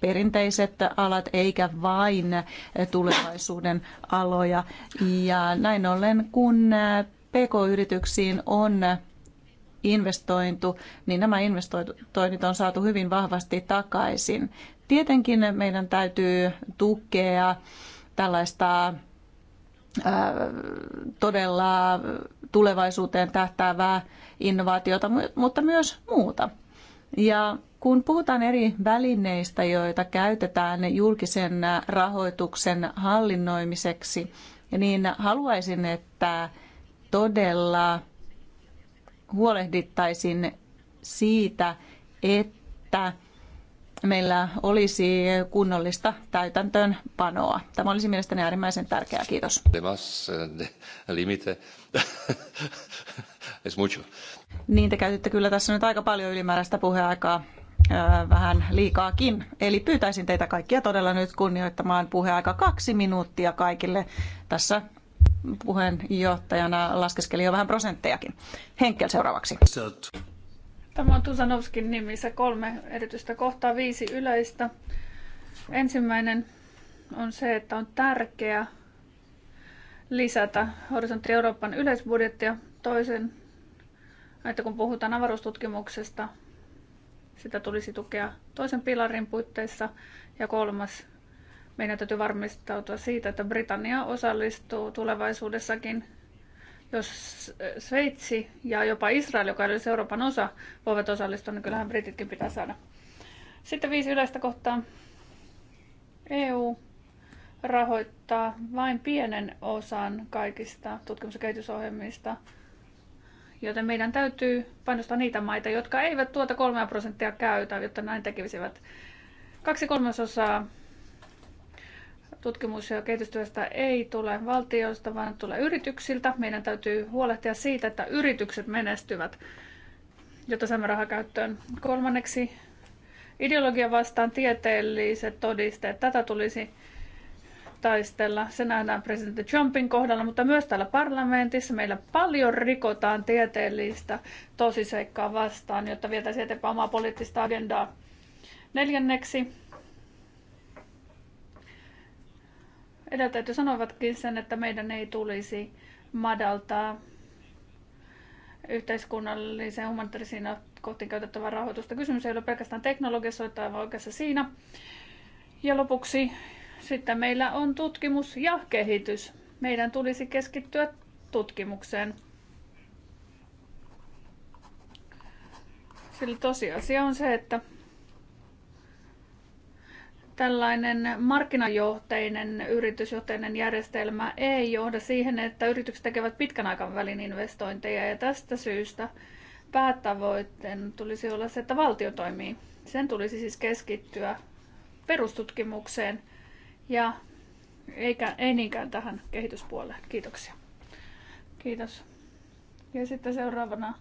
S4: perinteiset alat eikä vain tulevaisuuden aloja. Ja näin ollen, kun PK-yrityksiin on investointu, niin nämä investoinnit on saatu hyvin vahvasti takaisin. Tietenkin meidän täytyy tukea tällaista todella tulevaisuuteen tähtäävää innovaatiota, mutta myös muuta. Ja kun puhutaan eri välineistä, joita käytetään julkisen rahoituksen hallinnoimiseksi, niin haluaisin, että todella huolehdittaisiin siitä, että meillä olisi kunnollista täytäntöönpanoa. Tämä olisi mielestäni äärimmäisen tärkeää. Kiitos. Eh, niin, te käytitte kyllä tässä nyt aika paljon ylimääräistä puheaikaa, eh, vähän liikaakin. Eli pyytäisin teitä kaikkia todella nyt kunnioittamaan puheaika kaksi minuuttia kaikille. Tässä puheenjohtajana laskeskeli jo vähän prosenttejakin. Henkel seuraavaksi.
S2: Tämä on Tusanovskin nimissä kolme erityistä kohtaa, viisi yleistä. Ensimmäinen on se, että on tärkeää lisätä Horisontti Euroopan yleisbudjettia. Toisen, että kun puhutaan avaruustutkimuksesta, sitä tulisi tukea toisen pilarin puitteissa. Ja kolmas, meidän täytyy varmistautua siitä, että Britannia osallistuu tulevaisuudessakin. Jos Sveitsi ja jopa Israel, joka olisi Euroopan osa, voivat osallistua, niin kyllähän Brititkin pitää saada. Sitten viisi yleistä kohtaa. EU rahoittaa vain pienen osan kaikista tutkimus- ja kehitysohjelmista, joten meidän täytyy painostaa niitä maita, jotka eivät tuota kolmea prosenttia käytä, jotta näin tekisivät. Kaksi kolmasosaa tutkimus- ja kehitystyöstä ei tule valtioista, vaan tulee yrityksiltä. Meidän täytyy huolehtia siitä, että yritykset menestyvät, jotta saamme rahaa käyttöön. Kolmanneksi ideologia vastaan tieteelliset todisteet. Tätä tulisi taistella. Se nähdään presidentti Trumpin kohdalla, mutta myös täällä parlamentissa meillä paljon rikotaan tieteellistä tosiseikkaa vastaan, jotta vietäisiin eteenpäin omaa poliittista agendaa. Neljänneksi Edeltäjät jo sanoivatkin sen, että meidän ei tulisi madaltaa yhteiskunnalliseen humanitaarisiin kohti käytettävää rahoitusta. Kysymys ei ole pelkästään teknologiassa, vaan aivan oikeassa siinä. Ja lopuksi sitten meillä on tutkimus ja kehitys. Meidän tulisi keskittyä tutkimukseen. Sillä tosiasia on se, että tällainen markkinajohteinen, yritysjohteinen järjestelmä ei johda siihen, että yritykset tekevät pitkän aikavälin investointeja ja tästä syystä päätavoitteen tulisi olla se, että valtio toimii. Sen tulisi siis keskittyä perustutkimukseen ja eikä, ei niinkään tähän kehityspuoleen. Kiitoksia. Kiitos. Ja sitten seuraavana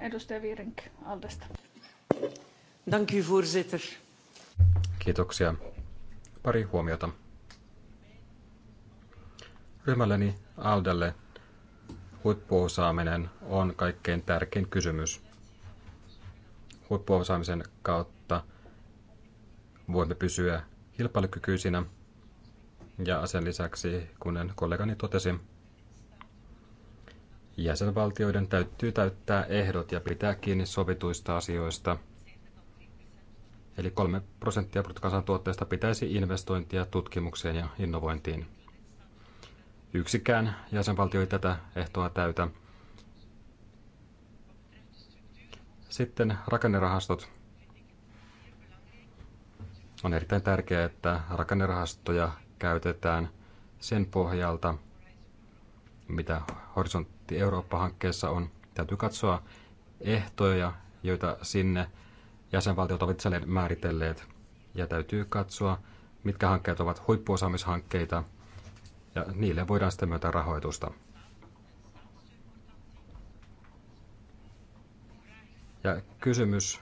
S2: edustaja Viirinki Aldesta. Dank u voorzitter.
S3: Kiitoksia. Pari huomiota. Ryhmälleni Aldelle huippuosaaminen on kaikkein tärkein kysymys. Huippuosaamisen kautta voimme pysyä kilpailukykyisinä ja sen lisäksi, kuten kollegani totesi, jäsenvaltioiden täytyy täyttää ehdot ja pitää kiinni sovituista asioista – Eli 3 prosenttia bruttokansantuotteesta pitäisi investointia tutkimukseen ja innovointiin. Yksikään jäsenvaltio ei tätä ehtoa täytä. Sitten rakennerahastot. On erittäin tärkeää, että rakennerahastoja käytetään sen pohjalta, mitä Horisontti Eurooppa-hankkeessa on. Täytyy katsoa ehtoja, joita sinne jäsenvaltiot ovat itselleen määritelleet. Ja täytyy katsoa, mitkä hankkeet ovat huippuosaamishankkeita, ja niille voidaan sitten myöntää rahoitusta. Ja kysymys,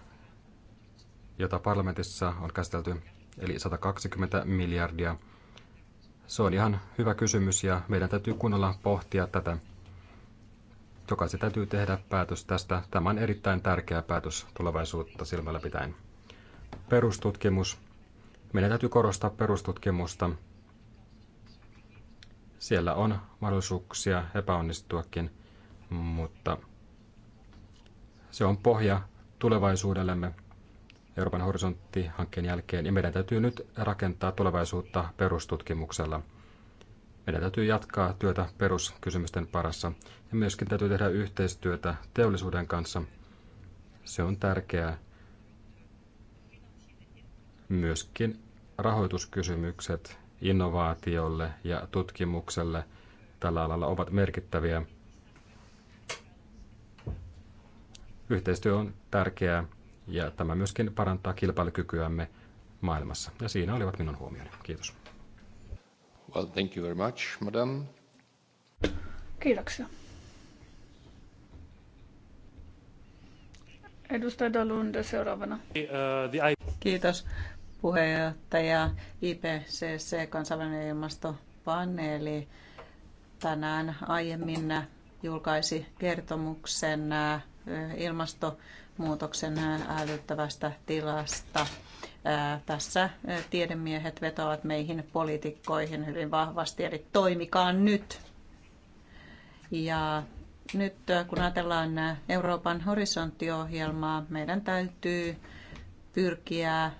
S3: jota parlamentissa on käsitelty, eli 120 miljardia, se on ihan hyvä kysymys ja meidän täytyy kunnolla pohtia tätä. Jokaisen täytyy tehdä päätös tästä. Tämä on erittäin tärkeä päätös tulevaisuutta silmällä pitäen. Perustutkimus. Meidän täytyy korostaa perustutkimusta. Siellä on mahdollisuuksia epäonnistuakin, mutta se on pohja tulevaisuudellemme Euroopan horisontti-hankkeen jälkeen, ja meidän täytyy nyt rakentaa tulevaisuutta perustutkimuksella – meidän täytyy jatkaa työtä peruskysymysten parassa ja myöskin täytyy tehdä yhteistyötä teollisuuden kanssa. Se on tärkeää. Myöskin rahoituskysymykset innovaatiolle ja tutkimukselle tällä alalla ovat merkittäviä. Yhteistyö on tärkeää ja tämä myöskin parantaa kilpailukykyämme maailmassa. Ja siinä olivat minun huomioni. Kiitos.
S1: Well, thank you very much, madam.
S2: Kiitoksia. Edustaja Dalunde seuraavana.
S4: Kiitos puheenjohtaja IPCC, kansainvälinen ilmastopaneeli, tänään aiemmin julkaisi kertomuksen ilmasto muutoksen älyttävästä tilasta. Tässä tiedemiehet vetoavat meihin poliitikkoihin hyvin vahvasti, eli toimikaa nyt. Ja nyt kun ajatellaan Euroopan horisonttiohjelmaa, meidän täytyy pyrkiä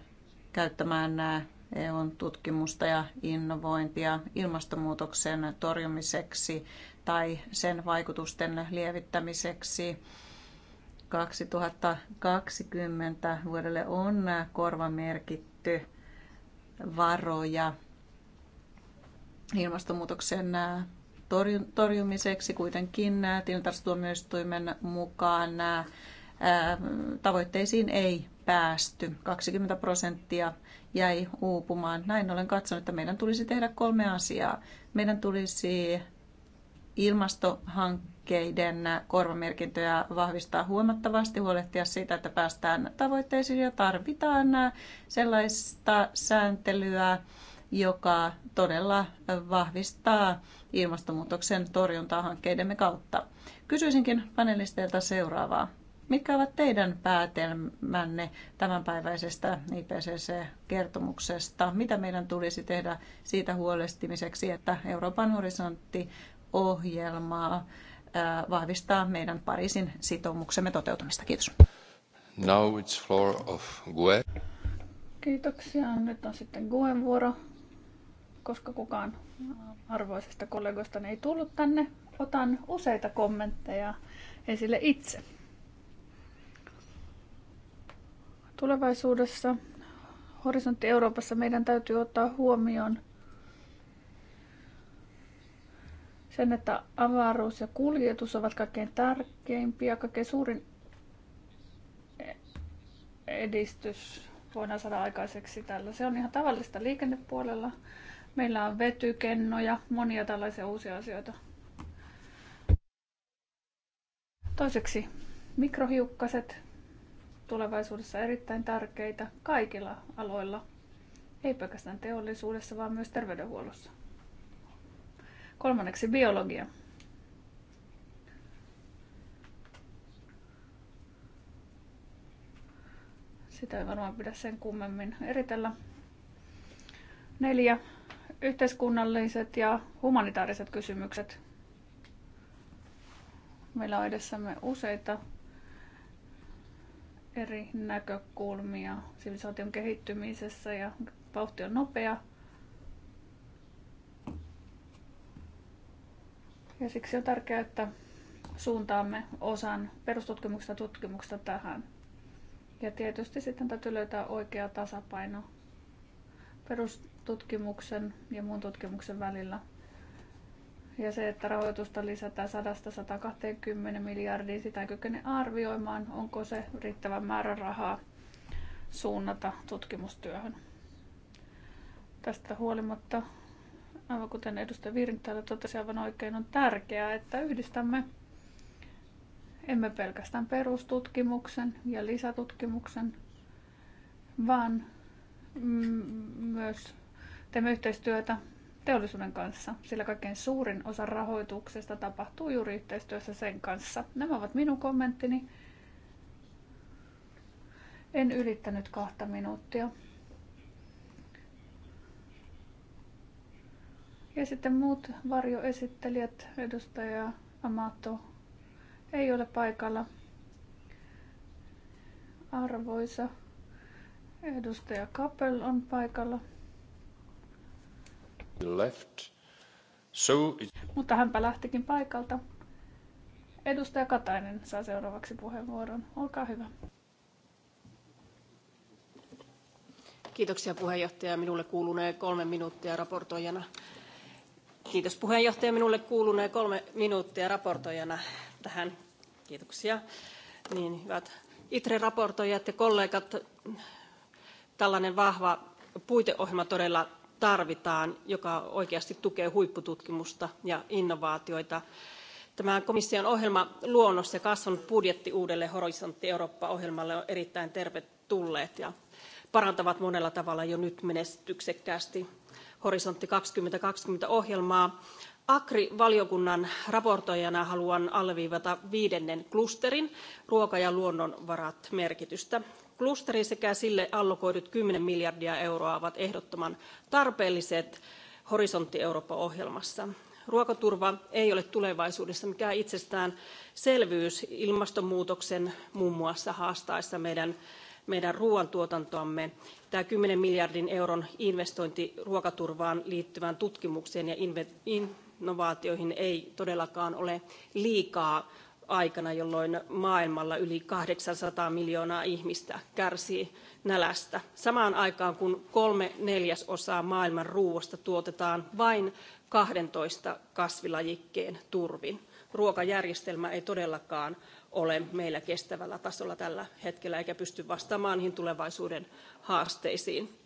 S4: käyttämään EUn tutkimusta ja innovointia ilmastonmuutoksen torjumiseksi tai sen vaikutusten lievittämiseksi 2020 vuodelle on korvamerkitty varoja ilmastonmuutoksen torjumiseksi. Kuitenkin tilintarkastustuomioistuimen mukaan tavoitteisiin ei päästy. 20 prosenttia jäi uupumaan. Näin olen katsonut, että meidän tulisi tehdä kolme asiaa. Meidän tulisi ilmastohankkeet lääkkeiden korvamerkintöjä vahvistaa huomattavasti, huolehtia siitä, että päästään tavoitteisiin ja tarvitaan sellaista sääntelyä, joka todella vahvistaa ilmastonmuutoksen torjuntaa hankkeidemme kautta. Kysyisinkin panelisteilta seuraavaa. Mitkä ovat teidän päätelmänne tämänpäiväisestä IPCC-kertomuksesta? Mitä meidän tulisi tehdä siitä huolestimiseksi, että Euroopan horisontti ohjelmaa Äh, vahvistaa meidän Pariisin sitoumuksemme toteutumista. Kiitos.
S1: Now it's floor of Gue.
S2: Kiitoksia. Nyt on sitten Guen vuoro. Koska kukaan arvoisista kollegoista ei tullut tänne, otan useita kommentteja esille itse. Tulevaisuudessa Horisontti Euroopassa meidän täytyy ottaa huomioon – sen, että avaruus ja kuljetus ovat kaikkein tärkeimpiä, kaikkein suurin edistys voidaan saada aikaiseksi tällä. Se on ihan tavallista liikennepuolella. Meillä on vetykennoja, monia tällaisia uusia asioita. Toiseksi mikrohiukkaset tulevaisuudessa erittäin tärkeitä kaikilla aloilla, ei pelkästään teollisuudessa, vaan myös terveydenhuollossa. Kolmanneksi biologia. Sitä ei varmaan pidä sen kummemmin eritellä. Neljä. Yhteiskunnalliset ja humanitaariset kysymykset. Meillä on edessämme useita eri näkökulmia sivilisaation kehittymisessä ja vauhti on nopea. Ja siksi on tärkeää, että suuntaamme osan perustutkimuksesta tutkimuksesta tähän. Ja tietysti sitten täytyy löytää oikea tasapaino perustutkimuksen ja muun tutkimuksen välillä. Ja se, että rahoitusta lisätään 100-120 miljardia, sitä ei kykene arvioimaan, onko se riittävä määrä rahaa suunnata tutkimustyöhön. Tästä huolimatta Aivan kuten edustaja Virin täällä totesi aivan oikein, on tärkeää, että yhdistämme emme pelkästään perustutkimuksen ja lisätutkimuksen, vaan mm, myös teemme yhteistyötä teollisuuden kanssa, sillä kaikkein suurin osa rahoituksesta tapahtuu juuri yhteistyössä sen kanssa. Nämä ovat minun kommenttini. En ylittänyt kahta minuuttia. Ja sitten muut varjoesittelijät, edustaja Amato ei ole paikalla. Arvoisa edustaja Kapel on paikalla.
S1: Left. So it...
S2: Mutta hänpä lähtikin paikalta. Edustaja Katainen saa seuraavaksi puheenvuoron. Olkaa hyvä.
S5: Kiitoksia puheenjohtaja. Minulle kuulunee kolme minuuttia raportoijana. Kiitos puheenjohtaja. Minulle kuulunee kolme minuuttia raportoijana tähän. Kiitoksia. Niin, hyvät ITRE-raportoijat ja kollegat, tällainen vahva puiteohjelma todella tarvitaan, joka oikeasti tukee huippututkimusta ja innovaatioita. Tämä komission ohjelmaluonnos ja kasvanut budjetti uudelle Horisontti Eurooppa-ohjelmalle on erittäin tervetulleet ja parantavat monella tavalla jo nyt menestyksekkäästi Horisontti 2020 ohjelmaa. Agri-valiokunnan raportoijana haluan alleviivata viidennen klusterin ruoka- ja luonnonvarat merkitystä. Klusteri sekä sille allokoidut 10 miljardia euroa ovat ehdottoman tarpeelliset Horisontti Eurooppa-ohjelmassa. Ruokaturva ei ole tulevaisuudessa mikään itsestäänselvyys ilmastonmuutoksen muun muassa haastaessa meidän meidän ruoantuotantoamme. Tämä 10 miljardin euron investointi ruokaturvaan liittyvään tutkimukseen ja innovaatioihin ei todellakaan ole liikaa aikana, jolloin maailmalla yli 800 miljoonaa ihmistä kärsii nälästä. Samaan aikaan, kun kolme neljäsosaa maailman ruuasta tuotetaan vain 12 kasvilajikkeen turvin. Ruokajärjestelmä ei todellakaan ole meillä kestävällä tasolla tällä hetkellä eikä pysty vastaamaan niihin tulevaisuuden haasteisiin.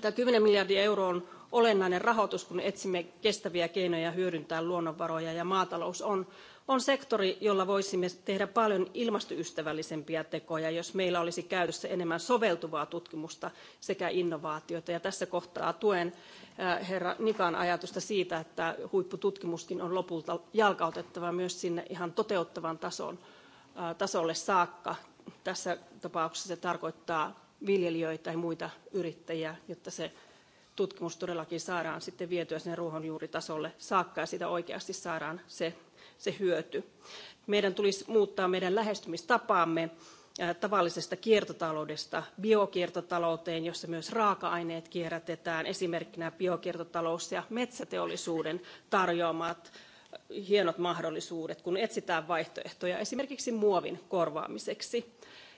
S5: Tämä 10 miljardia euroa on olennainen rahoitus, kun etsimme kestäviä keinoja hyödyntää luonnonvaroja ja maatalous on, on sektori, jolla voisimme tehdä paljon ilmastoystävällisempiä tekoja, jos meillä olisi käytössä enemmän soveltuvaa tutkimusta sekä innovaatioita. Ja tässä kohtaa tuen herra Nikan ajatusta siitä, että huippututkimuskin on lopulta jalkautettava myös sinne ihan toteuttavan tason tasolle saakka. Tässä tapauksessa se tarkoittaa viljelijöitä ja muita yrittäjiä, jotta se tutkimus todellakin saadaan sitten vietyä sinne ruohonjuuritasolle saakka ja siitä oikeasti saadaan se, se hyöty. Meidän tulisi muuttaa meidän lähestymistapaamme tavallisesta kiertotaloudesta biokiertotalouteen, jossa myös raaka-aineet kierrätetään, esimerkkinä biokiertotalous ja metsäteollisuuden tarjoamat hienot mahdollisuudet, kun etsitään vaihtoehtoja esimerkiksi muovin korvaamiseksi.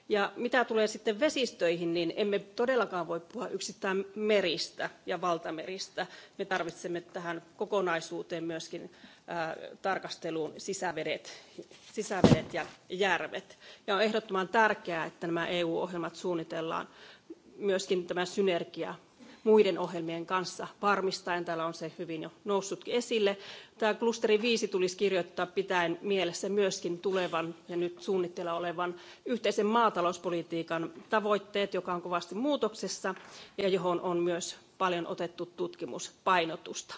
S5: Ja mitä tulee sitten vesistöihin, niin emme todellakaan voi puhua yksistään meristä ja valtameristä. Me tarvitsemme tähän kokonaisuuteen myöskin äh, tarkasteluun sisävedet, sisävedet ja järvet. Ja on ehdottoman tärkeää, että nämä EU-ohjelmat suunnitellaan myöskin tämän synergia muiden ohjelmien kanssa varmistaen. Täällä on se hyvin jo noussutkin esille. Tämä klusteri 5 tulisi kirjoittaa pitäen mielessä myöskin tulevan ja nyt suunnitteilla olevan yhteisen maatalouspolitiikan tavoitteet, joka on kovasti muutoksessa ja johon on myös paljon otettu tutkimuspainotusta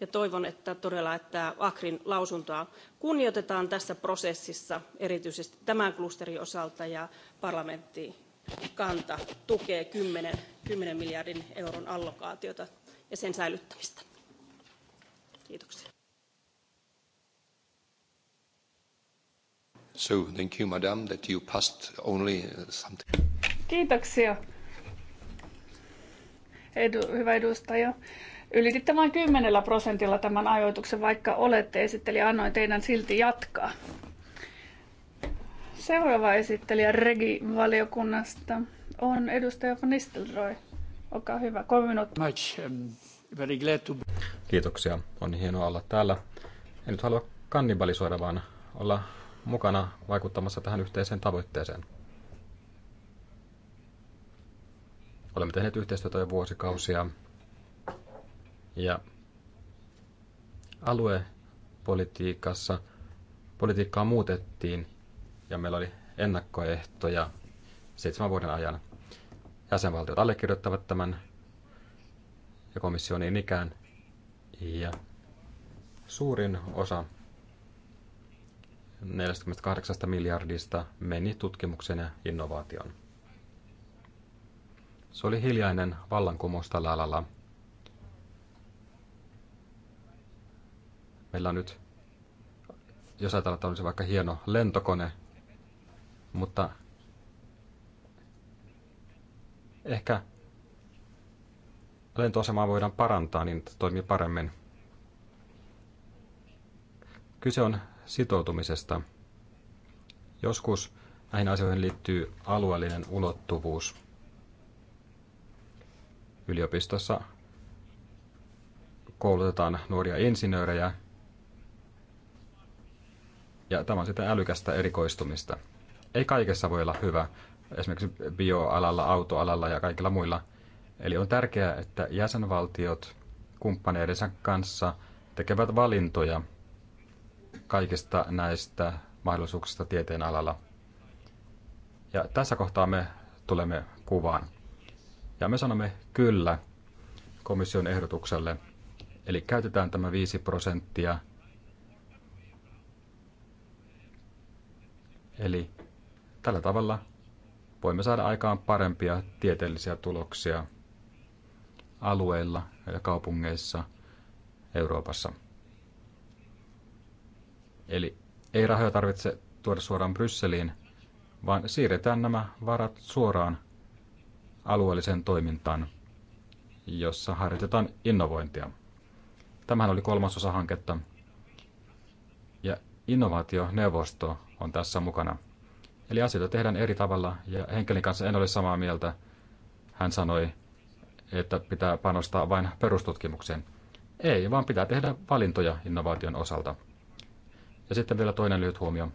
S5: ja toivon että todella että Akrin lausuntoa kunnioitetaan tässä prosessissa erityisesti tämän klusterin osalta ja parlamentti kanta tukee 10, 10 miljardin euron allokaatiota ja sen säilyttämistä.
S2: Kiitoksia.
S1: So, thank you, madam, that you passed only uh, something.
S2: Kiitoksia. Edu, hyvä edustaja. Ylititte vain kymmenellä prosentilla tämän ajoituksen, vaikka olette esitteli annoin teidän silti jatkaa. Seuraava esittelijä Regi-valiokunnasta on edustaja Van Nistelrooy. Olkaa hyvä, kolme minuuttia. Um,
S3: Kiitoksia, on hienoa olla täällä. En nyt halua kannibalisoida, vaan olla mukana vaikuttamassa tähän yhteiseen tavoitteeseen. Olemme tehneet yhteistyötä jo vuosikausia ja aluepolitiikassa politiikkaa muutettiin ja meillä oli ennakkoehtoja seitsemän vuoden ajan. Jäsenvaltiot allekirjoittavat tämän ja komissio niin ikään. Ja suurin osa 48 miljardista meni tutkimukseen ja innovaatioon. Se oli hiljainen vallankumous tällä alalla. Meillä on nyt, jos ajatellaan, että olisi vaikka hieno lentokone, mutta ehkä lentoasemaa voidaan parantaa niin, että toimii paremmin. Kyse on sitoutumisesta. Joskus näihin asioihin liittyy alueellinen ulottuvuus. Yliopistossa koulutetaan nuoria insinöörejä, ja tämä on sitä älykästä erikoistumista ei kaikessa voi olla hyvä, esimerkiksi bioalalla, autoalalla ja kaikilla muilla. Eli on tärkeää, että jäsenvaltiot kumppaneidensa kanssa tekevät valintoja kaikista näistä mahdollisuuksista tieteen alalla. Ja tässä kohtaa me tulemme kuvaan. Ja me sanomme kyllä komission ehdotukselle. Eli käytetään tämä 5 prosenttia. Eli Tällä tavalla voimme saada aikaan parempia tieteellisiä tuloksia alueilla ja kaupungeissa Euroopassa. Eli ei rahoja tarvitse tuoda suoraan Brysseliin, vaan siirretään nämä varat suoraan alueelliseen toimintaan, jossa harjoitetaan innovointia. Tämähän oli kolmasosa hanketta. Ja innovaationeuvosto on tässä mukana. Eli asioita tehdään eri tavalla ja Henkelin kanssa en ole samaa mieltä. Hän sanoi, että pitää panostaa vain perustutkimukseen. Ei, vaan pitää tehdä valintoja innovaation osalta. Ja sitten vielä toinen lyhyt huomio.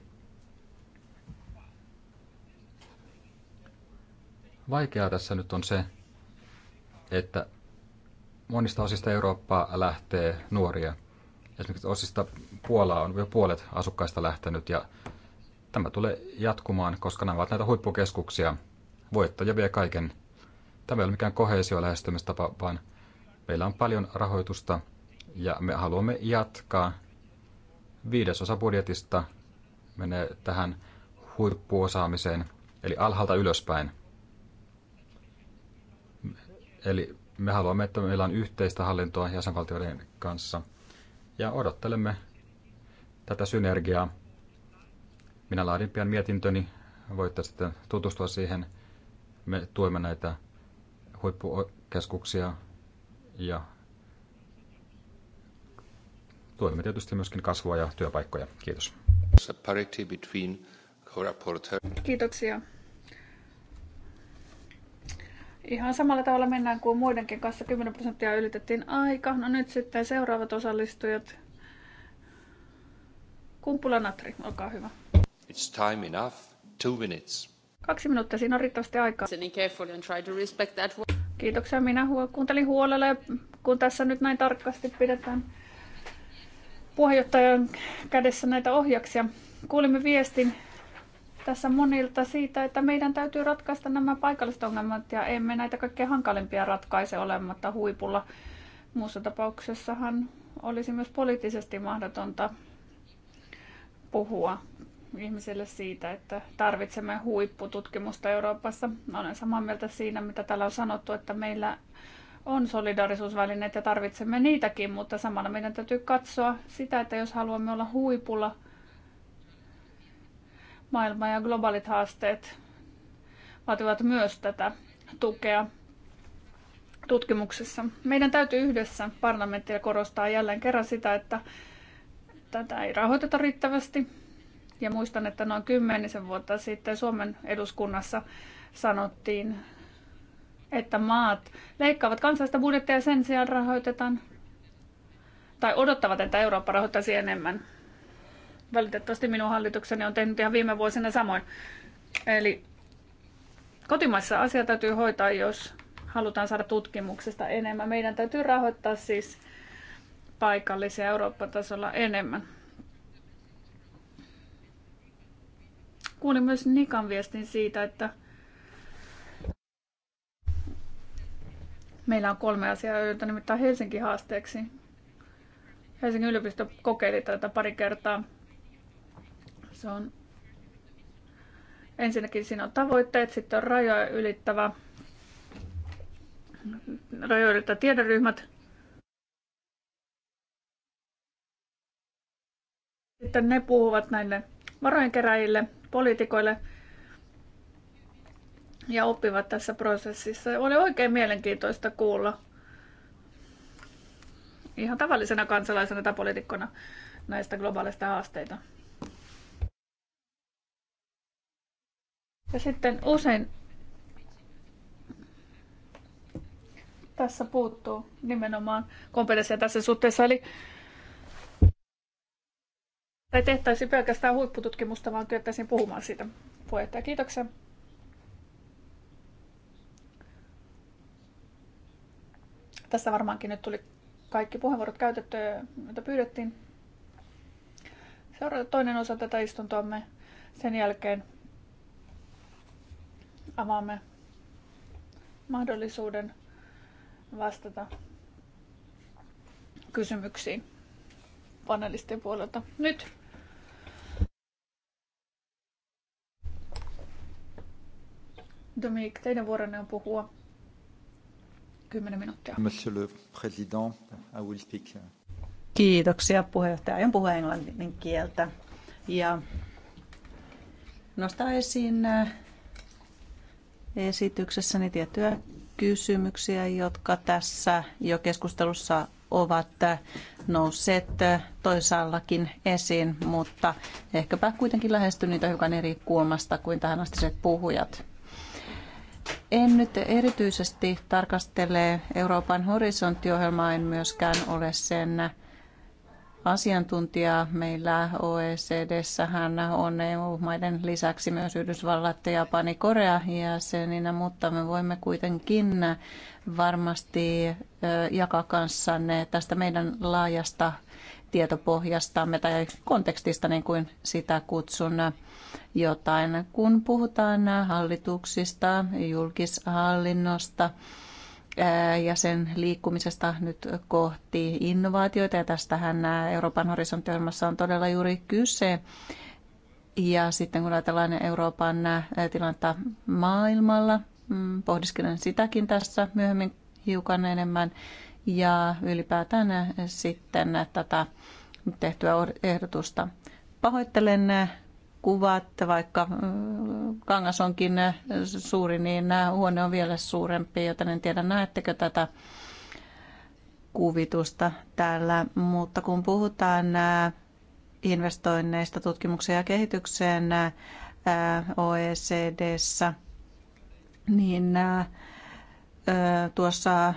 S3: Vaikeaa tässä nyt on se, että monista osista Eurooppaa lähtee nuoria. Esimerkiksi osista Puolaa on jo puolet asukkaista lähtenyt ja tämä tulee jatkumaan, koska nämä ovat näitä huippukeskuksia. Voittaja vie kaiken. Tämä ei ole mikään kohesio lähestymistapa, vaan meillä on paljon rahoitusta ja me haluamme jatkaa. Viidesosa budjetista menee tähän huippuosaamiseen, eli alhaalta ylöspäin. Eli me haluamme, että meillä on yhteistä hallintoa jäsenvaltioiden kanssa ja odottelemme tätä synergiaa minä laadin pian mietintöni, voitte sitten tutustua siihen. Me tuemme näitä huippukeskuksia ja tuemme tietysti myöskin kasvua ja työpaikkoja. Kiitos.
S2: Kiitoksia. Ihan samalla tavalla mennään kuin muidenkin kanssa. 10 prosenttia ylitettiin aika. No nyt sitten seuraavat osallistujat. Kumpula Natri, olkaa hyvä.
S1: It's time enough. Two minutes.
S2: Kaksi minuuttia, siinä on riittävästi aikaa. Kiitoksia, minä huo- kuuntelin huolella kun tässä nyt näin tarkasti pidetään puheenjohtajan kädessä näitä ohjaksia. Kuulimme viestin tässä monilta siitä, että meidän täytyy ratkaista nämä paikalliset ongelmat ja emme näitä kaikkein hankalimpia ratkaise olematta huipulla. Muussa tapauksessahan olisi myös poliittisesti mahdotonta puhua ihmisille siitä, että tarvitsemme huippututkimusta Euroopassa. Olen samaa mieltä siinä, mitä täällä on sanottu, että meillä on solidarisuusvälineet ja tarvitsemme niitäkin, mutta samalla meidän täytyy katsoa sitä, että jos haluamme olla huipulla, maailma ja globaalit haasteet vaativat myös tätä tukea tutkimuksessa. Meidän täytyy yhdessä parlamenttia korostaa jälleen kerran sitä, että tätä ei rahoiteta riittävästi ja muistan, että noin kymmenisen vuotta sitten Suomen eduskunnassa sanottiin, että maat leikkaavat kansallista budjettia ja sen sijaan rahoitetaan, tai odottavat, että Eurooppa rahoittaisi enemmän. Valitettavasti minun hallitukseni on tehnyt ihan viime vuosina samoin. Eli kotimaissa asia täytyy hoitaa, jos halutaan saada tutkimuksesta enemmän. Meidän täytyy rahoittaa siis paikallisia Eurooppa-tasolla enemmän. Kuulin myös Nikan viestin siitä, että meillä on kolme asiaa, joita nimittäin Helsinki haasteeksi. Helsingin yliopisto kokeili tätä pari kertaa. Se on ensinnäkin siinä on tavoitteet, sitten on rajoja ylittävä, rajoja ylittävä tiederyhmät. Sitten ne puhuvat näille varojen keräjille poliitikoille ja oppivat tässä prosessissa. Oli oikein mielenkiintoista kuulla ihan tavallisena kansalaisena tai poliitikkona näistä globaaleista haasteita. Ja sitten usein tässä puuttuu nimenomaan kompetenssia tässä suhteessa. Eli tai tehtäisiin pelkästään huippututkimusta, vaan kyettäisiin puhumaan siitä. Puheenjohtaja, kiitoksia. Tässä varmaankin nyt tuli kaikki puheenvuorot käytetty, joita pyydettiin. Seuraava toinen osa tätä istuntoamme. Sen jälkeen avaamme mahdollisuuden vastata kysymyksiin panelistien puolelta. Nyt Dominic, teidän vuoronne on puhua. kymmenen minuuttia.
S3: Monsieur le Président, I will speak. Uh,
S4: Kiitoksia puheenjohtaja. Aion puhua englannin kieltä ja nostaa esiin uh, esityksessäni tiettyjä kysymyksiä, jotka tässä jo keskustelussa ovat uh, nousseet toisaallakin esiin, mutta ehkäpä kuitenkin lähesty niitä hiukan eri kulmasta kuin tähän astiset puhujat en nyt erityisesti tarkastele Euroopan horisonttiohjelmaa, en myöskään ole sen asiantuntija. Meillä e hän on EU-maiden lisäksi myös Yhdysvallat, Japani, Korea jäseninä, mutta me voimme kuitenkin varmasti jakaa kanssanne tästä meidän laajasta tietopohjastamme tai kontekstista, niin kuin sitä kutsun jotain. Kun puhutaan hallituksista, julkishallinnosta, ja sen liikkumisesta nyt kohti innovaatioita. Ja tästähän Euroopan horisonttiohjelmassa on todella juuri kyse. Ja sitten kun ajatellaan Euroopan tilannetta maailmalla, mm, pohdiskelen sitäkin tässä myöhemmin hiukan enemmän. Ja ylipäätään sitten tätä tehtyä ehdotusta. Pahoittelen kuvat, vaikka mm, kangas onkin äh, suuri, niin äh, huone on vielä suurempi, joten en tiedä näettekö tätä kuvitusta täällä, mutta kun puhutaan äh, investoinneista tutkimukseen ja kehitykseen OECDssä, niin tuossa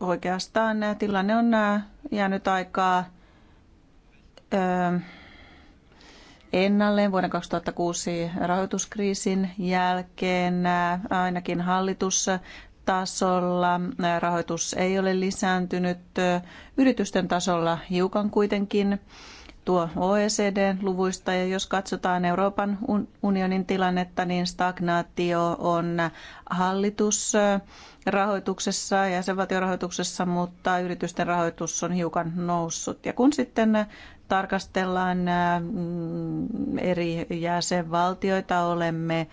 S4: oikeastaan tilanne on jäänyt aikaa ennalleen vuoden 2006 rahoituskriisin jälkeen ainakin hallitus tasolla rahoitus ei ole lisääntynyt, yritysten tasolla hiukan kuitenkin tuo OECD-luvuista ja jos katsotaan Euroopan unionin tilannetta, niin stagnaatio on hallitus rahoituksessa ja jäsenvaltiorahoituksessa, mutta yritysten rahoitus on hiukan noussut. Ja kun sitten tarkastellaan mm, eri jäsenvaltioita, olemme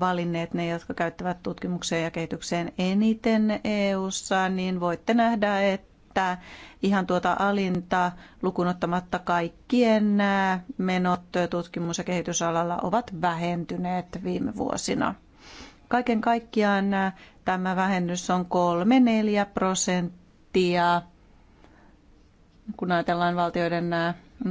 S4: valinneet ne, jotka käyttävät tutkimukseen ja kehitykseen eniten EU:ssa, niin voitte nähdä, että että ihan tuota alinta lukunottamatta kaikkien menot tutkimus- ja kehitysalalla ovat vähentyneet viime vuosina. Kaiken kaikkiaan tämä vähennys on 3-4 prosenttia, kun ajatellaan valtioiden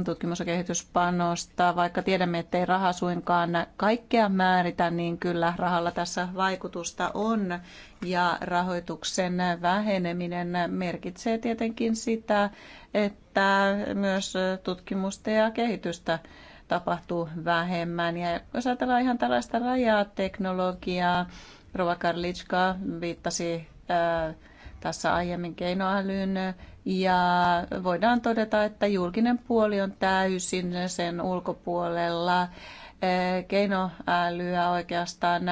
S4: tutkimus- ja kehityspanosta. Vaikka tiedämme, ei raha suinkaan kaikkea määritä, niin kyllä rahalla tässä vaikutusta on. Ja rahoituksen väheneminen merkitsee tietenkin sitä, että myös tutkimusta ja kehitystä tapahtuu vähemmän. Ja jos ajatellaan ihan tällaista teknologiaa, Rova Karlitska viittasi ää, tässä aiemmin keinoälyyn ja voidaan todeta, että julkinen puoli on täysin sen ulkopuolella. Eh, keinoälyä oikeastaan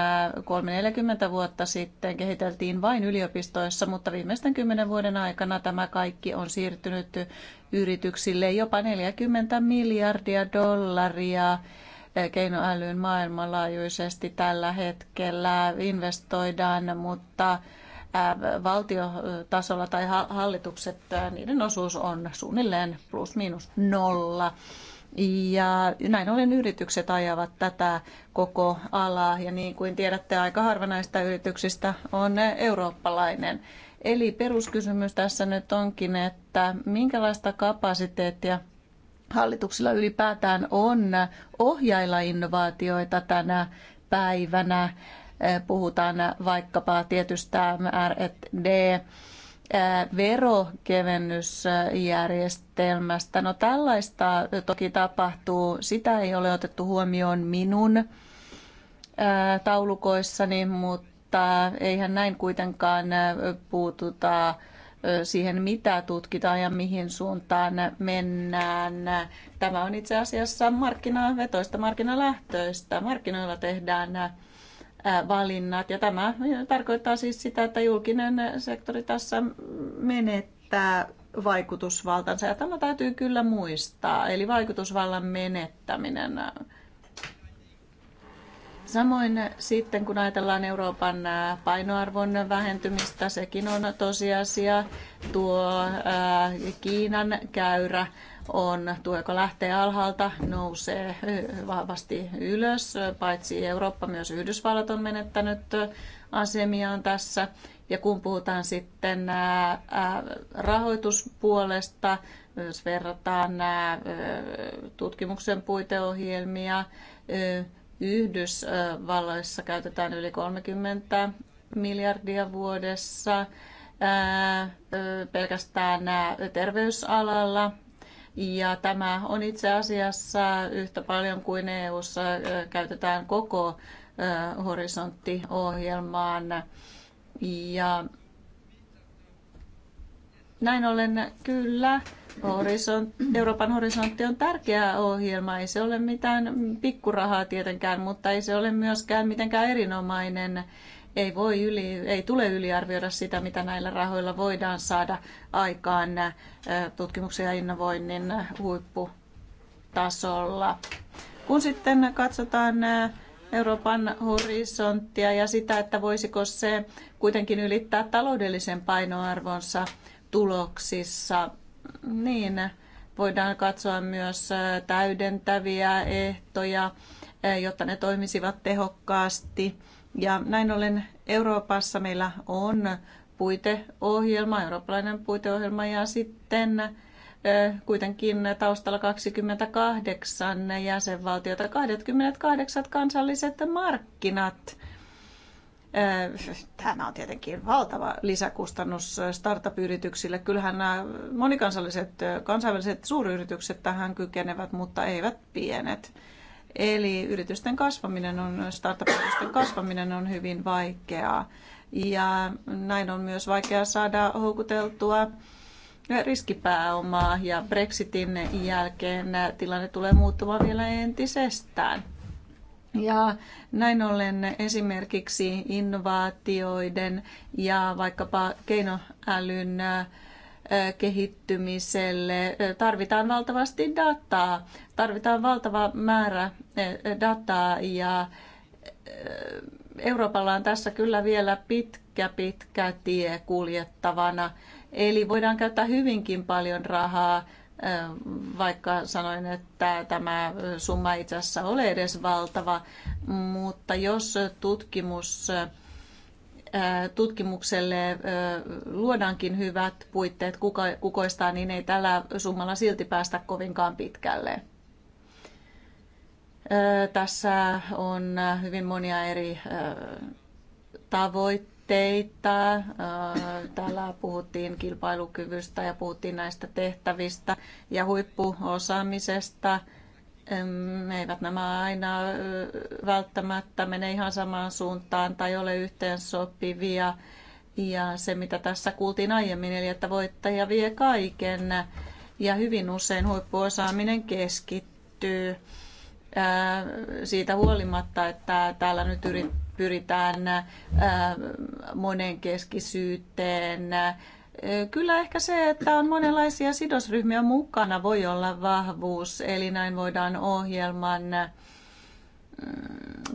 S4: 340 eh, vuotta sitten kehiteltiin vain yliopistoissa, mutta viimeisten kymmenen vuoden aikana tämä kaikki on siirtynyt yrityksille jopa 40 miljardia dollaria eh, keinoälyyn maailmanlaajuisesti tällä hetkellä investoidaan, mutta valtiotasolla tai hallitukset, niiden osuus on suunnilleen plus miinus nolla. Ja näin ollen yritykset ajavat tätä koko alaa ja niin kuin tiedätte, aika harva näistä yrityksistä on eurooppalainen. Eli peruskysymys tässä nyt onkin, että minkälaista kapasiteettia hallituksilla ylipäätään on ohjailla innovaatioita tänä päivänä puhutaan vaikkapa tietystä RD eh, verokevennysjärjestelmästä. No tällaista toki tapahtuu. Sitä ei ole otettu huomioon minun eh, taulukoissani, mutta eihän näin kuitenkaan puututa eh, siihen, mitä tutkitaan ja mihin suuntaan mennään. Tämä on itse asiassa markkinavetoista, markkinalähtöistä. Markkinoilla tehdään valinnat. Ja tämä tarkoittaa siis sitä, että julkinen sektori tässä menettää vaikutusvaltansa. Ja tämä täytyy kyllä muistaa, eli vaikutusvallan menettäminen. Samoin sitten kun ajatellaan Euroopan painoarvon vähentymistä, sekin on tosiasia. Tuo Kiinan käyrä on tuo, joka lähtee alhaalta, nousee vahvasti ylös. Paitsi Eurooppa, myös Yhdysvallat on menettänyt asemiaan tässä. Ja kun puhutaan sitten rahoituspuolesta, jos verrataan tutkimuksen puiteohjelmia, Yhdysvalloissa käytetään yli 30 miljardia vuodessa pelkästään terveysalalla ja tämä on itse asiassa yhtä paljon kuin EU:ssa käytetään koko horisonttiohjelmaan. Ja näin ollen kyllä horisont, Euroopan horisontti on tärkeä ohjelma. Ei se ole mitään pikkurahaa tietenkään, mutta ei se ole myöskään mitenkään erinomainen ei, voi yli, ei tule yliarvioida sitä, mitä näillä rahoilla voidaan saada aikaan äh, tutkimuksen ja innovoinnin huipputasolla. Kun sitten katsotaan äh, Euroopan horisonttia ja sitä, että voisiko se kuitenkin ylittää taloudellisen painoarvonsa tuloksissa, niin voidaan katsoa myös äh, täydentäviä ehtoja, jotta ne toimisivat tehokkaasti ja näin ollen Euroopassa meillä on puiteohjelma, eurooppalainen puiteohjelma ja sitten kuitenkin taustalla 28 jäsenvaltiota, 28 kansalliset markkinat. Tämä on tietenkin valtava lisäkustannus startup-yrityksille. Kyllähän nämä monikansalliset kansainväliset suuryritykset tähän kykenevät, mutta eivät pienet. Eli yritysten kasvaminen on, startup-yritysten kasvaminen on hyvin vaikeaa. Ja näin on myös vaikea saada houkuteltua riskipääomaa ja Brexitin jälkeen tilanne tulee muuttumaan vielä entisestään. Ja näin ollen esimerkiksi innovaatioiden ja vaikkapa keinoälyn kehittymiselle tarvitaan valtavasti dataa, tarvitaan valtava määrä dataa ja Euroopalla on tässä kyllä vielä pitkä, pitkä tie kuljettavana. Eli voidaan käyttää hyvinkin paljon rahaa, vaikka sanoin, että tämä summa ei itse asiassa ole edes valtava, mutta jos tutkimus tutkimukselle luodaankin hyvät puitteet kukoistaa, niin ei tällä summalla silti päästä kovinkaan pitkälle. Tässä on hyvin monia eri tavoitteita. Täällä puhuttiin kilpailukyvystä ja puhuttiin näistä tehtävistä ja huippuosaamisesta – eivät nämä aina välttämättä mene ihan samaan suuntaan tai ole sopivia. Ja se, mitä tässä kuultiin aiemmin, eli että voittaja vie kaiken ja hyvin usein huippuosaaminen keskittyy siitä huolimatta, että täällä nyt pyritään monenkeskisyyteen, Kyllä ehkä se, että on monenlaisia sidosryhmiä mukana voi olla vahvuus, eli näin voidaan ohjelman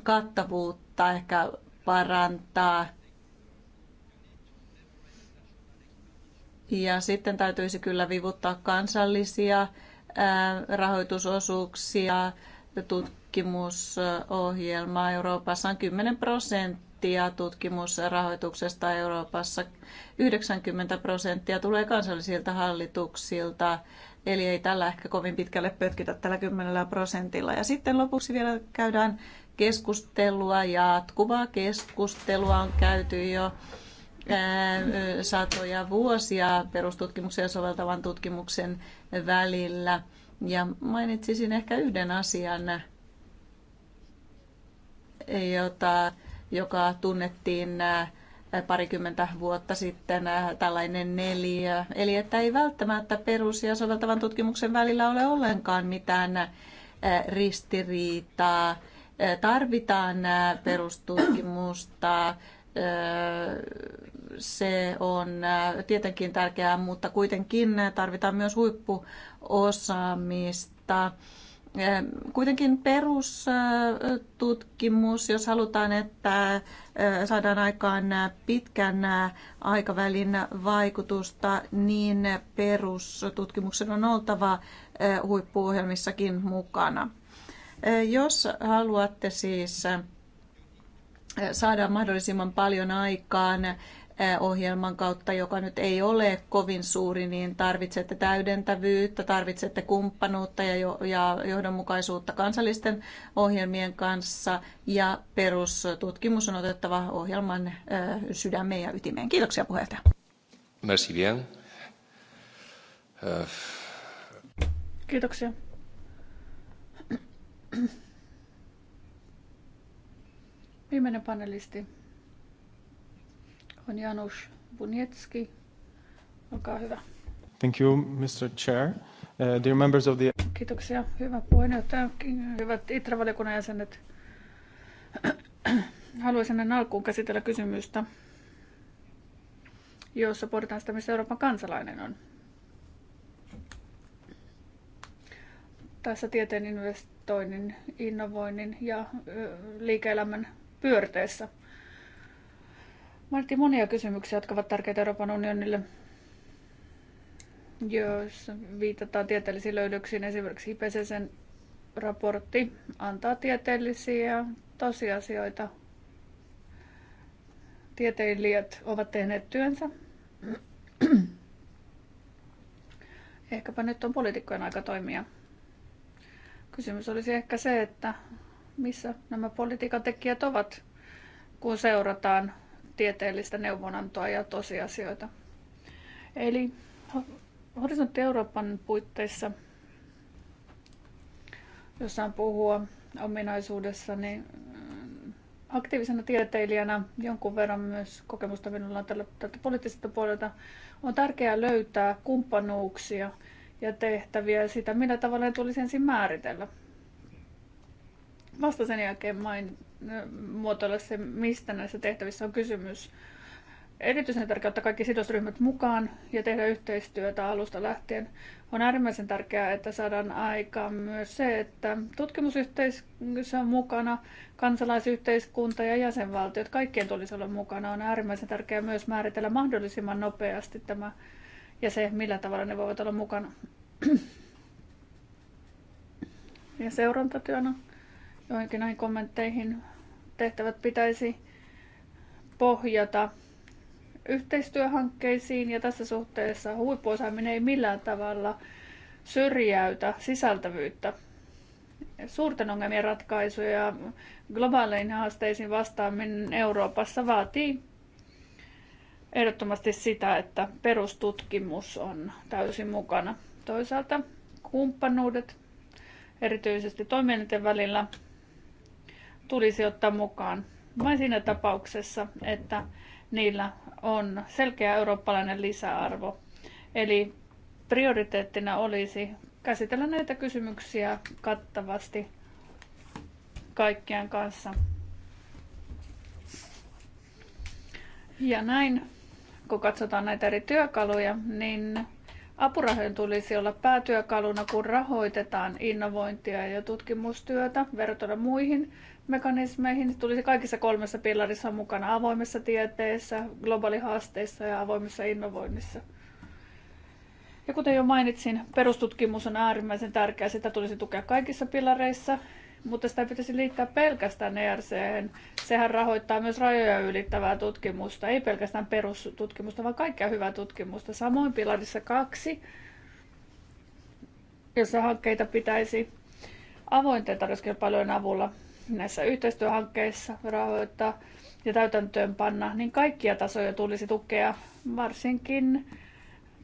S4: kattavuutta ehkä parantaa. Ja sitten täytyisi kyllä vivuttaa kansallisia rahoitusosuuksia, tutkimusohjelmaa Euroopassa on 10 prosenttia prosenttia tutkimusrahoituksesta Euroopassa, 90 prosenttia tulee kansallisilta hallituksilta, eli ei tällä ehkä kovin pitkälle pötkitä tällä 10 prosentilla. Ja sitten lopuksi vielä käydään keskustelua, jatkuvaa keskustelua on käyty jo satoja vuosia perustutkimuksen ja soveltavan tutkimuksen välillä. Ja mainitsisin ehkä yhden asian, jota joka tunnettiin äh, parikymmentä vuotta sitten äh, tällainen neliö. Eli että ei välttämättä perus- ja soveltavan tutkimuksen välillä ole ollenkaan mitään äh, ristiriitaa. Tarvitaan perustutkimusta, se on tietenkin tärkeää, mutta kuitenkin tarvitaan myös huippuosaamista. Kuitenkin perustutkimus, jos halutaan, että saadaan aikaan pitkän aikavälin vaikutusta, niin perustutkimuksen on oltava huippuohjelmissakin mukana. Jos haluatte siis saada mahdollisimman paljon aikaan ohjelman kautta, joka nyt ei ole kovin suuri, niin tarvitsette täydentävyyttä, tarvitsette kumppanuutta ja, jo, ja johdonmukaisuutta kansallisten ohjelmien kanssa ja perustutkimus on otettava ohjelman sydämeen ja ytimeen. Kiitoksia puheenjohtaja.
S1: Merci bien. Äh.
S2: Kiitoksia. Viimeinen panelisti on Janusz Buniecki. Olkaa hyvä.
S3: Thank you, Mr. Chair. Uh, dear members of the...
S2: Kiitoksia, hyvä puheenjohtaja, hyvät ITRA-valiokunnan jäsenet. Haluaisin ennen alkuun käsitellä kysymystä, jossa pohditaan sitä, missä Euroopan kansalainen on. Tässä tieteen investoinnin, innovoinnin ja liike-elämän pyörteessä – Martti monia kysymyksiä, jotka ovat tärkeitä Euroopan unionille. Jos viitataan tieteellisiin löydöksiin, esimerkiksi IPCCn raportti antaa tieteellisiä tosiasioita. Tieteilijät ovat tehneet työnsä. Ehkäpä nyt on poliitikkojen aika toimia. Kysymys olisi ehkä se, että missä nämä politiikan tekijät ovat, kun seurataan tieteellistä neuvonantoa ja tosiasioita. Eli Horisontti Euroopan puitteissa, jos saan puhua ominaisuudessa, niin mm, aktiivisena tieteilijänä jonkun verran myös kokemusta minulla on tältä poliittiselta puolelta. On tärkeää löytää kumppanuuksia ja tehtäviä sitä, millä tavalla ne tulisi ensin määritellä vasta sen jälkeen main, muotoilla se, mistä näissä tehtävissä on kysymys. Erityisen tärkeää ottaa kaikki sidosryhmät mukaan ja tehdä yhteistyötä alusta lähtien. On äärimmäisen tärkeää, että saadaan aikaan myös se, että tutkimusyhteisö on mukana, kansalaisyhteiskunta ja jäsenvaltiot, kaikkien tulisi olla mukana. On äärimmäisen tärkeää myös määritellä mahdollisimman nopeasti tämä ja se, millä tavalla ne voivat olla mukana. ja seurantatyönä joihinkin näihin kommentteihin tehtävät pitäisi pohjata yhteistyöhankkeisiin ja tässä suhteessa huippuosaaminen ei millään tavalla syrjäytä sisältävyyttä. Suurten ongelmien ratkaisuja globaaleihin haasteisiin vastaaminen Euroopassa vaatii ehdottomasti sitä, että perustutkimus on täysin mukana. Toisaalta kumppanuudet, erityisesti toimielinten välillä, tulisi ottaa mukaan vain siinä tapauksessa, että niillä on selkeä eurooppalainen lisäarvo. Eli prioriteettina olisi käsitellä näitä kysymyksiä kattavasti kaikkien kanssa. Ja näin, kun katsotaan näitä eri työkaluja, niin apurahojen tulisi olla päätyökaluna, kun rahoitetaan innovointia ja tutkimustyötä verrattuna muihin mekanismeihin tulisi kaikissa kolmessa pilarissa mukana avoimessa tieteessä, globaalihaasteissa ja avoimessa innovoinnissa. Ja kuten jo mainitsin, perustutkimus on äärimmäisen tärkeää, sitä tulisi tukea kaikissa pilareissa, mutta sitä pitäisi liittää pelkästään ERC. -hän. Sehän rahoittaa myös rajoja ylittävää tutkimusta, ei pelkästään perustutkimusta, vaan kaikkea hyvää tutkimusta. Samoin pilarissa kaksi, jossa hankkeita pitäisi avointen tarjouskilpailujen avulla näissä yhteistyöhankkeissa rahoittaa ja täytäntöönpanna, niin kaikkia tasoja tulisi tukea, varsinkin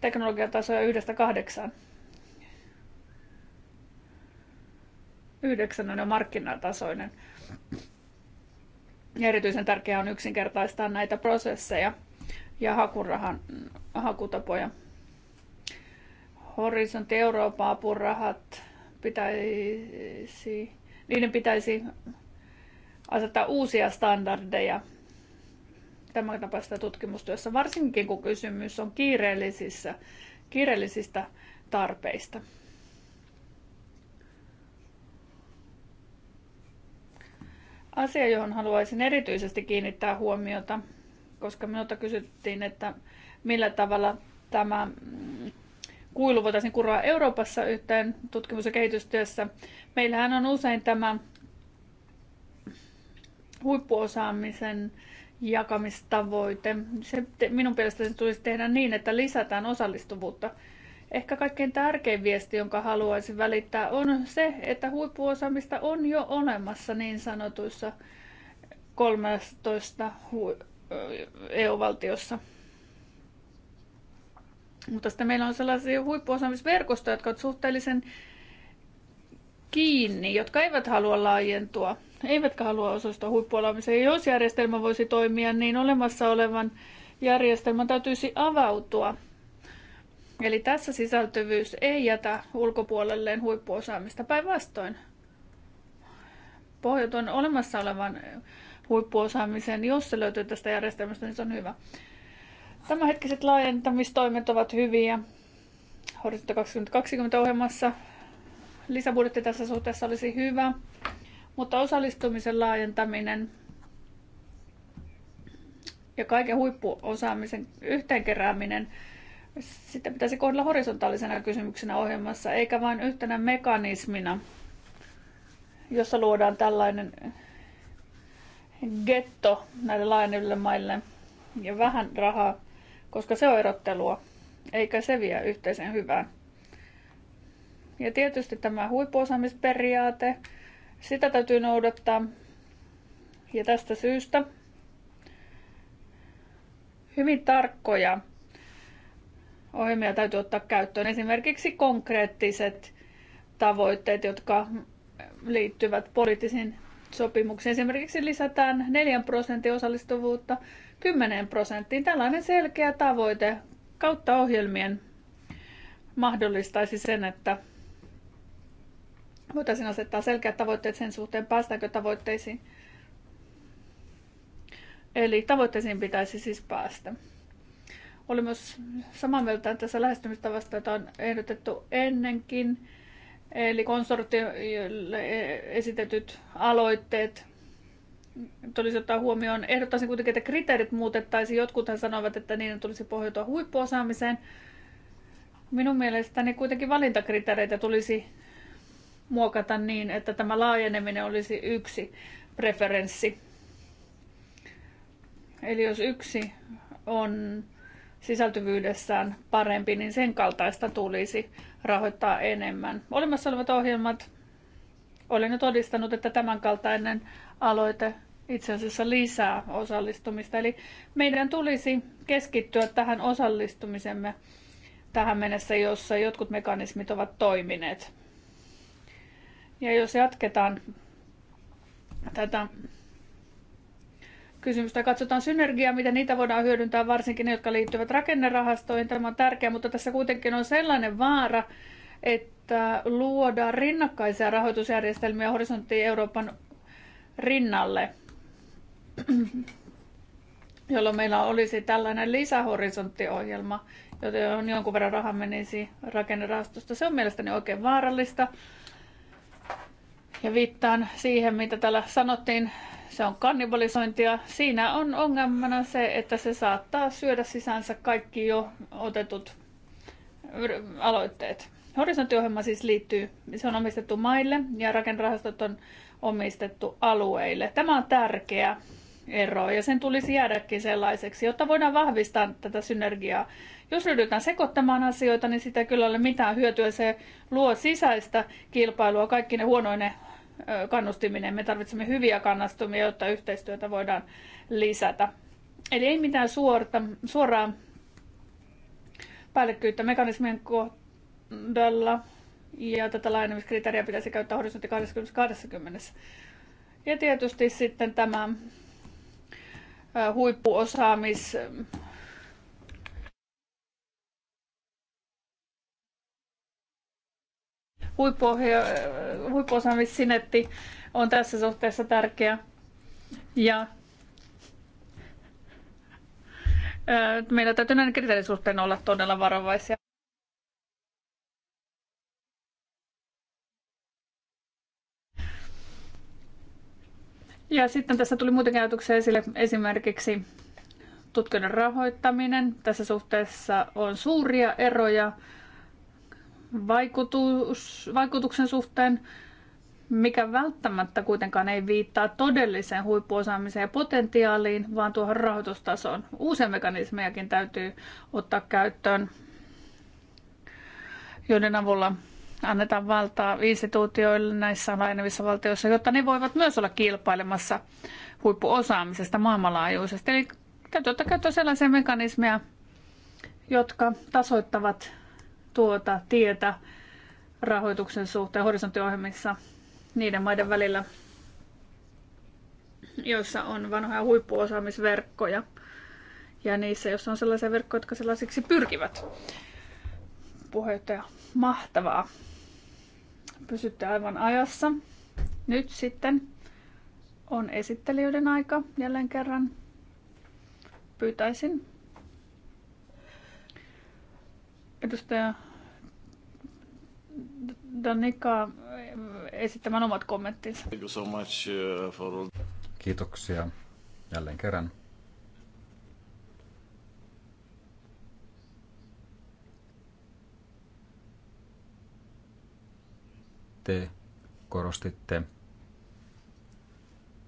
S2: teknologiatasoja yhdestä kahdeksaan. Yhdeksän on jo markkinatasoinen. Ja erityisen tärkeää on yksinkertaistaa näitä prosesseja ja hakurahan, hakutapoja. Horisontti Eurooppa apurahat pitäisi niiden pitäisi asettaa uusia standardeja tämän tapaista tutkimustyössä, varsinkin kun kysymys on kiireellisissä, kiireellisistä tarpeista. Asia, johon haluaisin erityisesti kiinnittää huomiota, koska minulta kysyttiin, että millä tavalla tämä kuilu voitaisiin kuroa Euroopassa yhteen tutkimus- ja kehitystyössä, Meillähän on usein tämä huippuosaamisen jakamistavoite. Se, minun mielestäni se tulisi tehdä niin, että lisätään osallistuvuutta. Ehkä kaikkein tärkein viesti, jonka haluaisin välittää, on se, että huippuosaamista on jo olemassa niin sanotuissa 13 EU-valtiossa. Mutta sitten meillä on sellaisia huippuosaamisverkostoja, jotka ovat suhteellisen kiinni, jotka eivät halua laajentua, eivätkä halua osallistua huippuolemiseen. Jos järjestelmä voisi toimia, niin olemassa olevan järjestelmän täytyisi avautua. Eli tässä sisältyvyys ei jätä ulkopuolelleen huippuosaamista päinvastoin. Pohjaton olemassa olevan huippuosaamisen, jos se löytyy tästä järjestelmästä, niin se on hyvä. Tämänhetkiset laajentamistoimet ovat hyviä. Horisontti 2020 ohjelmassa lisäbudjetti tässä suhteessa olisi hyvä, mutta osallistumisen laajentaminen ja kaiken huippuosaamisen yhteenkerääminen, sitä pitäisi kohdella horisontaalisena kysymyksenä ohjelmassa, eikä vain yhtenä mekanismina, jossa luodaan tällainen getto näille laajeneville maille ja vähän rahaa, koska se on erottelua, eikä se vie yhteiseen hyvään. Ja tietysti tämä huippuosaamisperiaate, sitä täytyy noudattaa. Ja tästä syystä hyvin tarkkoja ohjelmia täytyy ottaa käyttöön. Esimerkiksi konkreettiset tavoitteet, jotka liittyvät poliittisiin sopimuksiin. Esimerkiksi lisätään 4 prosentin osallistuvuutta 10 prosenttiin. Tällainen selkeä tavoite kautta ohjelmien mahdollistaisi sen, että voitaisiin asettaa selkeät tavoitteet sen suhteen, päästäänkö tavoitteisiin. Eli tavoitteisiin pitäisi siis päästä. Oli myös samaa mieltä tässä lähestymistavasta, jota on ehdotettu ennenkin. Eli konsortiolle esitetyt aloitteet tulisi ottaa huomioon. Ehdottaisin kuitenkin, että kriteerit muutettaisiin. Jotkuthan sanovat, että niiden tulisi pohjautua huippuosaamiseen. Minun mielestäni kuitenkin valintakriteereitä tulisi muokata niin, että tämä laajeneminen olisi yksi preferenssi. Eli jos yksi on sisältyvyydessään parempi, niin sen kaltaista tulisi rahoittaa enemmän. Olemassa olevat ohjelmat, olen jo todistanut, että tämänkaltainen aloite itse asiassa lisää osallistumista. Eli meidän tulisi keskittyä tähän osallistumisemme tähän mennessä, jossa jotkut mekanismit ovat toimineet. Ja jos jatketaan tätä kysymystä. Katsotaan synergiaa, miten niitä voidaan hyödyntää, varsinkin ne, jotka liittyvät rakennerahastoihin. Tämä on tärkeää, mutta tässä kuitenkin on sellainen vaara, että luodaan rinnakkaisia rahoitusjärjestelmiä horisontti Euroopan rinnalle, jolloin meillä olisi tällainen lisähorisonttiohjelma, on jonkun verran raha menisi rakennerahastosta. Se on mielestäni oikein vaarallista. Ja viittaan siihen, mitä täällä sanottiin, se on kannibalisointia. Siinä on ongelmana se, että se saattaa syödä sisänsä kaikki jo otetut aloitteet. Horisonttiohjelma siis liittyy, se on omistettu maille ja rakennerahastot on omistettu alueille. Tämä on tärkeä ero ja sen tulisi jäädäkin sellaiseksi, jotta voidaan vahvistaa tätä synergiaa. Jos ryhdytään sekoittamaan asioita, niin sitä ei kyllä ole mitään hyötyä. Se luo sisäistä kilpailua kaikki ne huonoine kannustiminen. Me tarvitsemme hyviä kannustumia, jotta yhteistyötä voidaan lisätä. Eli ei mitään suorta, suoraa päällekkyyttä mekanismien kohdalla. Ja tätä laajenemiskriteeriä pitäisi käyttää horisontti 2020. Ja tietysti sitten tämä huippuosaamis huippuosaamissinetti on tässä suhteessa tärkeä. Ja meillä täytyy näiden kriteerin suhteen olla todella varovaisia. Ja sitten tässä tuli muutenkin ajatuksia esille esimerkiksi tutkinnon rahoittaminen. Tässä suhteessa on suuria eroja vaikutus, vaikutuksen suhteen, mikä välttämättä kuitenkaan ei viittaa todelliseen huippuosaamiseen ja potentiaaliin, vaan tuohon rahoitustasoon. Uusia mekanismejakin täytyy ottaa käyttöön, joiden avulla annetaan valtaa instituutioille näissä laajenevissa valtioissa, jotta ne voivat myös olla kilpailemassa huippuosaamisesta maailmanlaajuisesti. Eli täytyy ottaa käyttöön sellaisia mekanismeja, jotka tasoittavat tuota tietä rahoituksen suhteen horisonttiohjelmissa niiden maiden välillä, joissa on vanhoja huippuosaamisverkkoja ja niissä, jos on sellaisia verkkoja, jotka sellaisiksi pyrkivät. Puheenjohtaja, mahtavaa. Pysytte aivan ajassa. Nyt sitten on esittelijöiden aika jälleen kerran. Pyytäisin edustaja Danika esittämään omat kommenttinsa.
S3: Thank you so much uh, for... Kiitoksia jälleen kerran. Te korostitte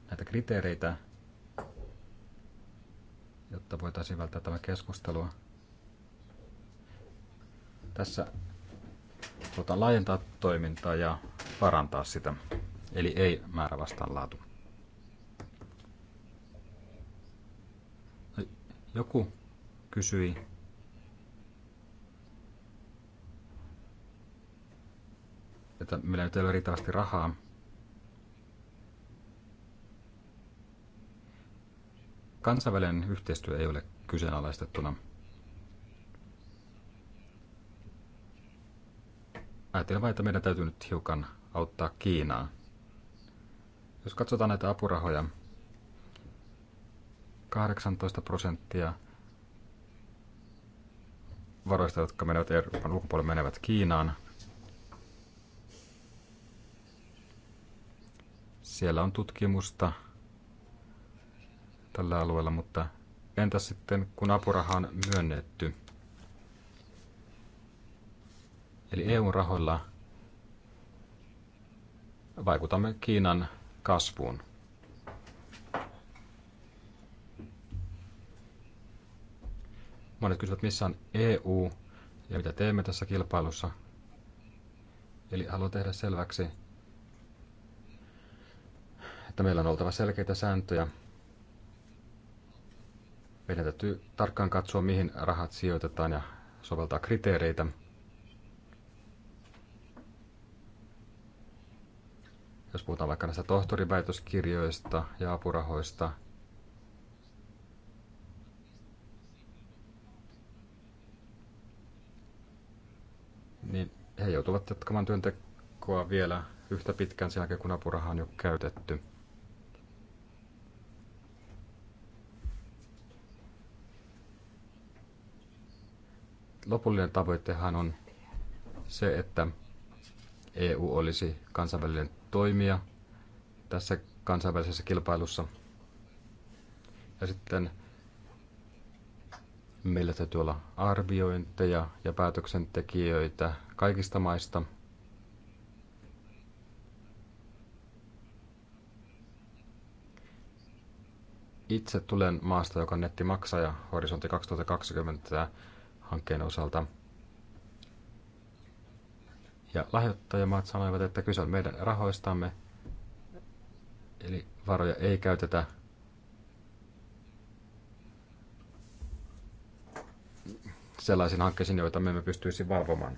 S3: näitä kriteereitä, jotta voitaisiin välttää tämä keskustelua tässä tuota, laajentaa toimintaa ja parantaa sitä, eli ei määrä vastaan laatu. Joku kysyi että meillä nyt ei ole riittävästi rahaa. Kansainvälinen yhteistyö ei ole kyseenalaistettuna. ajattelen vain, että meidän täytyy nyt hiukan auttaa Kiinaa. Jos katsotaan näitä apurahoja, 18 prosenttia varoista, jotka menevät Euroopan ulkopuolelle, menevät Kiinaan. Siellä on tutkimusta tällä alueella, mutta entäs sitten kun apuraha on myönnetty? Eli EU-rahoilla vaikutamme Kiinan kasvuun. Monet kysyvät, missä on EU ja mitä teemme tässä kilpailussa. Eli haluan tehdä selväksi, että meillä on oltava selkeitä sääntöjä. Meidän täytyy tarkkaan katsoa, mihin rahat sijoitetaan ja soveltaa kriteereitä – jos puhutaan vaikka näistä tohtoriväitöskirjoista ja apurahoista, niin he joutuvat jatkamaan työntekoa vielä yhtä pitkään sen jälkeen, kun apuraha on jo käytetty. Lopullinen tavoitehan on se, että EU olisi kansainvälinen toimia tässä kansainvälisessä kilpailussa. Ja sitten meillä täytyy olla arviointeja ja päätöksentekijöitä kaikista maista. Itse tulen maasta, joka on nettimaksaja Horisontti 2020 hankkeen osalta – ja lahjoittajamaat sanoivat, että kyse on meidän rahoistamme, eli varoja ei käytetä sellaisiin hankkeisiin, joita me emme pystyisi valvomaan.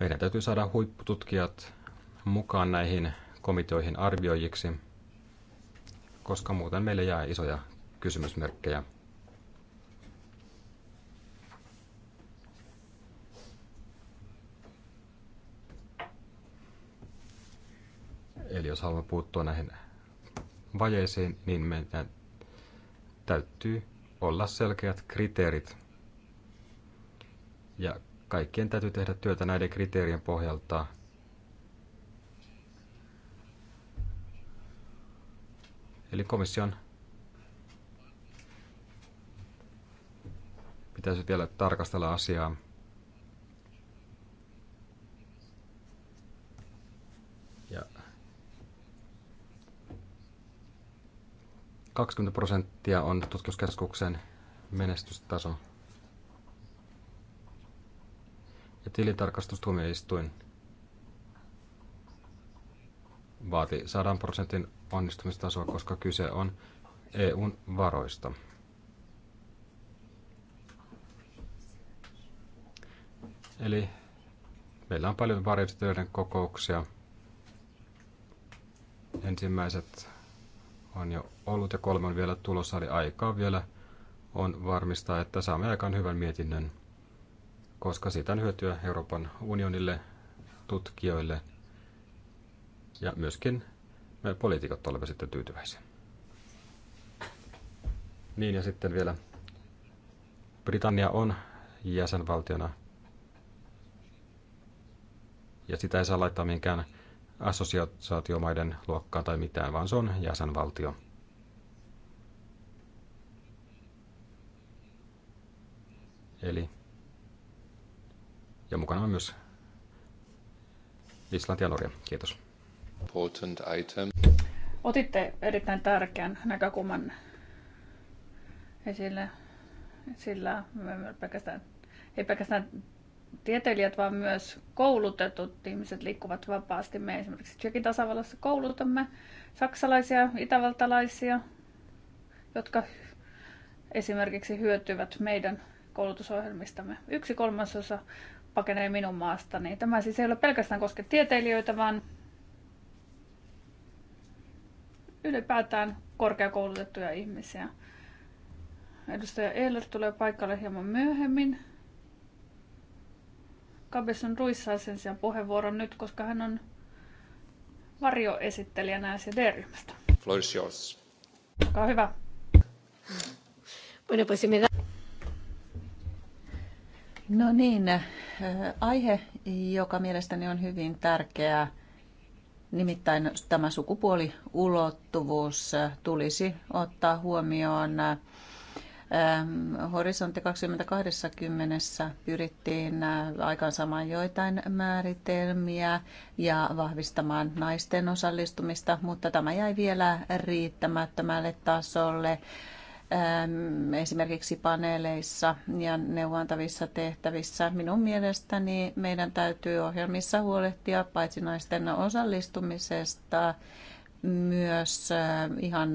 S3: Meidän täytyy saada huippututkijat mukaan näihin komiteoihin arvioijiksi – koska muuten meille jää isoja kysymysmerkkejä. Eli jos haluamme puuttua näihin vajeisiin, niin meidän täytyy olla selkeät kriteerit. Ja kaikkien täytyy tehdä työtä näiden kriteerien pohjalta Eli komission pitäisi vielä tarkastella asiaa. Ja 20 prosenttia on tutkimuskeskuksen menestystaso. Ja tilintarkastustuomioistuin vaati 100 prosentin onnistumistasoa, koska kyse on EUn varoista. Eli meillä on paljon varjostajien kokouksia. Ensimmäiset on jo ollut ja kolme on vielä tulossa, eli aikaa vielä on varmistaa, että saamme aikaan hyvän mietinnön, koska siitä on hyötyä Euroopan unionille, tutkijoille – ja myöskin me poliitikot olemme sitten tyytyväisiä. Niin ja sitten vielä Britannia on jäsenvaltiona ja sitä ei saa laittaa minkään assosiaatiomaiden luokkaan tai mitään, vaan se on jäsenvaltio.
S1: Eli ja mukana on myös Islanti ja Norja. Kiitos important item.
S2: Otitte erittäin tärkeän näkökulman esille, sillä pelkästään, ei pelkästään tieteilijät, vaan myös koulutetut ihmiset liikkuvat vapaasti. Me esimerkiksi Tsekin tasavallassa koulutamme saksalaisia, itävaltalaisia, jotka esimerkiksi hyötyvät meidän koulutusohjelmistamme. Yksi kolmasosa pakenee minun maastani. Tämä siis ei ole pelkästään koske tieteilijöitä, vaan ylipäätään korkeakoulutettuja ihmisiä. Edustaja Eller tulee paikalle hieman myöhemmin. Cabezon Ruiz saa sen sijaan puheenvuoron nyt, koska hän on varjoesittelijänä d ryhmästä
S1: Floor is yours.
S2: Olkaa hyvä. Bueno, pues me da...
S4: No niin, eh, aihe, joka mielestäni on hyvin tärkeä Nimittäin tämä sukupuoliulottuvuus tulisi ottaa huomioon. Horisontti 2020 pyrittiin aikaansaamaan joitain määritelmiä ja vahvistamaan naisten osallistumista, mutta tämä jäi vielä riittämättömälle tasolle esimerkiksi paneeleissa ja neuvontavissa tehtävissä. Minun mielestäni meidän täytyy ohjelmissa huolehtia paitsi naisten osallistumisesta, myös ihan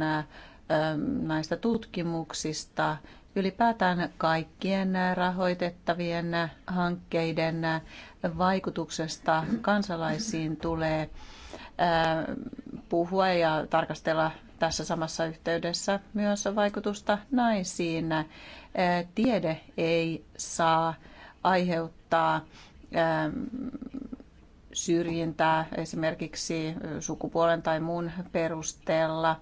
S4: näistä tutkimuksista, ylipäätään kaikkien rahoitettavien hankkeiden vaikutuksesta kansalaisiin tulee puhua ja tarkastella tässä samassa yhteydessä myös vaikutusta naisiin. Tiede ei saa aiheuttaa syrjintää esimerkiksi sukupuolen tai muun perusteella.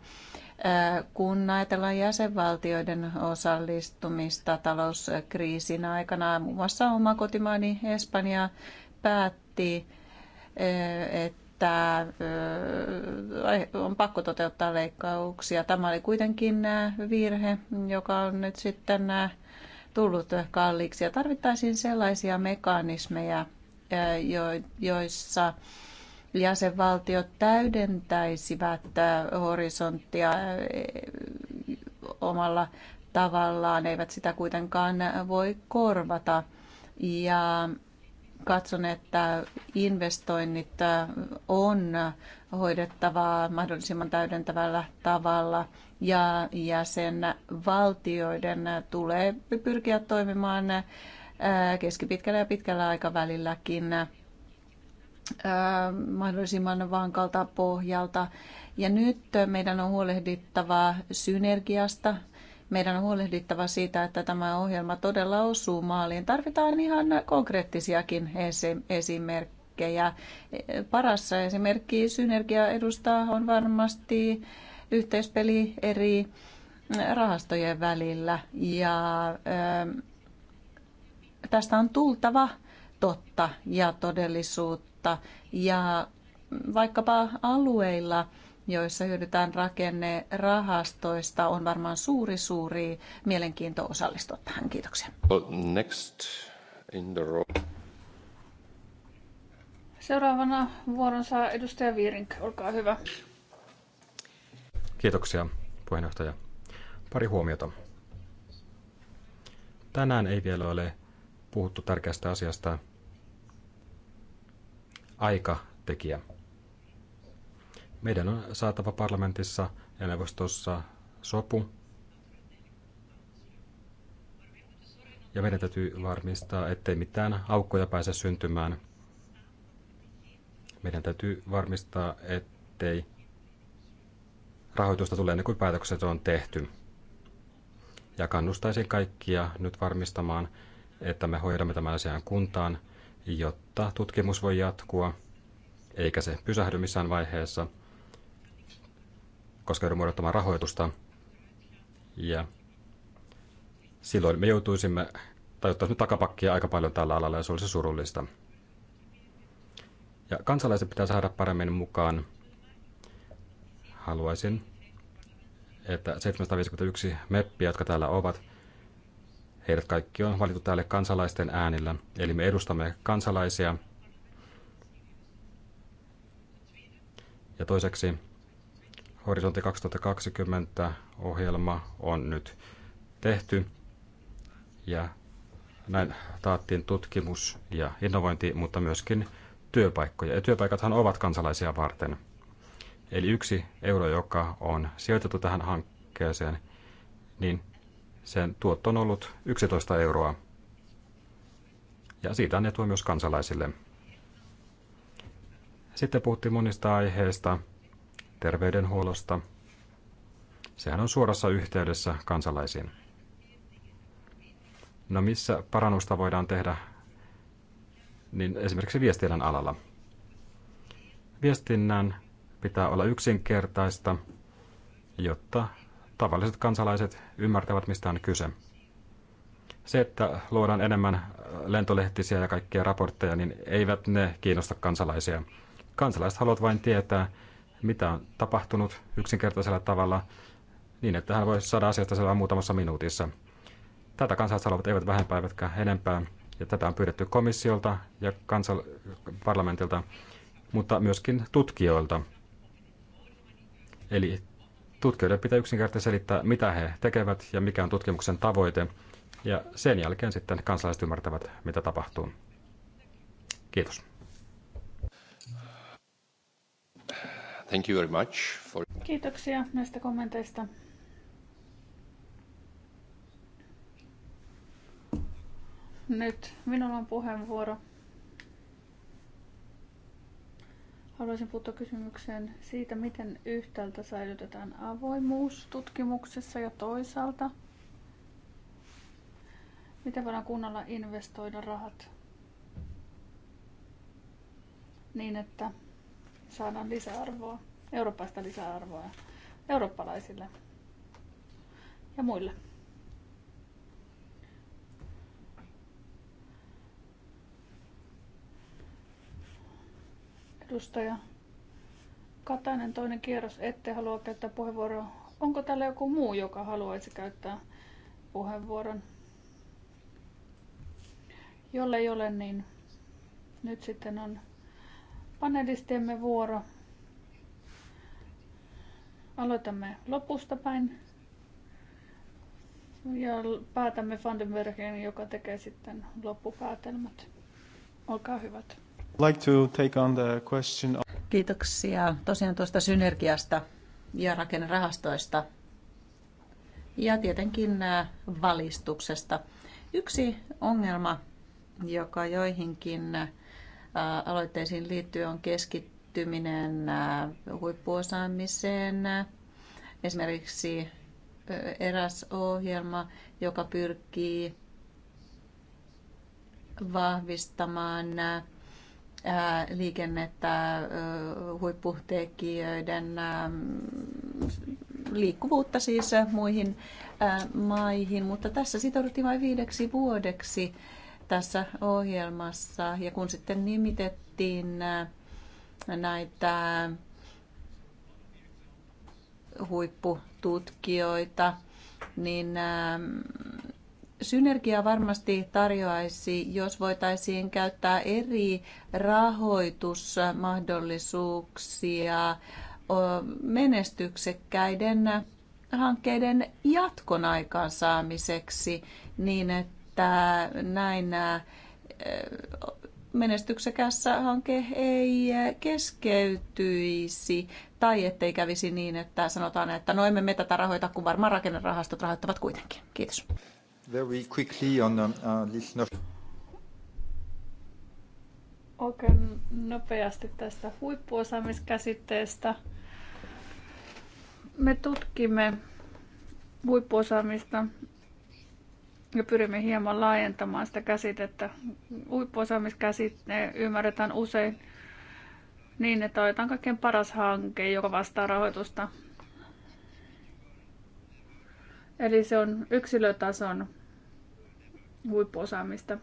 S4: Kun ajatellaan jäsenvaltioiden osallistumista talouskriisin aikana, muun muassa oma kotimaani Espanja päätti, että että on pakko toteuttaa leikkauksia. Tämä oli kuitenkin virhe, joka on nyt sitten tullut kalliiksi. Ja tarvittaisiin sellaisia mekanismeja, joissa jäsenvaltiot täydentäisivät horisonttia omalla tavallaan, eivät sitä kuitenkaan voi korvata. Ja katson, että investoinnit äh, on hoidettava mahdollisimman täydentävällä tavalla ja jäsenvaltioiden tulee pyrkiä toimimaan äh, keskipitkällä ja pitkällä aikavälilläkin äh, mahdollisimman vankalta pohjalta. Ja nyt meidän on huolehdittava synergiasta meidän on huolehdittava siitä, että tämä ohjelma todella osuu maaliin. Tarvitaan ihan konkreettisiakin esimerkkejä. Paras esimerkki synergia edustaa on varmasti yhteispeli eri mm, rahastojen välillä ja ähm, tästä on tultava totta ja todellisuutta ja mm, vaikkapa alueilla – joissa hyödytään rakennerahastoista, on varmaan suuri, suuri mielenkiinto osallistua tähän. Kiitoksia.
S1: Next in the row.
S2: Seuraavana vuoron saa edustaja Viirink. Olkaa hyvä.
S1: Kiitoksia,
S3: puheenjohtaja. Pari huomiota. Tänään ei vielä ole puhuttu tärkeästä asiasta, aikatekijä. tekijä meidän on saatava parlamentissa ja neuvostossa sopu. Ja meidän täytyy varmistaa, ettei mitään aukkoja pääse syntymään. Meidän täytyy varmistaa, ettei rahoitusta tule ennen kuin päätökset on tehty. Ja kannustaisin kaikkia nyt varmistamaan, että me hoidamme tämän asian kuntaan, jotta tutkimus voi jatkua, eikä se pysähdy missään vaiheessa – koska joudumme odottamaan rahoitusta. Ja silloin me joutuisimme, tai ottaisimme takapakkia aika paljon tällä alalla, ja se olisi surullista. Ja kansalaiset pitää saada paremmin mukaan. Haluaisin, että 751 meppiä, jotka täällä ovat, heidät kaikki on valittu täällä kansalaisten äänillä. Eli me edustamme kansalaisia. Ja toiseksi Horisontti 2020 ohjelma on nyt tehty ja näin taattiin tutkimus ja innovointi, mutta myöskin työpaikkoja. Ja työpaikathan ovat kansalaisia varten. Eli yksi euro, joka on sijoitettu tähän hankkeeseen, niin sen tuotto on ollut 11 euroa. Ja siitä on myös kansalaisille. Sitten puhuttiin monista aiheista, terveydenhuollosta. Sehän on suorassa yhteydessä kansalaisiin. No missä parannusta voidaan tehdä? Niin esimerkiksi viestinnän alalla. Viestinnän pitää olla yksinkertaista, jotta tavalliset kansalaiset ymmärtävät, mistä on kyse. Se, että luodaan enemmän lentolehtisiä ja kaikkia raportteja, niin eivät ne kiinnosta kansalaisia. Kansalaiset haluavat vain tietää, mitä on tapahtunut yksinkertaisella tavalla niin, että hän voi saada asiasta selvää muutamassa minuutissa. Tätä kansalaiset eivät vähempää eivätkä enempää, ja tätä on pyydetty komissiolta ja kansal- parlamentilta, mutta myöskin tutkijoilta. Eli tutkijoille pitää yksinkertaisesti selittää, mitä he tekevät ja mikä on tutkimuksen tavoite, ja sen jälkeen sitten kansalaiset ymmärtävät, mitä tapahtuu. Kiitos.
S1: Thank you very much for...
S2: Kiitoksia näistä kommenteista. Nyt minulla on puheenvuoro. Haluaisin puuttua kysymykseen siitä, miten yhtäältä säilytetään avoimuus tutkimuksessa ja toisaalta, miten voidaan kunnalla investoida rahat niin, että saadaan lisäarvoa, eurooppaista lisäarvoa eurooppalaisille ja muille. Edustaja Katainen, toinen kierros. Ette halua käyttää puheenvuoroa. Onko täällä joku muu, joka haluaisi käyttää puheenvuoron? ei ole, niin nyt sitten on panelistiemme vuoro. Aloitamme lopusta päin. Ja päätämme Vandenbergen, joka tekee sitten loppupäätelmät. Olkaa hyvät.
S4: Like to take on the question of... Kiitoksia tosiaan tuosta synergiasta ja rakennerahastoista ja tietenkin valistuksesta. Yksi ongelma, joka joihinkin aloitteisiin liittyy on keskittyminen äh, huippuosaamiseen. Esimerkiksi äh, eräs ohjelma, joka pyrkii vahvistamaan äh, liikennettä huipputekijöiden liikkuvuutta siis muihin maihin, mutta tässä sitouduttiin vain viideksi vuodeksi tässä ohjelmassa. Ja kun sitten nimitettiin äh, näitä huippututkijoita, niin ähm, synergia varmasti tarjoaisi, jos voitaisiin käyttää eri rahoitusmahdollisuuksia menestyksekkäiden hankkeiden jatkon aikaansaamiseksi niin, että että näin menestyksekässä hanke ei keskeytyisi tai ettei kävisi niin, että sanotaan, että no emme me tätä rahoita, kun varmaan rakennerahastot rahoittavat kuitenkin.
S3: Kiitos. Very quickly on uh,
S1: listener. No-
S2: Oikein nopeasti tästä huippuosaamiskäsitteestä. Me tutkimme huippuosaamista ja pyrimme hieman laajentamaan sitä käsitettä. Uippuosaamiskäsite ymmärretään usein niin, että otetaan kaikkein paras hanke, joka vastaa rahoitusta. Eli se on yksilötason huippuosaamista.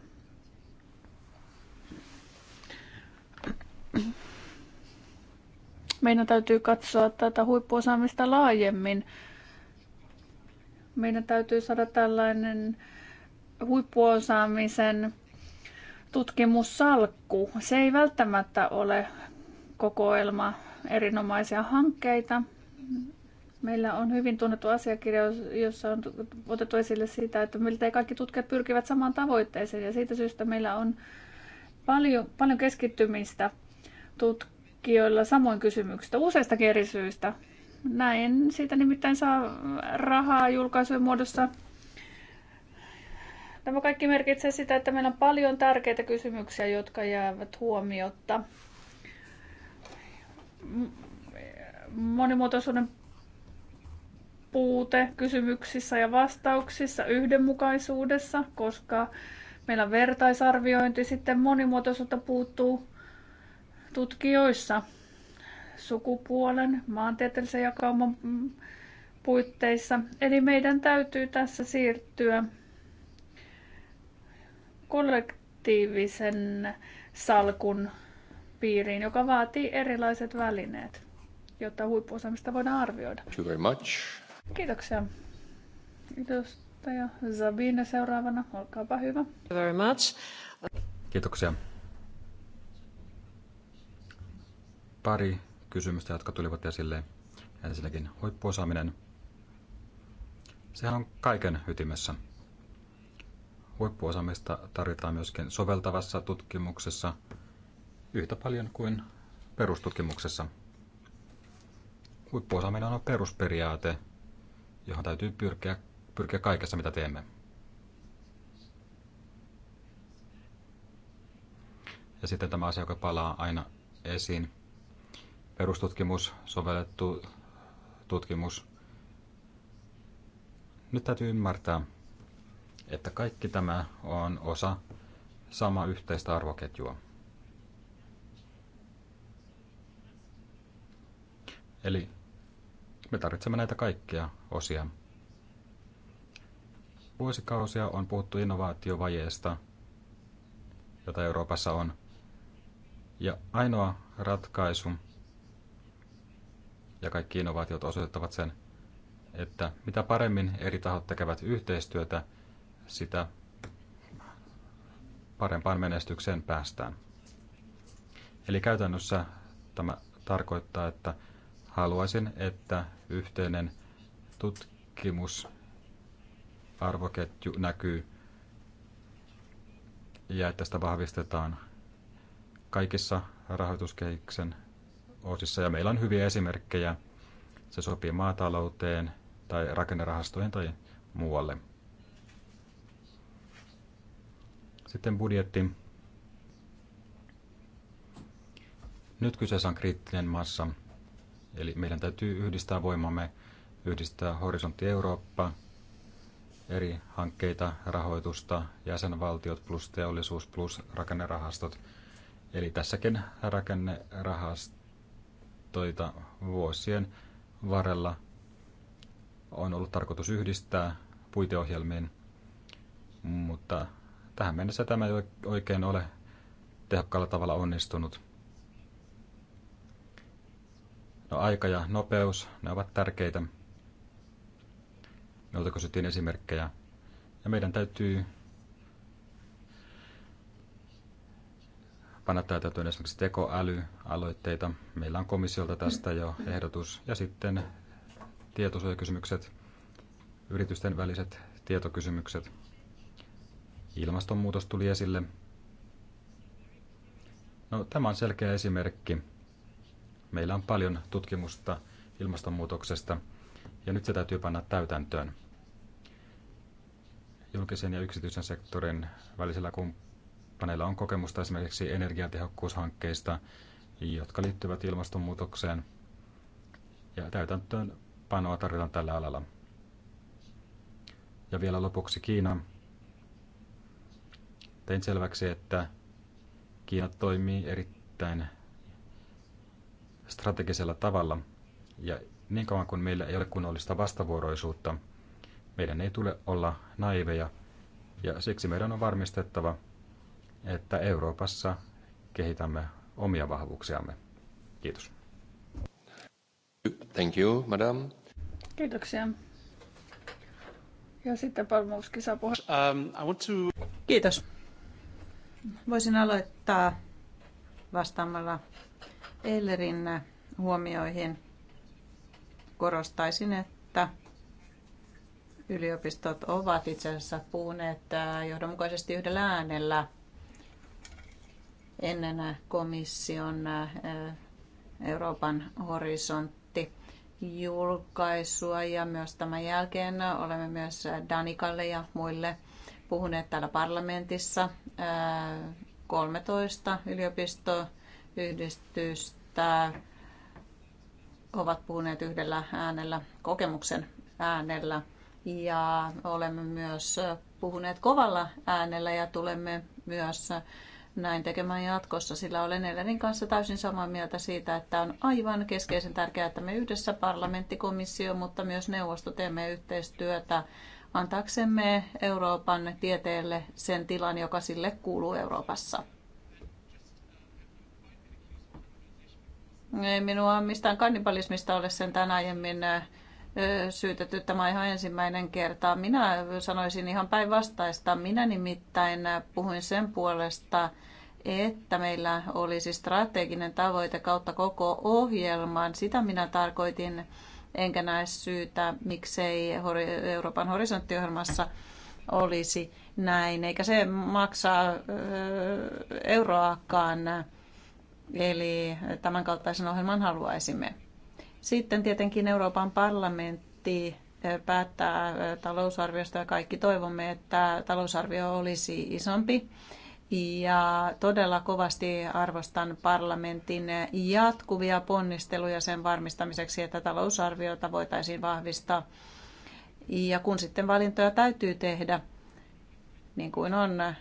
S2: Meidän täytyy katsoa tätä huippuosaamista laajemmin. Meidän täytyy saada tällainen huippuosaamisen tutkimussalkku. Se ei välttämättä ole kokoelma erinomaisia hankkeita. Meillä on hyvin tunnettu asiakirja, jossa on otettu esille sitä, että miltä ei kaikki tutkijat pyrkivät samaan tavoitteeseen ja siitä syystä meillä on paljon, paljon keskittymistä tutkijoilla samoin kysymyksistä useista eri syistä. Näin siitä nimittäin saa rahaa julkaisujen muodossa Tämä kaikki merkitsee sitä, että meillä on paljon tärkeitä kysymyksiä, jotka jäävät huomiotta. Monimuotoisuuden puute kysymyksissä ja vastauksissa, yhdenmukaisuudessa, koska meillä on vertaisarviointi, sitten monimuotoisuutta puuttuu tutkijoissa sukupuolen, maantieteellisen jakauman puitteissa. Eli meidän täytyy tässä siirtyä kollektiivisen salkun piiriin, joka vaatii erilaiset välineet, jotta huippuosaamista voidaan arvioida.
S1: Thank you very much.
S2: Kiitoksia. Kiitos. Zabine seuraavana, olkaapa hyvä. Thank you very much.
S3: Kiitoksia. Pari kysymystä, jotka tulivat esille. Ensinnäkin huippuosaaminen. Sehän on kaiken ytimessä huippuosaamista tarvitaan myöskin soveltavassa tutkimuksessa yhtä paljon kuin perustutkimuksessa. Huippuosaaminen on perusperiaate, johon täytyy pyrkiä, pyrkiä kaikessa, mitä teemme. Ja sitten tämä asia, joka palaa aina esiin. Perustutkimus, sovellettu tutkimus. Nyt täytyy ymmärtää, että kaikki tämä on osa sama yhteistä arvoketjua. Eli me tarvitsemme näitä kaikkia osia. Vuosikausia on puhuttu innovaatiovajeesta, jota Euroopassa on. Ja ainoa ratkaisu, ja kaikki innovaatiot osoittavat sen, että mitä paremmin eri tahot tekevät yhteistyötä, sitä parempaan menestykseen päästään. Eli käytännössä tämä tarkoittaa, että haluaisin, että yhteinen tutkimusarvoketju näkyy ja että sitä vahvistetaan kaikissa rahoituskehiksen osissa. Ja meillä on hyviä esimerkkejä. Se sopii maatalouteen tai rakennerahastojen tai muualle. Sitten budjetti. Nyt kyseessä on kriittinen massa, eli meidän täytyy yhdistää voimamme, yhdistää horisontti Eurooppa, eri hankkeita, rahoitusta, jäsenvaltiot plus teollisuus plus rakennerahastot. Eli tässäkin rakennerahastoita vuosien varrella on ollut tarkoitus yhdistää puiteohjelmiin, mutta Tähän mennessä tämä ei oikein ole tehokkaalla tavalla onnistunut. No, aika ja nopeus, ne ovat tärkeitä. Noilta kysyttiin esimerkkejä. Ja meidän täytyy panna täytäntöön esimerkiksi tekoälyaloitteita. Meillä on komissiolta tästä jo ehdotus. Ja sitten tietosuojakysymykset, yritysten väliset tietokysymykset – Ilmastonmuutos tuli esille. No, tämä on selkeä esimerkki. Meillä on paljon tutkimusta ilmastonmuutoksesta ja nyt se täytyy panna täytäntöön. Julkisen ja yksityisen sektorin välisellä kumppaneilla on kokemusta esimerkiksi energiatehokkuushankkeista, jotka liittyvät ilmastonmuutokseen, ja täytäntöön panoa tarvitaan tällä alalla. Ja vielä lopuksi Kiina tein selväksi, että Kiina toimii erittäin strategisella tavalla. Ja niin kauan kuin meillä ei ole kunnollista vastavuoroisuutta, meidän ei tule olla naiveja. Ja siksi meidän on varmistettava, että Euroopassa kehitämme omia vahvuuksiamme.
S1: Kiitos. Thank you, madam.
S2: Kiitoksia. Ja sitten Palmovski saa puhua.
S1: Um, I want
S4: to... Kiitos. Voisin aloittaa vastaamalla Ellerin huomioihin. Korostaisin, että yliopistot ovat itse asiassa puhuneet äh, johdonmukaisesti yhdellä äänellä ennen komission äh, Euroopan horisontti julkaisua ja myös tämän jälkeen olemme myös Danikalle ja muille puhuneet täällä parlamentissa. 13 yliopistoyhdistystä ovat puhuneet yhdellä äänellä, kokemuksen äänellä. Ja olemme myös puhuneet kovalla äänellä ja tulemme myös näin tekemään jatkossa, sillä olen Elenin kanssa täysin samaa mieltä siitä, että on aivan keskeisen tärkeää, että me yhdessä parlamenttikomissio, mutta myös neuvosto teemme yhteistyötä antaaksemme Euroopan tieteelle sen tilan, joka sille kuuluu Euroopassa. Ei minua mistään kannibalismista ole sen tän aiemmin syytetty. Tämä on ihan ensimmäinen kerta. Minä sanoisin ihan päinvastaista. Minä nimittäin puhuin sen puolesta, että meillä olisi strateginen tavoite kautta koko ohjelman. Sitä minä tarkoitin enkä näe syytä, miksei Euroopan horisonttiohjelmassa olisi näin, eikä se maksaa euroakaan. Eli tämän kaltaisen ohjelman haluaisimme. Sitten tietenkin Euroopan parlamentti päättää talousarviosta ja kaikki toivomme, että talousarvio olisi isompi. Ja todella kovasti arvostan parlamentin jatkuvia ponnisteluja sen varmistamiseksi, että talousarviota voitaisiin vahvistaa. Ja kun sitten valintoja täytyy tehdä, niin kuin on,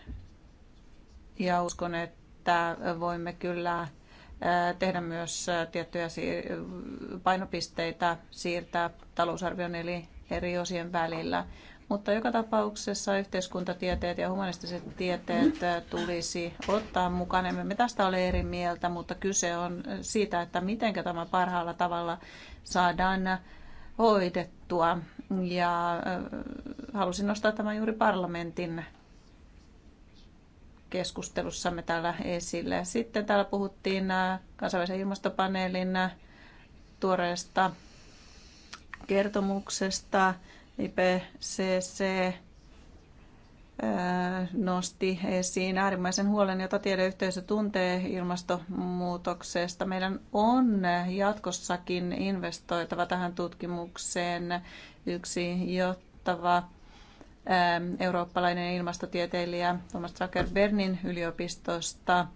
S4: ja uskon, että voimme kyllä tehdä myös tiettyjä painopisteitä siirtää talousarvion eli eri osien välillä. Mutta joka tapauksessa yhteiskuntatieteet ja humanistiset tieteet tulisi ottaa mukana. Emme me tästä ole eri mieltä, mutta kyse on siitä, että miten tämä parhaalla tavalla saadaan hoidettua. Ja halusin nostaa tämän juuri parlamentin keskustelussamme täällä esille. Sitten täällä puhuttiin kansainvälisen ilmastopaneelin tuoreesta kertomuksesta IPCC nosti esiin äärimmäisen huolen, jota tiedeyhteisö tuntee ilmastonmuutoksesta. Meidän on jatkossakin investoitava tähän tutkimukseen yksi johtava eurooppalainen ilmastotieteilijä Thomas Bernin yliopistosta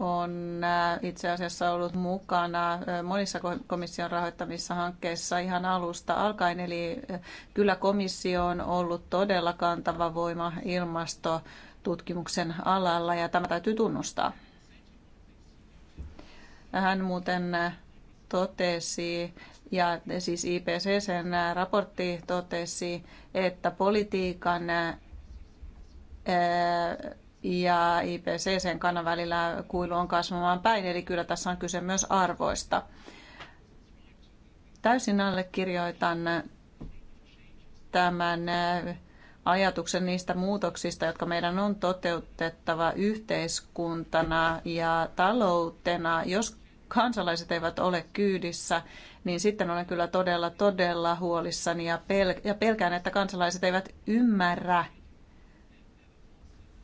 S4: on äh, itse asiassa ollut mukana äh, monissa komission rahoittamissa hankkeissa ihan alusta alkaen. Eli äh, kyllä komissio on ollut todella kantava voima ilmastotutkimuksen alalla ja tämä täytyy tunnustaa. Hän muuten totesi, ja siis IPCCn raportti totesi, että politiikan ja IPCCn kannan välillä kuilu on kasvamaan päin, eli kyllä tässä on kyse myös arvoista. Täysin allekirjoitan tämän eh, ajatuksen niistä muutoksista, jotka meidän on toteutettava yhteiskuntana ja taloutena. Jos kansalaiset eivät ole kyydissä, niin sitten olen kyllä todella, todella huolissani ja, pelkään, että kansalaiset eivät ymmärrä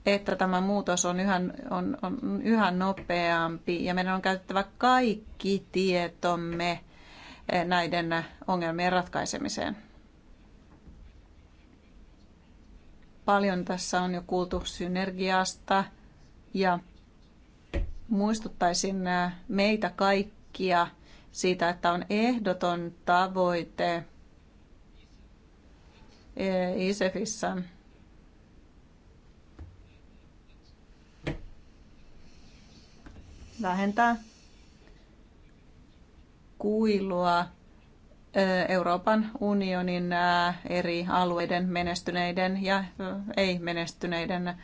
S4: että tämä muutos on yhä, on, on yhä nopeampi ja meidän on käytettävä kaikki tietomme eh, näiden ongelmien ratkaisemiseen. Paljon tässä on jo kuultu synergiasta ja muistuttaisin eh, meitä kaikkia siitä, että on ehdoton tavoite eh, ISEFissä vähentää kuilua Euroopan unionin eri alueiden menestyneiden ja ei-menestyneiden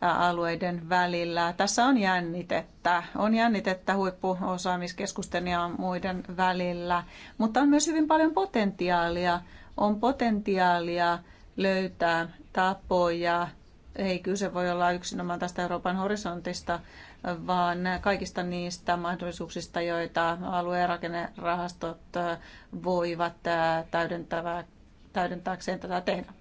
S4: alueiden välillä. Tässä on jännitettä. On jännitettä huippuosaamiskeskusten ja muiden välillä, mutta on myös hyvin paljon potentiaalia. On potentiaalia löytää tapoja. Ei kyse voi olla yksinomaan tästä Euroopan horisontista, vaan kaikista niistä mahdollisuuksista, joita alueen rakennerahastot äh, voivat äh, täydentää, täydentääkseen tätä tehdä.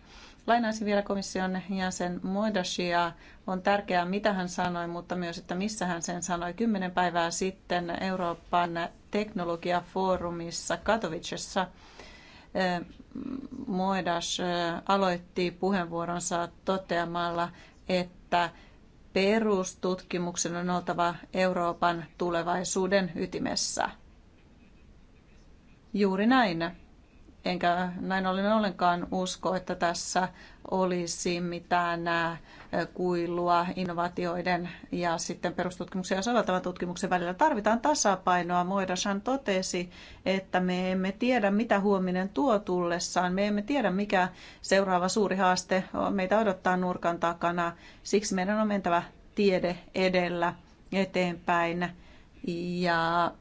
S4: Lainaisin vielä komission jäsen Moidashia. On tärkeää, mitä hän sanoi, mutta myös, että missä hän sen sanoi. Kymmenen päivää sitten Euroopan teknologiafoorumissa Katowicessa äh, Moidas aloitti puheenvuoronsa toteamalla, että perustutkimuksen on oltava Euroopan tulevaisuuden ytimessä. Juuri näin enkä näin ollen ollenkaan usko, että tässä olisi mitään kuilua innovaatioiden ja sitten perustutkimuksen ja soveltavan tutkimuksen välillä. Tarvitaan tasapainoa. Moidashan totesi, että me emme tiedä, mitä huominen tuo tullessaan. Me emme tiedä, mikä seuraava suuri haaste meitä odottaa nurkan takana. Siksi meidän on mentävä tiede edellä eteenpäin. Ja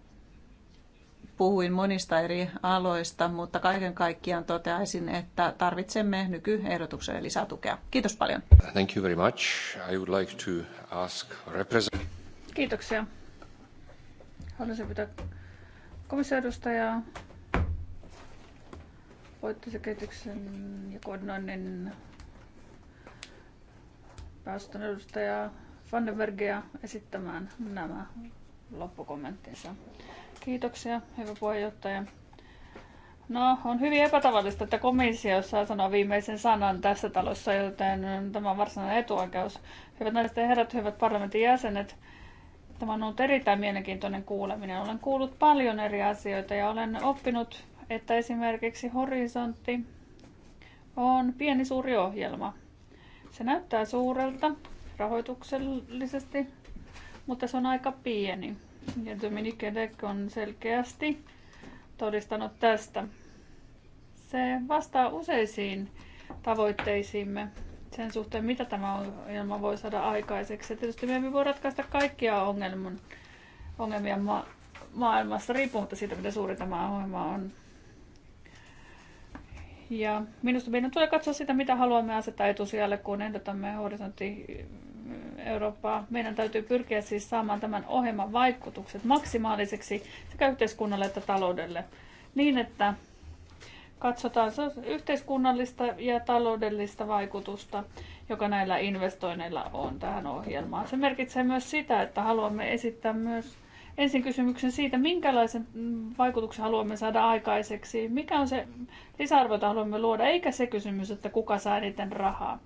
S4: puhuin monista eri aloista, mutta kaiken kaikkiaan toteaisin, että tarvitsemme nykyehdotukselle lisää tukea. Kiitos paljon.
S1: Thank you very much. I would like to ask represent...
S2: Kiitoksia. Haluaisin pitää komissioedustajaa poliittisen kehityksen ja koordinoinnin päästön edustaja Vandenbergia esittämään nämä loppukommenttinsa. Kiitoksia, hyvä puheenjohtaja. No, on hyvin epätavallista, että komissio saa sanoa viimeisen sanan tässä talossa, joten tämä on varsinainen etuoikeus. Hyvät naiset ja herrat, hyvät parlamentin jäsenet, tämä on ollut erittäin mielenkiintoinen kuuleminen. Olen kuullut paljon eri asioita ja olen oppinut, että esimerkiksi horisontti on pieni suuri ohjelma. Se näyttää suurelta rahoituksellisesti, mutta se on aika pieni. Ja Dominique Deck on selkeästi todistanut tästä. Se vastaa useisiin tavoitteisiimme sen suhteen, mitä tämä ohjelma voi saada aikaiseksi. Ja tietysti me emme voi ratkaista kaikkia ongelman, ongelmia ma- maailmassa riippumatta siitä, miten suuri tämä ohjelma on. Ja minusta meidän tulee katsoa sitä, mitä haluamme asettaa etusijalle, kun ehdotamme horisontti Eurooppaa. Meidän täytyy pyrkiä siis saamaan tämän ohjelman vaikutukset maksimaaliseksi sekä yhteiskunnalle että taloudelle niin, että katsotaan yhteiskunnallista ja taloudellista vaikutusta, joka näillä investoinneilla on tähän ohjelmaan. Se merkitsee myös sitä, että haluamme esittää myös ensin kysymyksen siitä, minkälaisen vaikutuksen haluamme saada aikaiseksi, mikä on se lisäarvo, jota haluamme luoda, eikä se kysymys, että kuka saa eniten rahaa.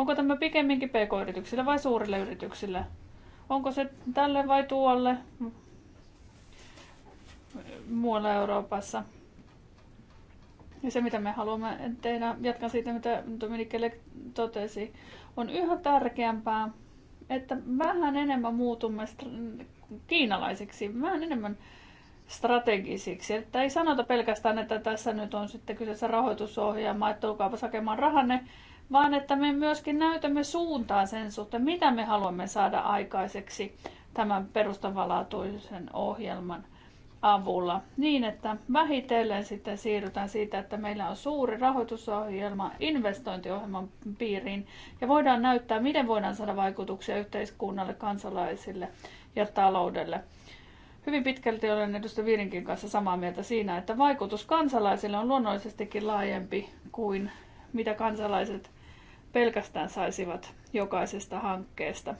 S2: Onko tämä pikemminkin pk-yrityksille vai suurille yrityksille? Onko se tälle vai tuolle muualla Euroopassa? Ja se, mitä me haluamme tehdä, jatkan siitä, mitä Dominikelle totesi, on yhä tärkeämpää, että vähän enemmän muutumme kiinalaisiksi, vähän enemmän strategisiksi. Että ei sanota pelkästään, että tässä nyt on sitten kyseessä rahoitusohjelma, että tulkaapa hakemaan rahanne, vaan että me myöskin näytämme suuntaa sen suhteen, mitä me haluamme saada aikaiseksi tämän perustavanlaatuisen ohjelman avulla niin, että vähitellen sitten siirrytään siitä, että meillä on suuri rahoitusohjelma investointiohjelman piiriin ja voidaan näyttää, miten voidaan saada vaikutuksia yhteiskunnalle, kansalaisille ja taloudelle. Hyvin pitkälti olen edustaja Viirinkin kanssa samaa mieltä siinä, että vaikutus kansalaisille on luonnollisestikin laajempi kuin mitä kansalaiset pelkästään saisivat jokaisesta hankkeesta.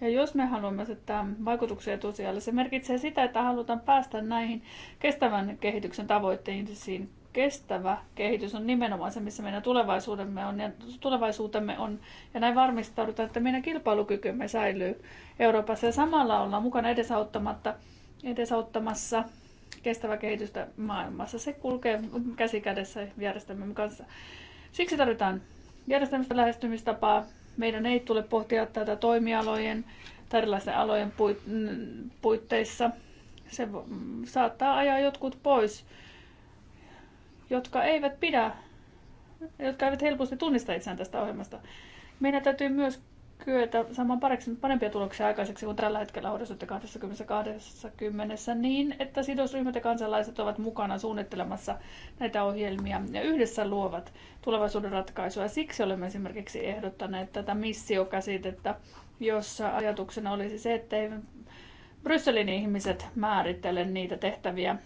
S2: Ja jos me haluamme asettaa vaikutuksia tosiaan, se merkitsee sitä, että halutaan päästä näihin kestävän kehityksen tavoitteisiin. Kestävä kehitys on nimenomaan se, missä meidän tulevaisuutemme on ja, tulevaisuutemme on, ja näin varmistaudutaan, että meidän kilpailukykymme säilyy Euroopassa ja samalla ollaan mukana edesauttamatta, edesauttamassa kestävää kehitystä maailmassa. Se kulkee käsi kädessä järjestelmämme kanssa. Siksi tarvitaan järjestämistä lähestymistapaa. Meidän ei tule pohtia tätä toimialojen tai erilaisten alojen mm, puitteissa. Se saattaa ajaa jotkut pois, jotka eivät pidä, jotka eivät helposti tunnista itseään tästä ohjelmasta. Meidän täytyy myös kyetä saamaan pareksi, parempia tuloksia aikaiseksi kuin tällä hetkellä horisontti 2020, niin että sidosryhmät ja kansalaiset ovat mukana suunnittelemassa näitä ohjelmia ja yhdessä luovat tulevaisuuden ratkaisuja. Siksi olemme esimerkiksi ehdottaneet tätä missiokäsitettä, jossa ajatuksena olisi se, että ei Brysselin ihmiset määrittele niitä tehtäviä,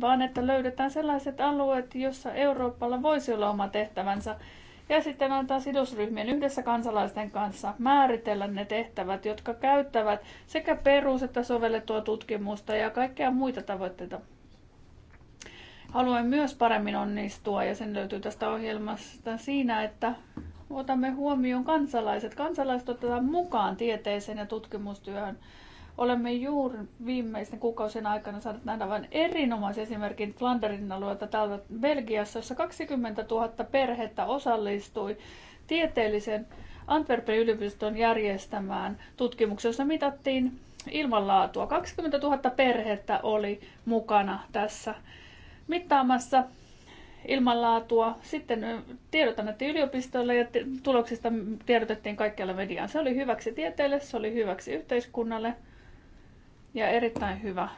S2: vaan että löydetään sellaiset alueet, joissa Euroopalla voisi olla oma tehtävänsä – ja sitten antaa sidosryhmien yhdessä kansalaisten kanssa määritellä ne tehtävät, jotka käyttävät sekä perus- että sovellettua tutkimusta ja kaikkea muita tavoitteita. Haluan myös paremmin onnistua, ja sen löytyy tästä ohjelmasta, siinä, että otamme huomioon kansalaiset. Kansalaiset otetaan mukaan tieteeseen ja tutkimustyöhön Olemme juuri viimeisten kuukausien aikana saaneet nähdä vain erinomaisen esimerkin Flanderin alueelta täältä Belgiassa, jossa 20 000 perhettä osallistui tieteellisen Antwerpen yliopiston järjestämään tutkimukseen, jossa mitattiin ilmanlaatua. 20 000 perhettä oli mukana tässä mittaamassa ilmanlaatua. Sitten tiedot annettiin yliopistolle ja tuloksista tiedotettiin kaikkialla mediaan. Se oli hyväksi tieteelle, se oli hyväksi yhteiskunnalle – ja erittäin hyvä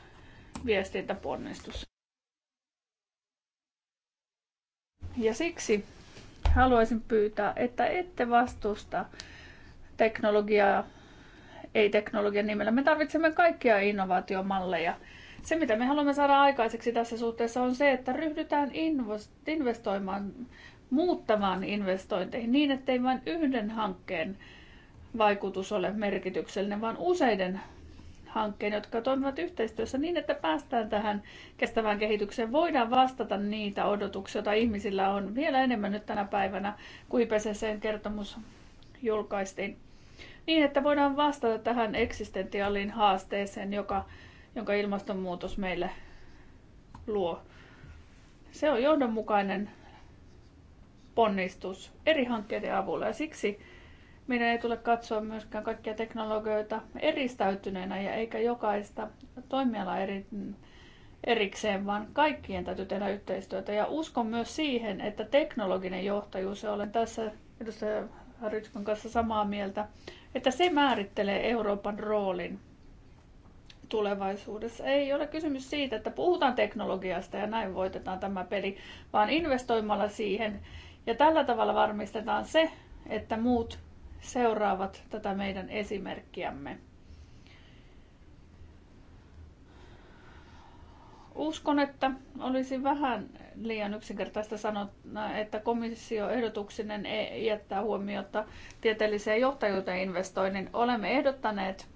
S2: viestintäponnistus. Ja siksi haluaisin pyytää, että ette vastusta teknologiaa ei-teknologian nimellä. Me tarvitsemme kaikkia innovaatiomalleja. Se, mitä me haluamme saada aikaiseksi tässä suhteessa, on se, että ryhdytään investoimaan, muuttamaan investointeihin niin, ettei vain yhden hankkeen vaikutus ole merkityksellinen, vaan useiden hankkeen, jotka toimivat yhteistyössä niin, että päästään tähän kestävään kehitykseen. Voidaan vastata niitä odotuksia, joita ihmisillä on vielä enemmän nyt tänä päivänä, kun IPCCn kertomus julkaistiin. Niin, että voidaan vastata tähän eksistentiaaliin haasteeseen, joka, jonka ilmastonmuutos meille luo. Se on johdonmukainen ponnistus eri hankkeiden avulla ja siksi meidän ei tule katsoa myöskään kaikkia teknologioita eristäytyneenä ja eikä jokaista toimialaa eri, erikseen, vaan kaikkien täytyy tehdä yhteistyötä. Ja uskon myös siihen, että teknologinen johtajuus, ja olen tässä edustaja Rytskön kanssa samaa mieltä, että se määrittelee Euroopan roolin tulevaisuudessa. Ei ole kysymys siitä, että puhutaan teknologiasta ja näin voitetaan tämä peli, vaan investoimalla siihen. Ja tällä tavalla varmistetaan se, että muut seuraavat tätä meidän esimerkkiämme. Uskon, että olisi vähän liian yksinkertaista sanoa, että komissio ehdotuksinen ei jättää huomiota tieteelliseen johtajuuteen investoinnin. Olemme ehdottaneet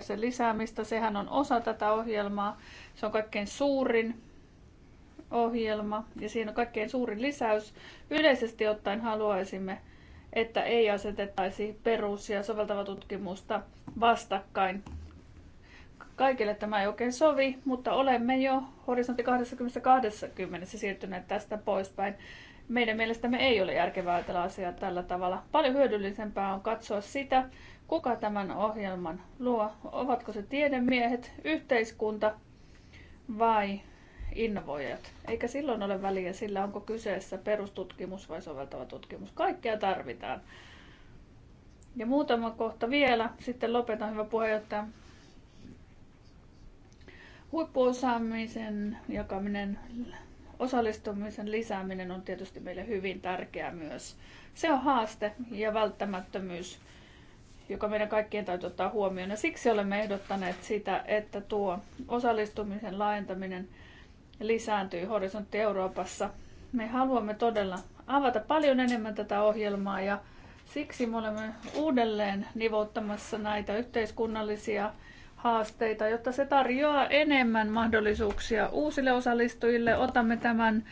S2: sen lisäämistä. Sehän on osa tätä ohjelmaa. Se on kaikkein suurin ohjelma ja siinä on kaikkein suurin lisäys. Yleisesti ottaen haluaisimme että ei asetettaisi perus- ja soveltava tutkimusta vastakkain. Kaikille tämä ei oikein sovi, mutta olemme jo horisontti 2020 siirtyneet tästä poispäin. Meidän mielestämme ei ole järkevää ajatella asiaa tällä tavalla. Paljon hyödyllisempää on katsoa sitä, kuka tämän ohjelman luo. Ovatko se tiedemiehet, yhteiskunta vai innovoijat. Eikä silloin ole väliä sillä, onko kyseessä perustutkimus vai soveltava tutkimus. Kaikkea tarvitaan. Ja muutama kohta vielä, sitten lopetan, hyvä puheenjohtaja. Huippuosaamisen jakaminen, osallistumisen lisääminen on tietysti meille hyvin tärkeää myös. Se on haaste ja välttämättömyys, joka meidän kaikkien täytyy ottaa huomioon. Ja siksi olemme ehdottaneet sitä, että tuo osallistumisen laajentaminen – lisääntyy Horisontti Euroopassa. Me haluamme todella avata paljon enemmän tätä ohjelmaa ja siksi me olemme uudelleen nivouttamassa näitä yhteiskunnallisia haasteita, jotta se tarjoaa enemmän mahdollisuuksia uusille osallistujille. Otamme tämän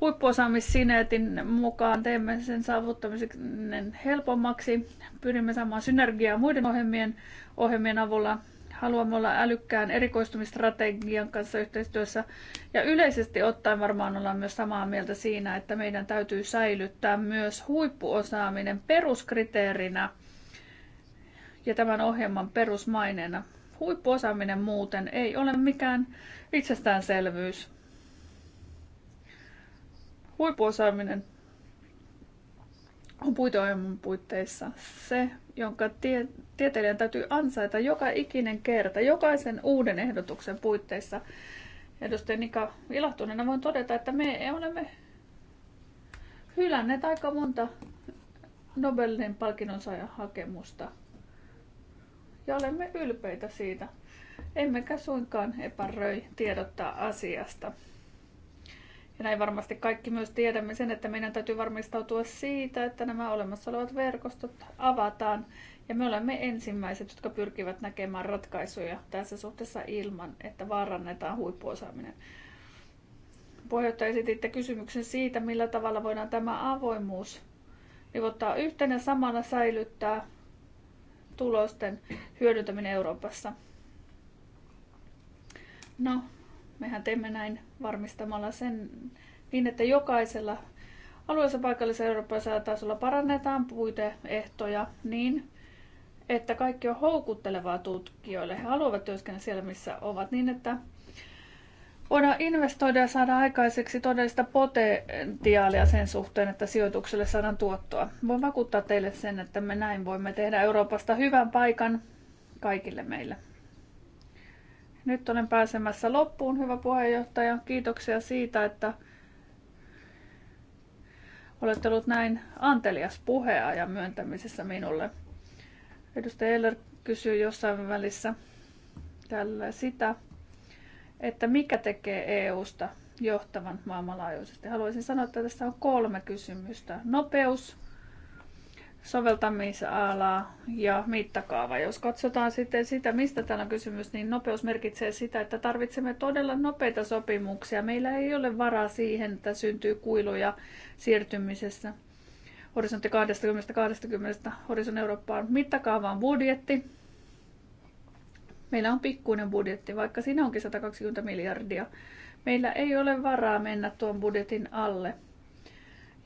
S2: huippuosaamissineetin mukaan, teemme sen saavuttamisen helpommaksi, pyrimme saamaan synergiaa muiden ohjelmien, ohjelmien avulla Haluamme olla älykkään erikoistumistrategian kanssa yhteistyössä ja yleisesti ottaen varmaan ollaan myös samaa mieltä siinä, että meidän täytyy säilyttää myös huippuosaaminen peruskriteerinä ja tämän ohjelman perusmaineena. Huippuosaaminen muuten ei ole mikään itsestäänselvyys. Huippuosaaminen on puiteohjelman puitteissa se, jonka tie, tieteilijän täytyy ansaita joka ikinen kerta, jokaisen uuden ehdotuksen puitteissa. Edustaja Nika, ilahtuneena voin todeta, että me olemme hylänneet aika monta Nobelin palkinnon saajan hakemusta. Ja olemme ylpeitä siitä. Emmekä suinkaan epäröi tiedottaa asiasta. Ja näin varmasti kaikki myös tiedämme sen, että meidän täytyy varmistautua siitä, että nämä olemassa olevat verkostot avataan. Ja me olemme ensimmäiset, jotka pyrkivät näkemään ratkaisuja tässä suhteessa ilman, että vaarannetaan huippuosaaminen. Puheenjohtaja esititte kysymyksen siitä, millä tavalla voidaan tämä avoimuus nivottaa yhtenä samana säilyttää tulosten hyödyntäminen Euroopassa. No, Mehän teemme näin varmistamalla sen niin, että jokaisella alueessa paikallisella eurooppalaisella tasolla parannetaan puiteehtoja niin, että kaikki on houkuttelevaa tutkijoille. He haluavat työskennellä siellä, missä ovat, niin että voidaan investoida ja saada aikaiseksi todellista potentiaalia sen suhteen, että sijoitukselle saadaan tuottoa. Voin vakuuttaa teille sen, että me näin voimme tehdä Euroopasta hyvän paikan kaikille meille. Nyt olen pääsemässä loppuun, hyvä puheenjohtaja. Kiitoksia siitä, että olette ollut näin antelias puheajan myöntämisessä minulle. Edustaja Eller kysyy jossain välissä tällä sitä, että mikä tekee EUsta johtavan maailmanlaajuisesti. Haluaisin sanoa, että tässä on kolme kysymystä. Nopeus, soveltamisalaa ja mittakaava. Jos katsotaan sitten sitä, mistä täällä on kysymys, niin nopeus merkitsee sitä, että tarvitsemme todella nopeita sopimuksia. Meillä ei ole varaa siihen, että syntyy kuiluja siirtymisessä. Horisontti 20-20, Horizon Eurooppaan mittakaava on budjetti. Meillä on pikkuinen budjetti, vaikka siinä onkin 120 miljardia. Meillä ei ole varaa mennä tuon budjetin alle.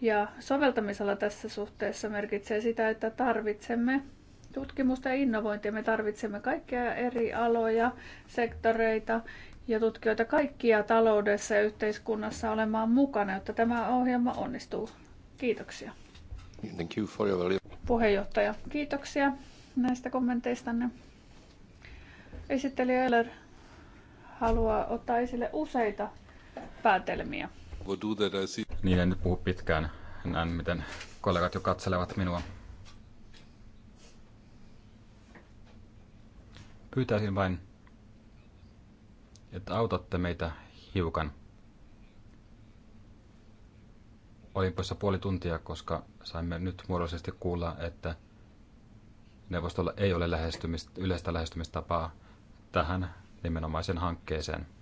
S2: Ja soveltamisala tässä suhteessa merkitsee sitä, että tarvitsemme tutkimusta ja innovointia. Me tarvitsemme kaikkia eri aloja, sektoreita ja tutkijoita kaikkia taloudessa ja yhteiskunnassa olemaan mukana, jotta tämä ohjelma onnistuu. Kiitoksia.
S1: Thank you for your...
S2: Puheenjohtaja, kiitoksia näistä kommenteistanne. Esittelijä Eller haluaa ottaa esille useita päätelmiä.
S3: Niin en nyt puhu pitkään. Näen, miten kollegat jo katselevat minua. Pyytäisin vain, että autatte meitä hiukan. Olin poissa puoli tuntia, koska saimme nyt muodollisesti kuulla, että neuvostolla ei ole lähestymist, yleistä lähestymistapaa tähän nimenomaiseen hankkeeseen –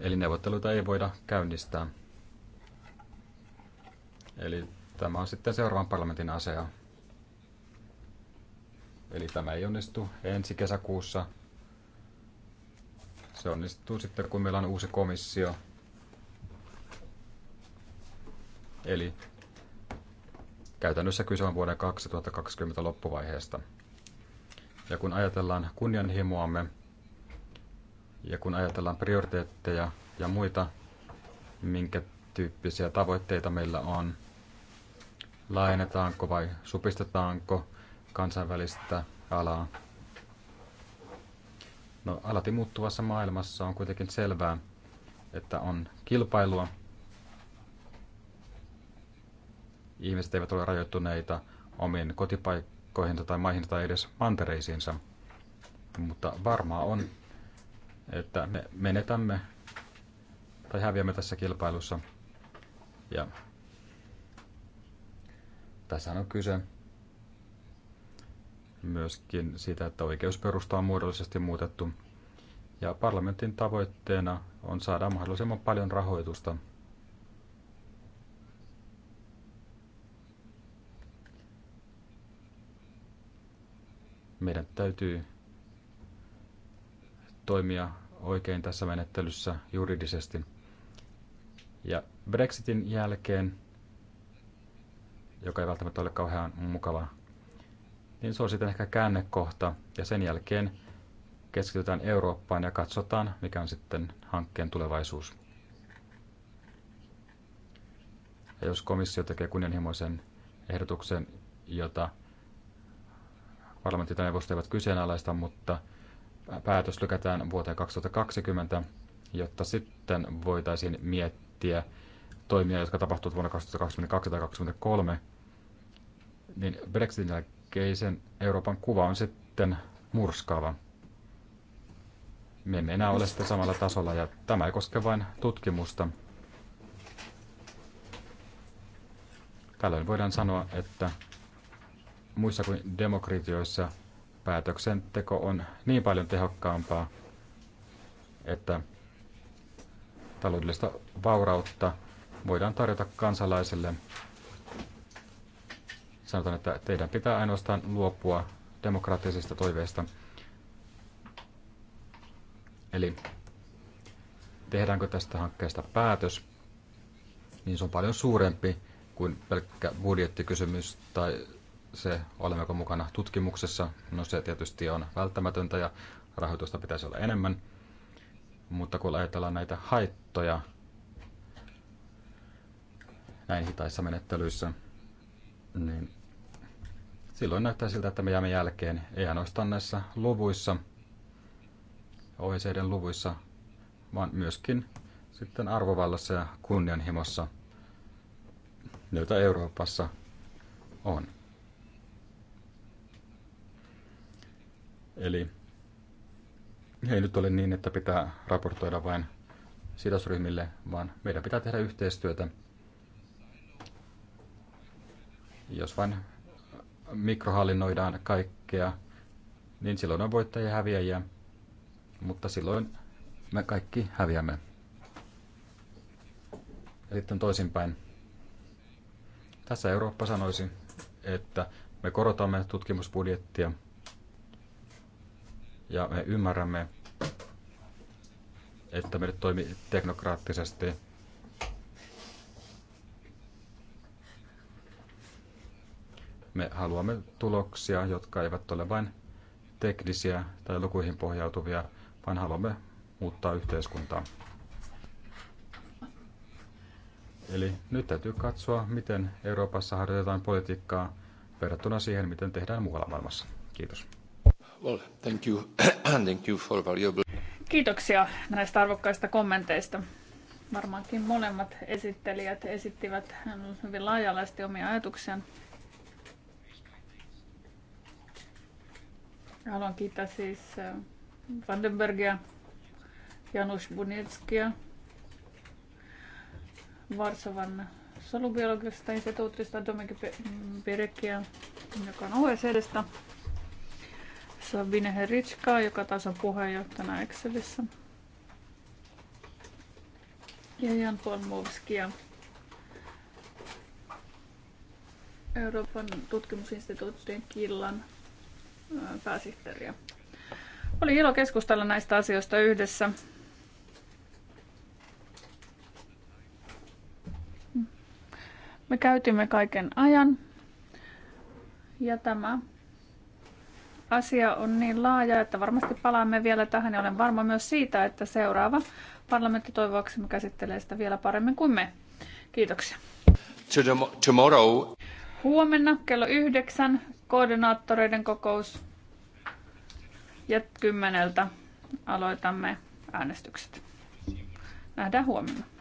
S3: Eli neuvotteluita ei voida käynnistää. Eli tämä on sitten seuraavan parlamentin asia. Eli tämä ei onnistu ensi kesäkuussa. Se onnistuu sitten, kun meillä on uusi komissio. Eli käytännössä kyse on vuoden 2020 loppuvaiheesta. Ja kun ajatellaan kunnianhimoamme, ja kun ajatellaan prioriteetteja ja muita, minkä tyyppisiä tavoitteita meillä on, laajennetaanko vai supistetaanko kansainvälistä alaa. No, alati muuttuvassa maailmassa on kuitenkin selvää, että on kilpailua. Ihmiset eivät ole rajoittuneita omiin kotipaikkoihinsa tai maihinsa tai edes mantereisiinsa. Mutta varmaa on, että me menetämme tai häviämme tässä kilpailussa. Ja tässä on kyse myöskin siitä, että oikeusperusta on muodollisesti muutettu. Ja parlamentin tavoitteena on saada mahdollisimman paljon rahoitusta. Meidän täytyy toimia oikein tässä menettelyssä juridisesti. Ja Brexitin jälkeen, joka ei välttämättä ole kauhean mukava, niin se on sitten ehkä käännekohta ja sen jälkeen keskitytään Eurooppaan ja katsotaan, mikä on sitten hankkeen tulevaisuus. Ja jos komissio tekee kunnianhimoisen ehdotuksen, jota parlamentit ja neuvosto eivät kyseenalaista, mutta päätös lykätään vuoteen 2020, jotta sitten voitaisiin miettiä toimia, jotka tapahtuvat vuonna 2022 tai 2023, niin Brexitin jälkeisen Euroopan kuva on sitten murskaava. Me emme enää ole sitten samalla tasolla ja tämä ei koske vain tutkimusta. Tällöin voidaan sanoa, että muissa kuin demokratioissa päätöksenteko on niin paljon tehokkaampaa, että taloudellista vaurautta voidaan tarjota kansalaisille. Sanotaan, että teidän pitää ainoastaan luopua demokraattisista toiveista. Eli tehdäänkö tästä hankkeesta päätös, niin se on paljon suurempi kuin pelkkä budjettikysymys tai se, olemmeko mukana tutkimuksessa. No se tietysti on välttämätöntä ja rahoitusta pitäisi olla enemmän. Mutta kun ajatellaan näitä haittoja näin hitaissa menettelyissä, niin silloin näyttää siltä, että me jäämme jälkeen, ei ainoastaan näissä luvuissa, OECDn luvuissa, vaan myöskin sitten arvovallassa ja kunnianhimossa, joita Euroopassa on. Eli ei nyt ole niin, että pitää raportoida vain sidosryhmille, vaan meidän pitää tehdä yhteistyötä. Jos vain mikrohallinnoidaan kaikkea, niin silloin on voittajia ja häviäjiä, mutta silloin me kaikki häviämme. Ja sitten toisinpäin. Tässä Eurooppa sanoisi, että me korotamme tutkimusbudjettia – ja me ymmärrämme, että me nyt toimi teknokraattisesti. Me haluamme tuloksia, jotka eivät ole vain teknisiä tai lukuihin pohjautuvia, vaan haluamme muuttaa yhteiskuntaa. Eli nyt täytyy katsoa, miten Euroopassa harjoitetaan politiikkaa verrattuna siihen, miten tehdään muualla maailmassa.
S1: Kiitos. Well, thank you. thank you for valuable...
S2: Kiitoksia näistä arvokkaista kommenteista. Varmaankin molemmat esittelijät esittivät hyvin laajalaisesti omia ajatuksiaan. Haluan kiittää siis eh, Vandenbergia, Janusz Bunieckia, Varsovan solubiologisesta instituutista Dominik Pirekia, joka on OECDstä, Vine Heritskaa, joka taas on puheenjohtajana Excelissä. Ja Jan Polmovskia. Euroopan tutkimusinstituutin Killan pääsihteeriä. Oli ilo keskustella näistä asioista yhdessä. Me käytimme kaiken ajan ja tämä asia on niin laaja, että varmasti palaamme vielä tähän ja olen varma myös siitä, että seuraava parlamentti toivoaksemme käsittelee sitä vielä paremmin kuin me. Kiitoksia.
S1: Tomorrow.
S2: Huomenna kello yhdeksän koordinaattoreiden kokous ja kymmeneltä aloitamme äänestykset. Nähdään huomenna.